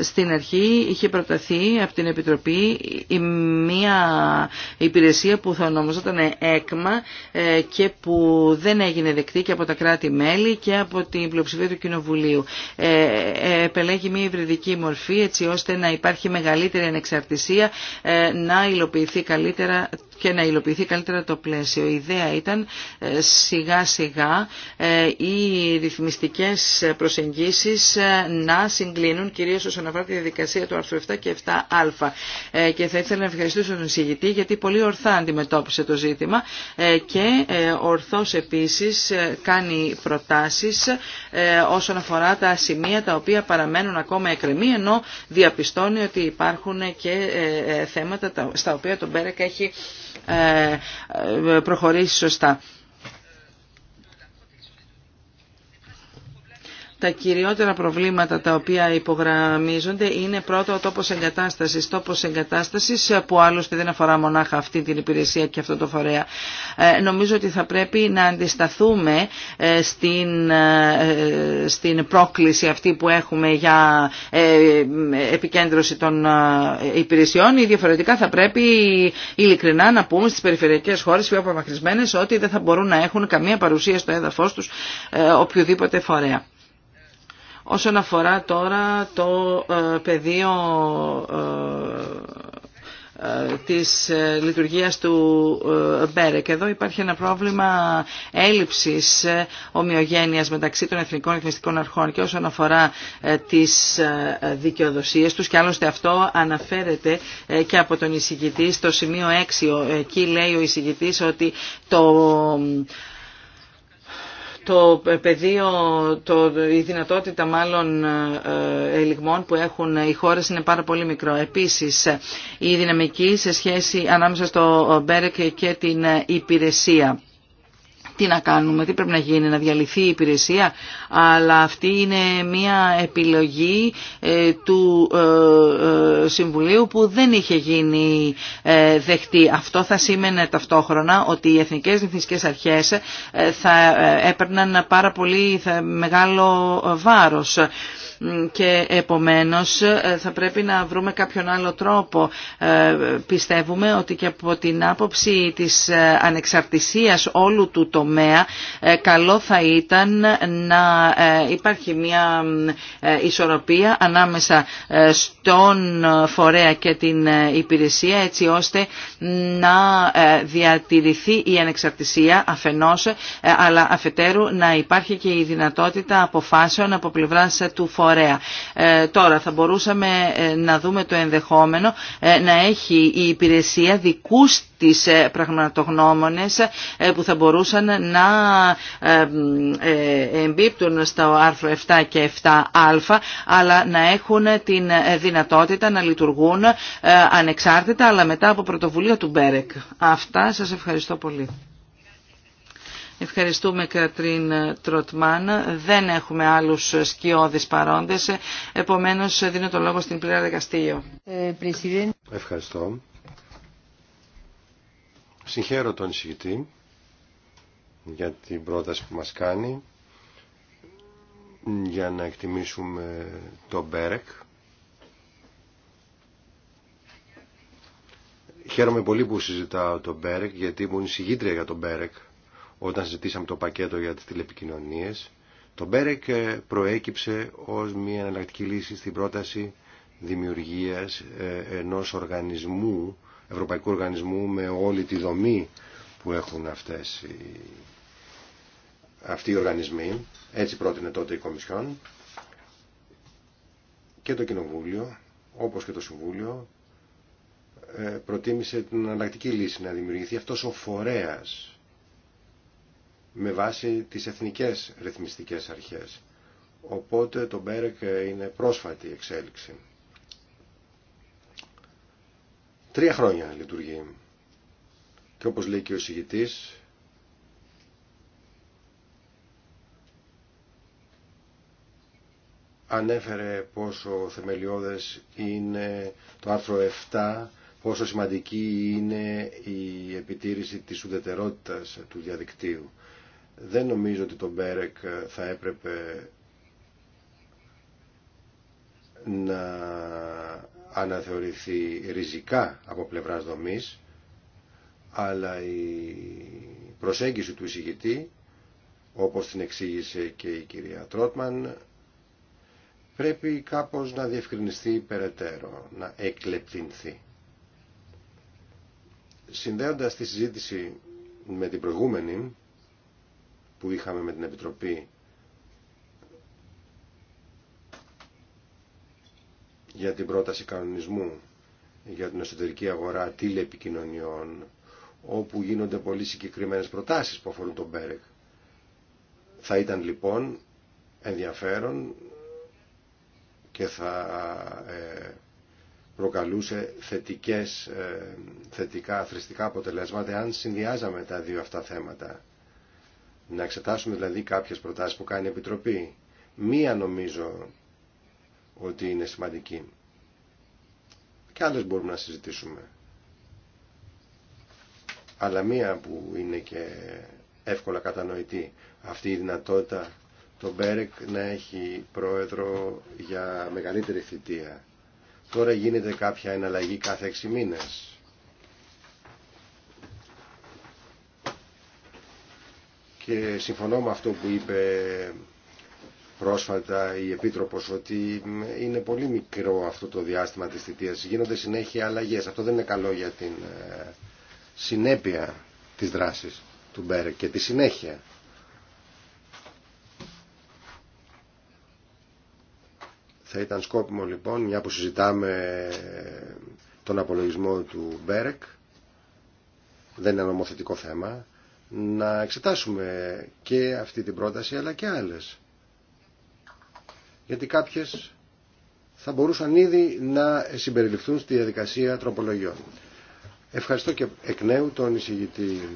S1: στην αρχή είχε προταθεί από την Επιτροπή μια υπηρεσία που θα ονομαζόταν ΕΚΜΑ ε, και που δεν έγινε δεκτή και από τα κράτη-μέλη και από την πλειοψηφία του Κοινοβουλίου. Ε, επελέγει μια υβριδική μορφή έτσι ώστε να υπάρχει μεγαλύτερη ανεξαρτησία, ε, να υλοποιηθεί καλύτερα και να υλοποιηθεί καλύτερα το πλαίσιο. Η ιδέα ήταν ε, σιγά σιγά ε, οι ρυθμιστικές προσεγγίσεις ε, να συγκλίνουν κυρίως όσον αφορά τη διαδικασία του άρθρου 7 και 7α. Και θα ήθελα να ευχαριστήσω τον συγητή γιατί πολύ ορθά αντιμετώπισε το ζήτημα και ορθώς επίσης κάνει προτάσεις όσον αφορά τα σημεία τα οποία παραμένουν ακόμα εκκρεμή ενώ διαπιστώνει ότι υπάρχουν και θέματα στα οποία τον Μπέρεκ έχει ε, ε, προχωρήσει σωστά. Τα κυριότερα προβλήματα τα οποία υπογραμμίζονται είναι πρώτα ο τόπος εγκατάστασης. Τόπος εγκατάστασης που άλλωστε δεν αφορά μονάχα αυτή την υπηρεσία και αυτό το φορέα. Ε, νομίζω ότι θα πρέπει να αντισταθούμε ε, στην, ε, στην πρόκληση αυτή που έχουμε για επικέντρωση των υπηρεσιών ή διαφορετικά θα πρέπει ειλικρινά να πούμε στις περιφερειακές χώρες πιο απομακρυσμένες ότι δεν θα μπορούν να έχουν καμία παρουσία στο έδαφος τους οποιοδήποτε φορέα. Όσον αφορά τώρα το ε, πεδίο ε, ε, της λειτουργίας του Μπέρεκ. Εδώ υπάρχει ένα πρόβλημα έλλειψης ομοιογένειας μεταξύ των εθνικών εθνιστικών αρχών και όσον αφορά τις δικαιοδοσίες τους και άλλωστε αυτό αναφέρεται και από τον εισηγητή στο σημείο 6. Εκεί λέει ο εισηγητής ότι το το πεδίο, το, η δυνατότητα μάλλον ε, ε, ελιγμών που έχουν οι χώρες είναι πάρα πολύ μικρό. Επίσης, η δυναμική σε σχέση ανάμεσα στο Μπέρεκ και την υπηρεσία. Τι να κάνουμε, τι πρέπει να γίνει, να διαλυθεί η υπηρεσία. Αλλά αυτή είναι μια επιλογή ε, του ε, ε, Συμβουλίου που δεν είχε γίνει δεχτή. Αυτό θα σήμαινε ταυτόχρονα ότι οι εθνικές διεθνικές αρχές θα έπαιρναν πάρα πολύ μεγάλο βάρος και επομένως ε, θα πρέπει να βρούμε κάποιον άλλο τρόπο. Ε, πιστεύουμε ότι και από την άποψη της ε, ανεξαρτησίας όλου του τομέα καλό θα ήταν να υπάρχει μια ισορροπία ανάμεσα στον φορέα και την υπηρεσία έτσι ώστε να διατηρηθεί η ανεξαρτησία αφενός αλλά αφετέρου να υπάρχει και η δυνατότητα αποφάσεων από πλευράς του φορέα Ωραία. Ε, τώρα θα μπορούσαμε ε, να δούμε το ενδεχόμενο ε, να έχει η υπηρεσία δικούς τις πραγματογνώμονες που θα μπορούσαν να εμπίπτουν στο άρθρο 7 και 7α αλλά να έχουν την δυνατότητα να λειτουργούν ανεξάρτητα αλλά μετά από πρωτοβουλία του Μπέρεκ. Αυτά σας ευχαριστώ πολύ. Ευχαριστούμε Κατρίν Τροτμάν. Δεν έχουμε άλλους σκιώδεις παρόντες. Επομένως δίνω το λόγο στην Πλήρα Δεκαστήλιο. Ε,
S2: Ευχαριστώ. Συγχαίρω τον εισηγητή για την πρόταση που μας κάνει για να εκτιμήσουμε το Μπέρεκ. Χαίρομαι πολύ που συζητάω τον Μπέρεκ γιατί ήμουν εισηγήτρια για τον Μπέρεκ όταν ζητήσαμε το πακέτο για τις τηλεπικοινωνίες, το Μπέρεκ ε, προέκυψε ως μια εναλλακτική λύση στην πρόταση δημιουργίας ε, ενός οργανισμού, ευρωπαϊκού οργανισμού με όλη τη δομή που έχουν αυτές οι, αυτοί οι οργανισμοί. Έτσι πρότεινε τότε η Κομισιόν και το Κοινοβούλιο, όπως και το Συμβούλιο, ε, προτίμησε την αναλλακτική λύση να δημιουργηθεί αυτός ο φορέας με βάση τις εθνικές ρυθμιστικές αρχές. Οπότε το Μπέρεκ είναι πρόσφατη εξέλιξη. Τρία χρόνια λειτουργεί. Και όπως λέει και ο συγητής, ανέφερε πόσο θεμελιώδες είναι το άρθρο 7, πόσο σημαντική είναι η επιτήρηση της ουδετερότητας του διαδικτύου. Δεν νομίζω ότι το Μπέρεκ θα έπρεπε να αναθεωρηθεί ριζικά από πλευράς δομής, αλλά η προσέγγιση του εισηγητή, όπως την εξήγησε και η κυρία Τρότμαν, πρέπει κάπως να διευκρινιστεί περαιτέρω, να εκλεπτυνθεί. Συνδέοντας τη συζήτηση με την προηγούμενη, που είχαμε με την Επιτροπή για την πρόταση κανονισμού για την εσωτερική αγορά τηλεπικοινωνιών όπου γίνονται πολύ συγκεκριμένες προτάσεις που αφορούν τον Μπέρεκ. Θα ήταν λοιπόν ενδιαφέρον και θα ε, προκαλούσε θετικές, ε, θετικά, θρηστικά αποτελέσματα αν συνδυάζαμε τα δύο αυτά θέματα. Να εξετάσουμε δηλαδή κάποιες προτάσεις που κάνει η Επιτροπή. Μία νομίζω ότι είναι σημαντική. Και άλλες μπορούμε να συζητήσουμε. Αλλά μία που είναι και εύκολα κατανοητή αυτή η δυνατότητα το Μπέρεκ να έχει πρόεδρο για μεγαλύτερη θητεία. Τώρα γίνεται κάποια εναλλαγή κάθε 6 μήνες. και συμφωνώ με αυτό που είπε πρόσφατα η Επίτροπος ότι είναι πολύ μικρό αυτό το διάστημα της θητείας. Γίνονται συνέχεια αλλαγές. Αυτό δεν είναι καλό για την ε, συνέπεια της δράσης του Μπέρεκ και τη συνέχεια. Θα ήταν σκόπιμο λοιπόν, μια που συζητάμε τον απολογισμό του Μπέρεκ, δεν είναι νομοθετικό θέμα, να εξετάσουμε και αυτή την πρόταση αλλά και άλλες. Γιατί κάποιες θα μπορούσαν ήδη να συμπεριληφθούν στη διαδικασία τροπολογιών. Ευχαριστώ και εκ νέου τον εισηγητή.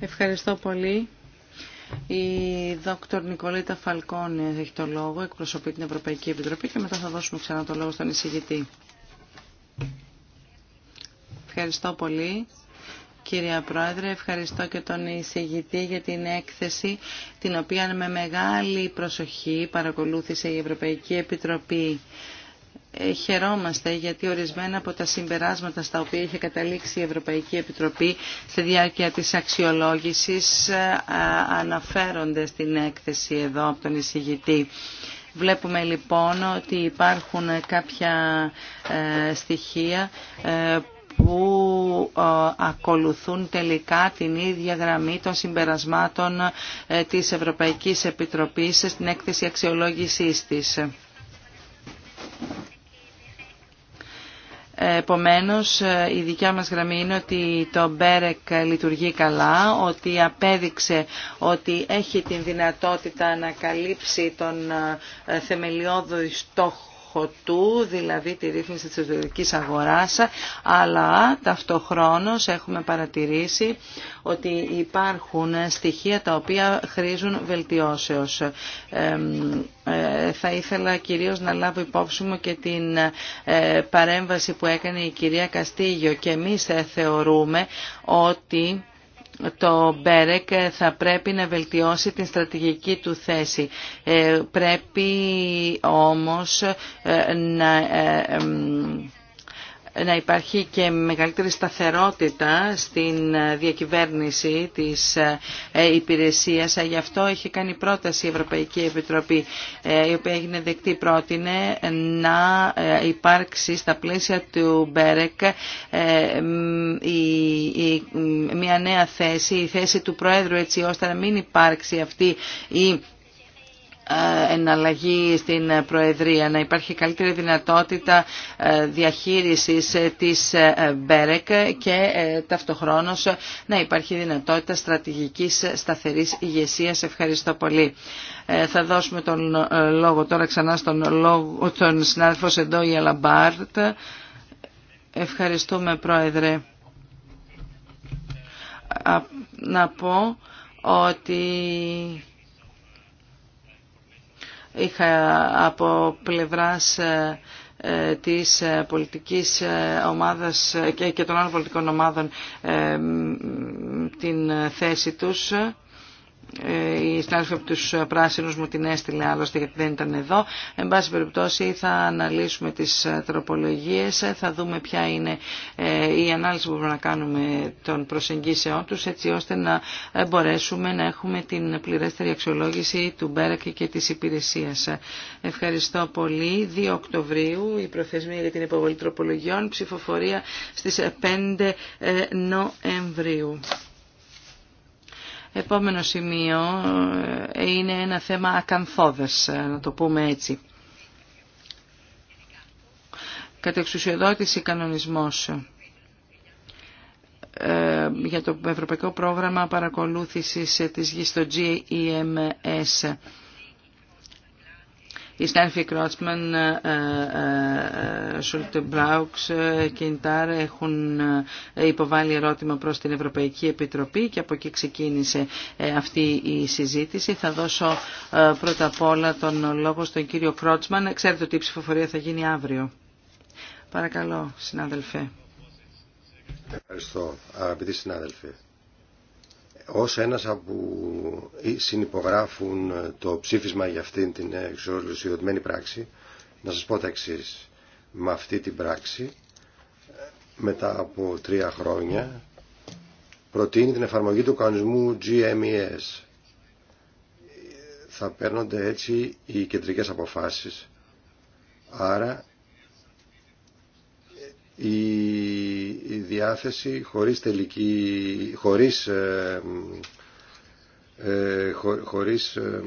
S1: Ευχαριστώ πολύ. Η δόκτωρ Νικολίτα Φαλκόνη έχει το λόγο, εκπροσωπεί την Ευρωπαϊκή Επιτροπή και μετά θα δώσουμε ξανά το λόγο στον εισηγητή. Ευχαριστώ πολύ. Κύριε Πρόεδρε, ευχαριστώ και τον εισηγητή για την έκθεση, την οποία με μεγάλη προσοχή παρακολούθησε η Ευρωπαϊκή Επιτροπή. Ε, χαιρόμαστε γιατί ορισμένα από τα συμπεράσματα στα οποία είχε καταλήξει η Ευρωπαϊκή Επιτροπή στη διάρκεια της αξιολόγησης ε, αναφέρονται στην έκθεση εδώ από τον εισηγητή. Βλέπουμε λοιπόν ότι υπάρχουν κάποια ε, στοιχεία που που ακολουθούν τελικά την ίδια γραμμή των συμπερασμάτων ε, της Ευρωπαϊκής Επιτροπής στην έκθεση αξιολόγησής της. Επομένως, ε, η δικιά μας γραμμή είναι ότι το Μπέρεκ λειτουργεί καλά, ότι απέδειξε ότι έχει την δυνατότητα να καλύψει τον ε, θεμελιώδη στόχο δηλαδή τη ρύθμιση της εσωτερικής αγοράς, αλλά ταυτοχρόνως έχουμε παρατηρήσει ότι υπάρχουν στοιχεία τα οποία χρήζουν βελτιώσεως. Ε, θα ήθελα κυρίως να λάβω υπόψη μου και την ε, παρέμβαση που έκανε η κυρία Καστίγιο και εμείς ε, θεωρούμε ότι το Μπέρεκ θα πρέπει να βελτιώσει την στρατηγική του θέση. Ε, πρέπει όμως ε, να ε, να υπάρχει και μεγαλύτερη σταθερότητα στην διακυβέρνηση της ε, υπηρεσίας. Ε, γι' αυτό έχει κάνει πρόταση η Ευρωπαϊκή Επιτροπή, ε, η οποία έγινε δεκτή πρότεινε να υπάρξει στα πλαίσια του Μπέρεκ μια νέα θέση, η θέση του Προέδρου, έτσι ώστε να μην υπάρξει αυτή η ε, εναλλαγή στην Προεδρία, να υπάρχει καλύτερη δυνατότητα ε, διαχείρισης ε, της Μπέρεκ και ταυτοχρόνως να υπάρχει δυνατότητα στρατηγικής σταθερής ηγεσίας. Ευχαριστώ πολύ. Θα δώσουμε τον λόγο τώρα ξανά στον, λόγο, τον συνάδελφο Σεντόγια Αλαμπάρτ. Ευχαριστούμε Πρόεδρε. Να πω ότι είχα από πλευράς ε, ε, της ε, πολιτικής ομάδας και των άλλων πολιτικών ομάδων την θέση τους η ε, συνάδελφη από του πράσινου μου την έστειλε άλλωστε γιατί δεν ήταν εδώ. Εν πάση περιπτώσει θα αναλύσουμε τι ε, τροπολογίε. Ε, θα δούμε ποια είναι η ανάλυση που μπορούμε να κάνουμε των προσεγγίσεών του, έτσι ώστε να μπορέσουμε να έχουμε την πληρέστερη αξιολόγηση του Μπέρακ και τη Υπηρεσία. Ευχαριστώ πολύ. 2 Οκτωβρίου η προθεσμία για την υποβολή τροπολογιών, ψηφοφορία στι 5 Νοεμβρίου. Επόμενο σημείο ε, είναι ένα θέμα ακανθόδες, να το πούμε έτσι. Κατεξουσιοδότηση κανονισμός ε, για το Ευρωπαϊκό Πρόγραμμα Παρακολούθησης της Γης στο GEMS οι Στέφη Κρότσμαν, ε, ε, ε, Μπράουξ και Ιντάρ έχουν υποβάλει ερώτημα προς την Ευρωπαϊκή Επιτροπή και από εκεί ξεκίνησε αυτή η συζήτηση. Θα δώσω πρώτα απ' όλα τον λόγο στον κύριο Κρότσμαν. Ξέρετε ότι η ψηφοφορία θα γίνει αύριο. Παρακαλώ, συνάδελφε.
S2: Ευχαριστώ, αγαπητοί συνάδελφοι ως ένας από συνυπογράφουν ε, το ψήφισμα για αυτήν την εξορλουσιοδημένη πράξη, να σας πω τα εξή Με αυτή την πράξη, ε, μετά από τρία χρόνια, προτείνει την εφαρμογή του κανονισμού GMES. Ε, θα παίρνονται έτσι οι κεντρικές αποφάσεις. Άρα η διάθεση χωρίς τελική, χωρίς, ε, ε, χωρίς ε,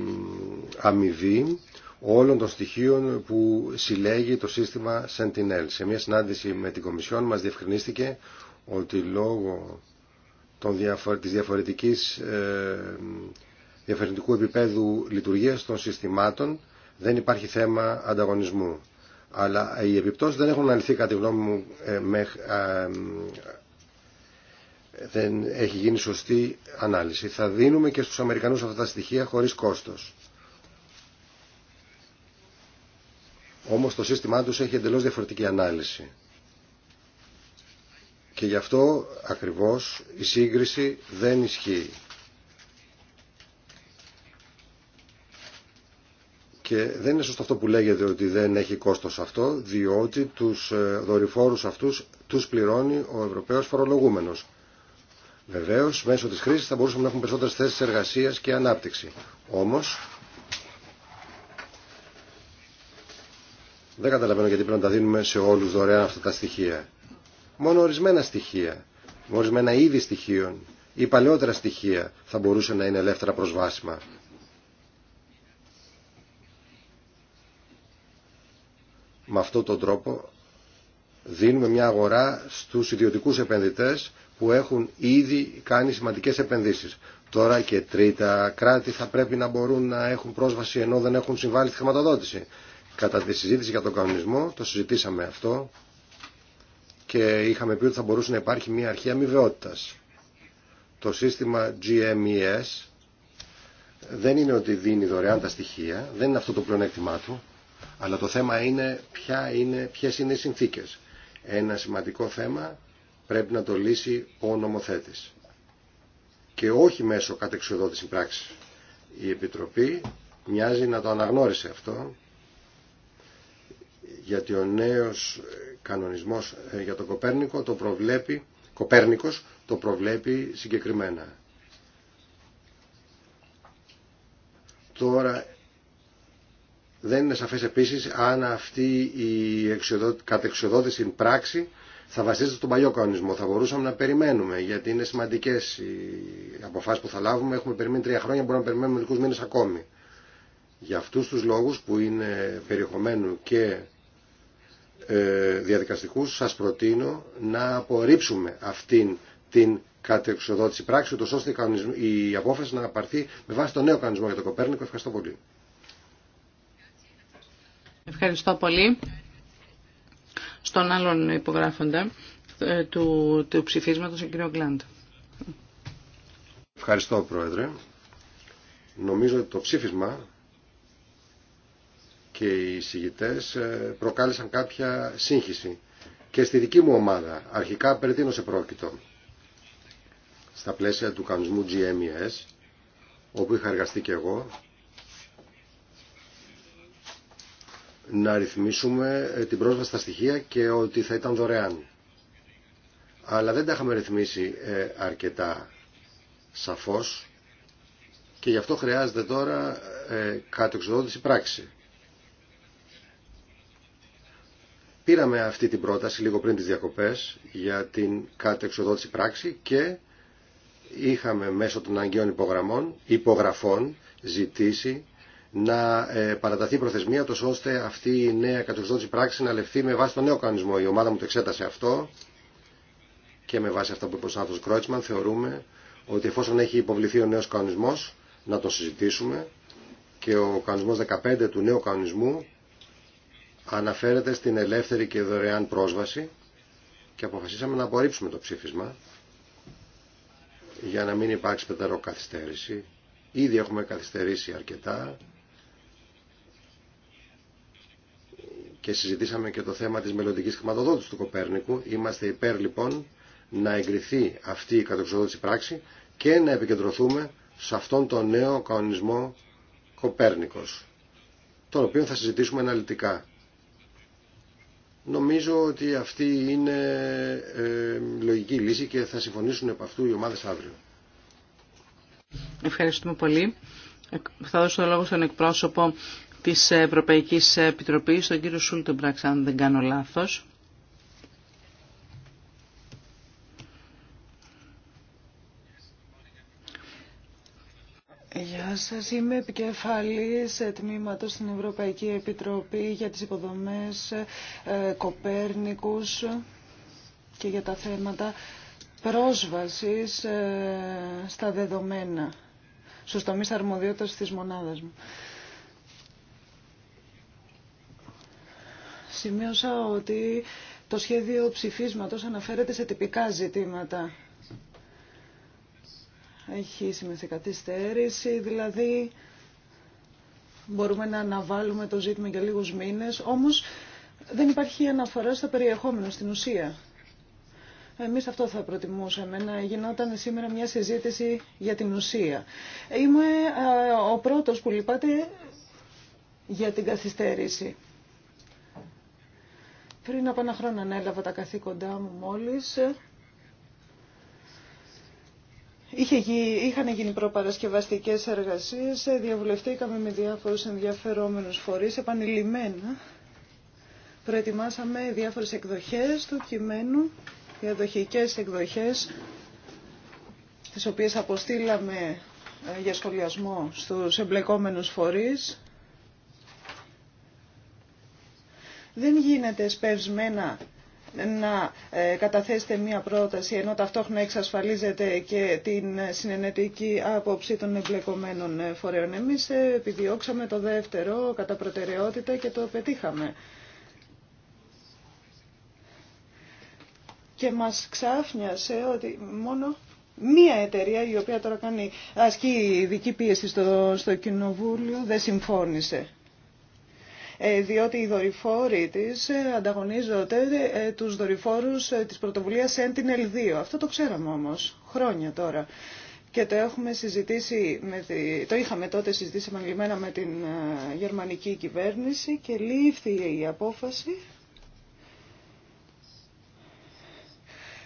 S2: αμοιβή όλων των στοιχείων που συλλέγει το σύστημα Sentinel. Σε μια συνάντηση με την Κομισιόν μας διευκρινίστηκε ότι λόγω των της διαφορετικής, ε, διαφορετικού επίπεδου λειτουργίας των συστημάτων δεν υπάρχει θέμα ανταγωνισμού αλλά οι επιπτώσεις δεν έχουν αναλυθεί κατά τη γνώμη μου ε, ε, δεν έχει γίνει σωστή ανάλυση. Θα δίνουμε και στους Αμερικανούς αυτά τα στοιχεία χωρίς κόστος. Όμως το σύστημά τους έχει εντελώς διαφορετική ανάλυση. Και γι' αυτό ακριβώς η σύγκριση δεν ισχύει. Και δεν είναι σωστό αυτό που λέγεται ότι δεν έχει κόστος αυτό, διότι τους ε, δορυφόρους αυτούς τους πληρώνει ο Ευρωπαίος φορολογούμενος. Βεβαίως, μέσω της χρήσης θα μπορούσαμε να έχουμε περισσότερες θέσεις εργασίας και ανάπτυξη. Όμως, δεν καταλαβαίνω γιατί πρέπει να τα δίνουμε σε όλους δωρεάν αυτά τα στοιχεία. Μόνο ορισμένα στοιχεία, ορισμένα είδη στοιχείων ή παλαιότερα στοιχεία θα μπορούσε να είναι ελεύθερα προσβάσιμα. με αυτόν τον τρόπο δίνουμε μια αγορά στους ιδιωτικούς επενδυτές που έχουν ήδη κάνει σημαντικές επενδύσεις. Τώρα και τρίτα κράτη θα πρέπει να μπορούν να έχουν πρόσβαση ενώ δεν έχουν συμβάλει στη χρηματοδότηση. Κατά τη συζήτηση για τον κανονισμό το συζητήσαμε αυτό και είχαμε πει ότι θα μπορούσε να υπάρχει μια αρχή αμοιβαιότητας. Το σύστημα GMES δεν είναι ότι δίνει δωρεάν τα στοιχεία, δεν είναι αυτό το πλεονέκτημά του. Αλλά το θέμα είναι, ποια είναι ποιες είναι οι συνθήκες. Ένα σημαντικό θέμα πρέπει να το λύσει ο νομοθέτης. Και όχι μέσω κατεξοδότηση πράξης. Η Επιτροπή μοιάζει να το αναγνώρισε αυτό, γιατί ο νέος κανονισμός ε, για τον Κοπέρνικο το προβλέπει, Κοπέρνικος το προβλέπει συγκεκριμένα. Τώρα δεν είναι σαφές επίσης αν αυτή η κατεξοδότηση πράξη θα βασίζεται στον παλιό κανονισμό. Θα μπορούσαμε να περιμένουμε γιατί είναι σημαντικές οι αποφάσεις που θα λάβουμε. Έχουμε περιμένει τρία χρόνια, μπορούμε να περιμένουμε μερικούς μήνες ακόμη. Για αυτούς τους λόγους που είναι περιεχομένου και ε, διαδικαστικούς σας προτείνω να απορρίψουμε αυτήν την κατεξοδότηση πράξη, ούτως ώστε η απόφαση να πάρθει με βάση το νέο κανονισμό για το Κοπέρνικο. Ευχαριστώ πολύ.
S1: Ευχαριστώ πολύ στον άλλον υπογράφοντα ε, του, του ψηφίσματος, ο κύριο Γκλάντ.
S2: Ευχαριστώ, Πρόεδρε. Νομίζω ότι το ψήφισμα και οι συγητές ε, προκάλεσαν κάποια σύγχυση. Και στη δική μου ομάδα, αρχικά περί σε επρόκειτο, στα πλαίσια του κανονισμού GMES, όπου είχα εργαστεί και εγώ, να ρυθμίσουμε ε, την πρόσβαση στα στοιχεία και ότι θα ήταν δωρεάν. Αλλά δεν τα είχαμε ρυθμίσει ε, αρκετά σαφώς και γι' αυτό χρειάζεται τώρα εξοδότηση πράξη. Πήραμε αυτή την πρόταση λίγο πριν τις διακοπές για την κατεξοδότηση πράξη και είχαμε μέσω των αγκαίων υπογραμμών, υπογραφών ζητήσει να ε, παραταθεί προθεσμία τόσο ώστε αυτή η νέα κατοριστότηση πράξη να λεφθεί με βάση τον νέο κανονισμό. Η ομάδα μου το εξέτασε αυτό και με βάση αυτά που είπε ο Σάνθος Κρότσμαν θεωρούμε ότι εφόσον έχει υποβληθεί ο νέος κανονισμός να τον συζητήσουμε και ο κανονισμός 15 του νέου κανονισμού αναφέρεται στην ελεύθερη και δωρεάν πρόσβαση και αποφασίσαμε να απορρίψουμε το ψήφισμα για να μην υπάρξει πενταρό καθυστέρηση. Ήδη έχουμε καθυστερήσει αρκετά και συζητήσαμε και το θέμα της μελλοντική χρηματοδότηση του Κοπέρνικου. Είμαστε υπέρ λοιπόν να εγκριθεί αυτή η κατεξοδότηση πράξη και να επικεντρωθούμε σε αυτόν τον νέο κανονισμό Κοπέρνικος, τον οποίο θα συζητήσουμε αναλυτικά. Νομίζω ότι αυτή είναι ε, λογική λύση και θα συμφωνήσουν επ' αυτού οι ομάδες αύριο.
S1: Ευχαριστούμε πολύ. Ε, θα δώσω το λόγο στον εκπρόσωπο της Ευρωπαϊκής Επιτροπής, τον κύριο Σούλτεμπραξ, αν δεν κάνω λάθος.
S3: Γεια σας, είμαι επικεφαλής τμήματος στην Ευρωπαϊκή Επιτροπή για τις υποδομές ε, Κοπέρνικους και για τα θέματα πρόσβασης ε, στα δεδομένα στους τομείς αρμοδιότητας της μονάδας μου. Σημείωσα ότι το σχέδιο ψηφίσματος αναφέρεται σε τυπικά ζητήματα. Έχει σημειωθεί καθυστέρηση, δηλαδή μπορούμε να αναβάλουμε το ζήτημα για λίγους μήνες, όμως δεν υπάρχει αναφορά στο περιεχόμενο, στην ουσία. Εμείς αυτό θα προτιμούσαμε, να γινόταν σήμερα μια συζήτηση για την ουσία. Είμαι ε, ο πρώτος που λυπάται για την καθυστέρηση. Πριν από ένα χρόνο ανέλαβα τα καθήκοντά μου μόλις. Είχε, είχαν γίνει προπαρασκευαστικές εργασίες, διαβουλευτήκαμε με διάφορους ενδιαφερόμενους φορείς επανειλημμένα. Προετοιμάσαμε διάφορες εκδοχές του κειμένου, διαδοχικές εκδοχές, τις οποίες αποστήλαμε ε, για σχολιασμό στους εμπλεκόμενους φορείς. Δεν γίνεται σπευσμένα να ε, καταθέσετε μία πρόταση ενώ ταυτόχρονα εξασφαλίζεται και την συνενετική άποψη των εμπλεκομένων ε, φορέων. Εμείς ε, επιδιώξαμε το δεύτερο κατά προτεραιότητα και το πετύχαμε. Και μας ξάφνιασε ότι μόνο μία εταιρεία η οποία τώρα κάνει ασκεί ειδική πίεση στο, στο κοινοβούλιο δεν συμφώνησε. Ε, διότι οι δορυφόροι της ε, ανταγωνίζονται ε, τους δορυφόρους της πρωτοβουλίας Sentinel-2. Αυτό το ξέραμε όμως χρόνια τώρα και το, έχουμε συζητήσει με το είχαμε τότε συζητήσει επανειλημμένα με την γερμανική κυβέρνηση και λήφθη η απόφαση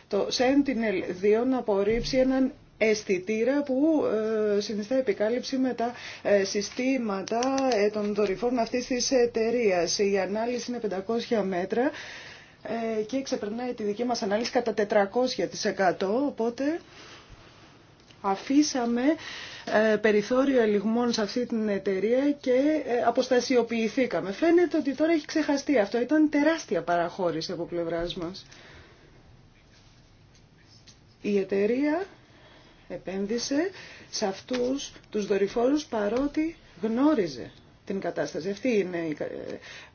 S3: το Sentinel-2 να απορρίψει έναν αισθητήρα που ε, συνιστά επικάλυψη με τα ε, συστήματα ε, των δορυφόρων αυτής της εταιρεία. Η ανάλυση είναι 500 μέτρα και ξεπερνάει τη δική μας ανάλυση κατά 400%. Οπότε αφήσαμε περιθώριο ελιγμών σε αυτή την εταιρεία και αποστασιοποιηθήκαμε. Φαίνεται ότι τώρα έχει ξεχαστεί αυτό. Ήταν τεράστια παραχώρηση από πλευράς μας. Η εταιρεία επένδυσε σε αυτούς τους δορυφόρους παρότι γνώριζε την κατάσταση. Αυτή είναι,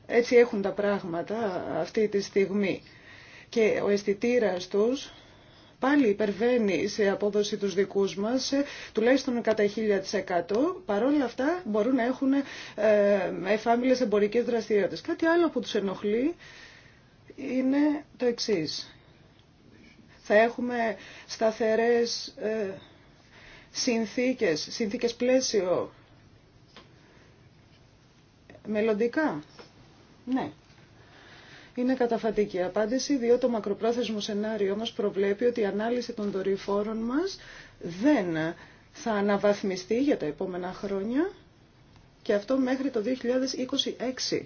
S3: έτσι έχουν τα πράγματα αυτή τη στιγμή. Και ο αισθητήρα τους πάλι υπερβαίνει σε απόδοση τους δικούς μας, τουλάχιστον κατά 1000%. Παρόλα αυτά μπορούν να έχουν ε, εφάμιλες εμπορικές δραστηριότητες. Κάτι άλλο που τους ενοχλεί είναι το εξής θα έχουμε σταθερές ε, συνθήκες, συνθήκες πλαίσιο μελλοντικά. Ναι. Είναι καταφατική απάντηση, διότι το μακροπρόθεσμο σενάριό μας προβλέπει ότι η ανάλυση των δορυφόρων μας δεν θα αναβαθμιστεί για τα επόμενα χρόνια και αυτό μέχρι το 2026.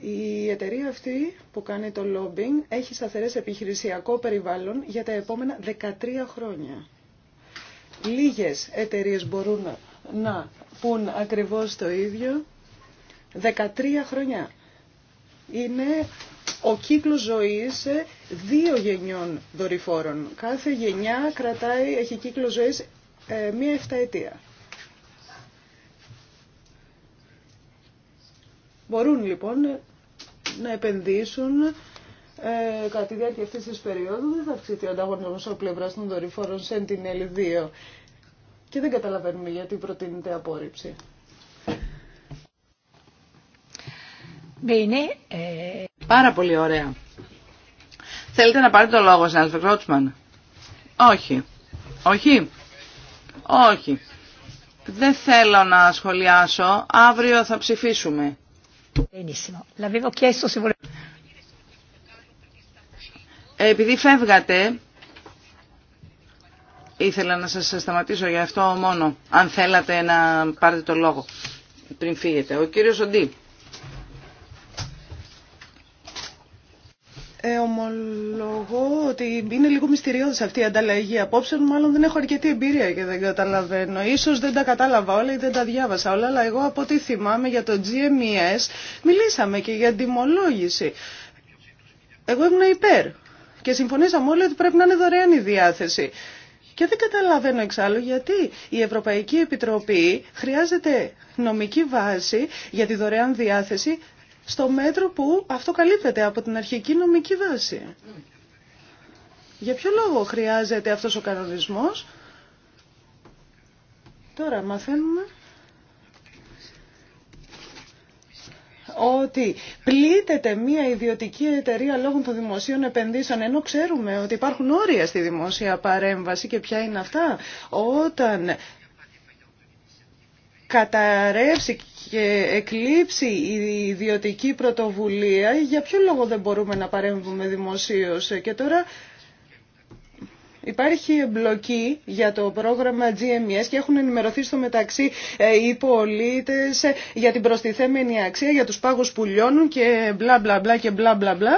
S3: Η εταιρεία αυτή που κάνει το lobbying έχει σταθερές επιχειρησιακό περιβάλλον για τα επόμενα 13 χρόνια. Λίγες εταιρείες μπορούν να πούν ακριβώς το ίδιο. 13 χρόνια. Είναι ο κύκλος ζωής δύο γενιών δορυφόρων. Κάθε γενιά κρατάει, έχει κύκλο ζωής ε, μία εφταετία. Μπορούν λοιπόν να επενδύσουν ε, κατά τη διάρκεια αυτή τη περίοδου δεν θα αυξηθεί ο ανταγωνισμό από πλευρά των δορυφόρων Sentinel-2. Και δεν καταλαβαίνουμε γιατί προτείνεται απόρριψη.
S1: Ε, Πάρα πολύ ωραία. Θέλετε να πάρετε το λόγο, Σνάλφε Κρότσμαν. Όχι. Όχι. Όχι. Δεν θέλω να σχολιάσω. Αύριο θα ψηφίσουμε. Ε, επειδή φεύγατε, ήθελα να σας σταματήσω για αυτό μόνο, αν θέλατε να πάρετε το λόγο πριν φύγετε. Ο κύριος Οντή.
S3: Ε, ομολογώ ότι είναι λίγο μυστηριώδης αυτή η ανταλλαγή απόψεων. Μάλλον δεν έχω αρκετή εμπειρία και δεν καταλαβαίνω. Ίσως δεν τα κατάλαβα όλα ή δεν τα διάβασα όλα, αλλά εγώ από ό,τι θυμάμαι για το GMES μιλήσαμε και για τιμολόγηση. Εγώ ήμουν υπέρ και συμφωνήσαμε όλοι ότι πρέπει να είναι δωρεάν η διάθεση. Και δεν καταλαβαίνω εξάλλου γιατί η Ευρωπαϊκή Επιτροπή χρειάζεται νομική βάση για τη δωρεάν διάθεση στο μέτρο που αυτό καλύπτεται από την αρχική νομική βάση. Για ποιο λόγο χρειάζεται αυτός ο κανονισμός. Τώρα μαθαίνουμε ότι πλήττεται μια ιδιωτική εταιρεία λόγω των δημοσίων επενδύσεων, ενώ ξέρουμε ότι υπάρχουν όρια στη δημόσια παρέμβαση και ποια είναι αυτά, όταν καταρρεύσει και εκλείψει η ιδιωτική πρωτοβουλία, για ποιο λόγο δεν μπορούμε να παρέμβουμε δημοσίως. Και τώρα Υπάρχει εμπλοκή για το πρόγραμμα GMS e και έχουν ενημερωθεί στο μεταξύ ε, οι πολίτε ε, για την προστιθέμενη αξία, για τους πάγους που λιώνουν και μπλα μπλα μπλα και μπλα μπλα μπλα.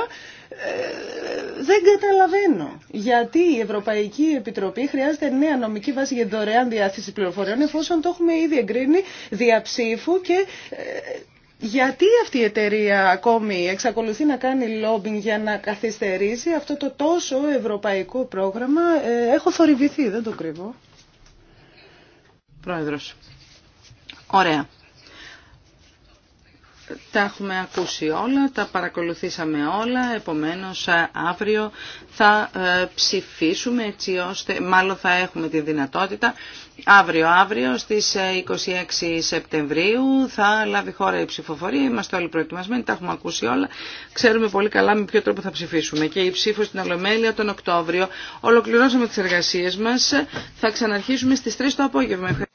S3: Ε, δεν καταλαβαίνω γιατί η Ευρωπαϊκή Επιτροπή χρειάζεται νέα νομική βάση για δωρεάν διάθεση πληροφοριών εφόσον το έχουμε ήδη εγκρίνει διαψήφου και ε, γιατί αυτή η εταιρεία ακόμη εξακολουθεί να κάνει λόμπινγκ για να καθυστερήσει αυτό το τόσο ευρωπαϊκό πρόγραμμα. Ε, έχω θορυβηθεί, δεν το κρύβω.
S1: Πρόεδρος. Ωραία τα έχουμε ακούσει όλα, τα παρακολουθήσαμε όλα, επομένως ε, αύριο θα ε, ψηφίσουμε έτσι ώστε, μάλλον θα έχουμε τη δυνατότητα, αύριο αύριο στις 26 ε, Σεπτεμβρίου θα λάβει χώρα η ψηφοφορία, είμαστε όλοι προετοιμασμένοι, τα έχουμε ακούσει όλα, ξέρουμε πολύ καλά με ποιο τρόπο θα ψηφίσουμε και η ψήφο στην Ολομέλεια τον Οκτώβριο. Ολοκληρώσαμε τις εργασίες μας, θα ξαναρχίσουμε στις 3 το απόγευμα.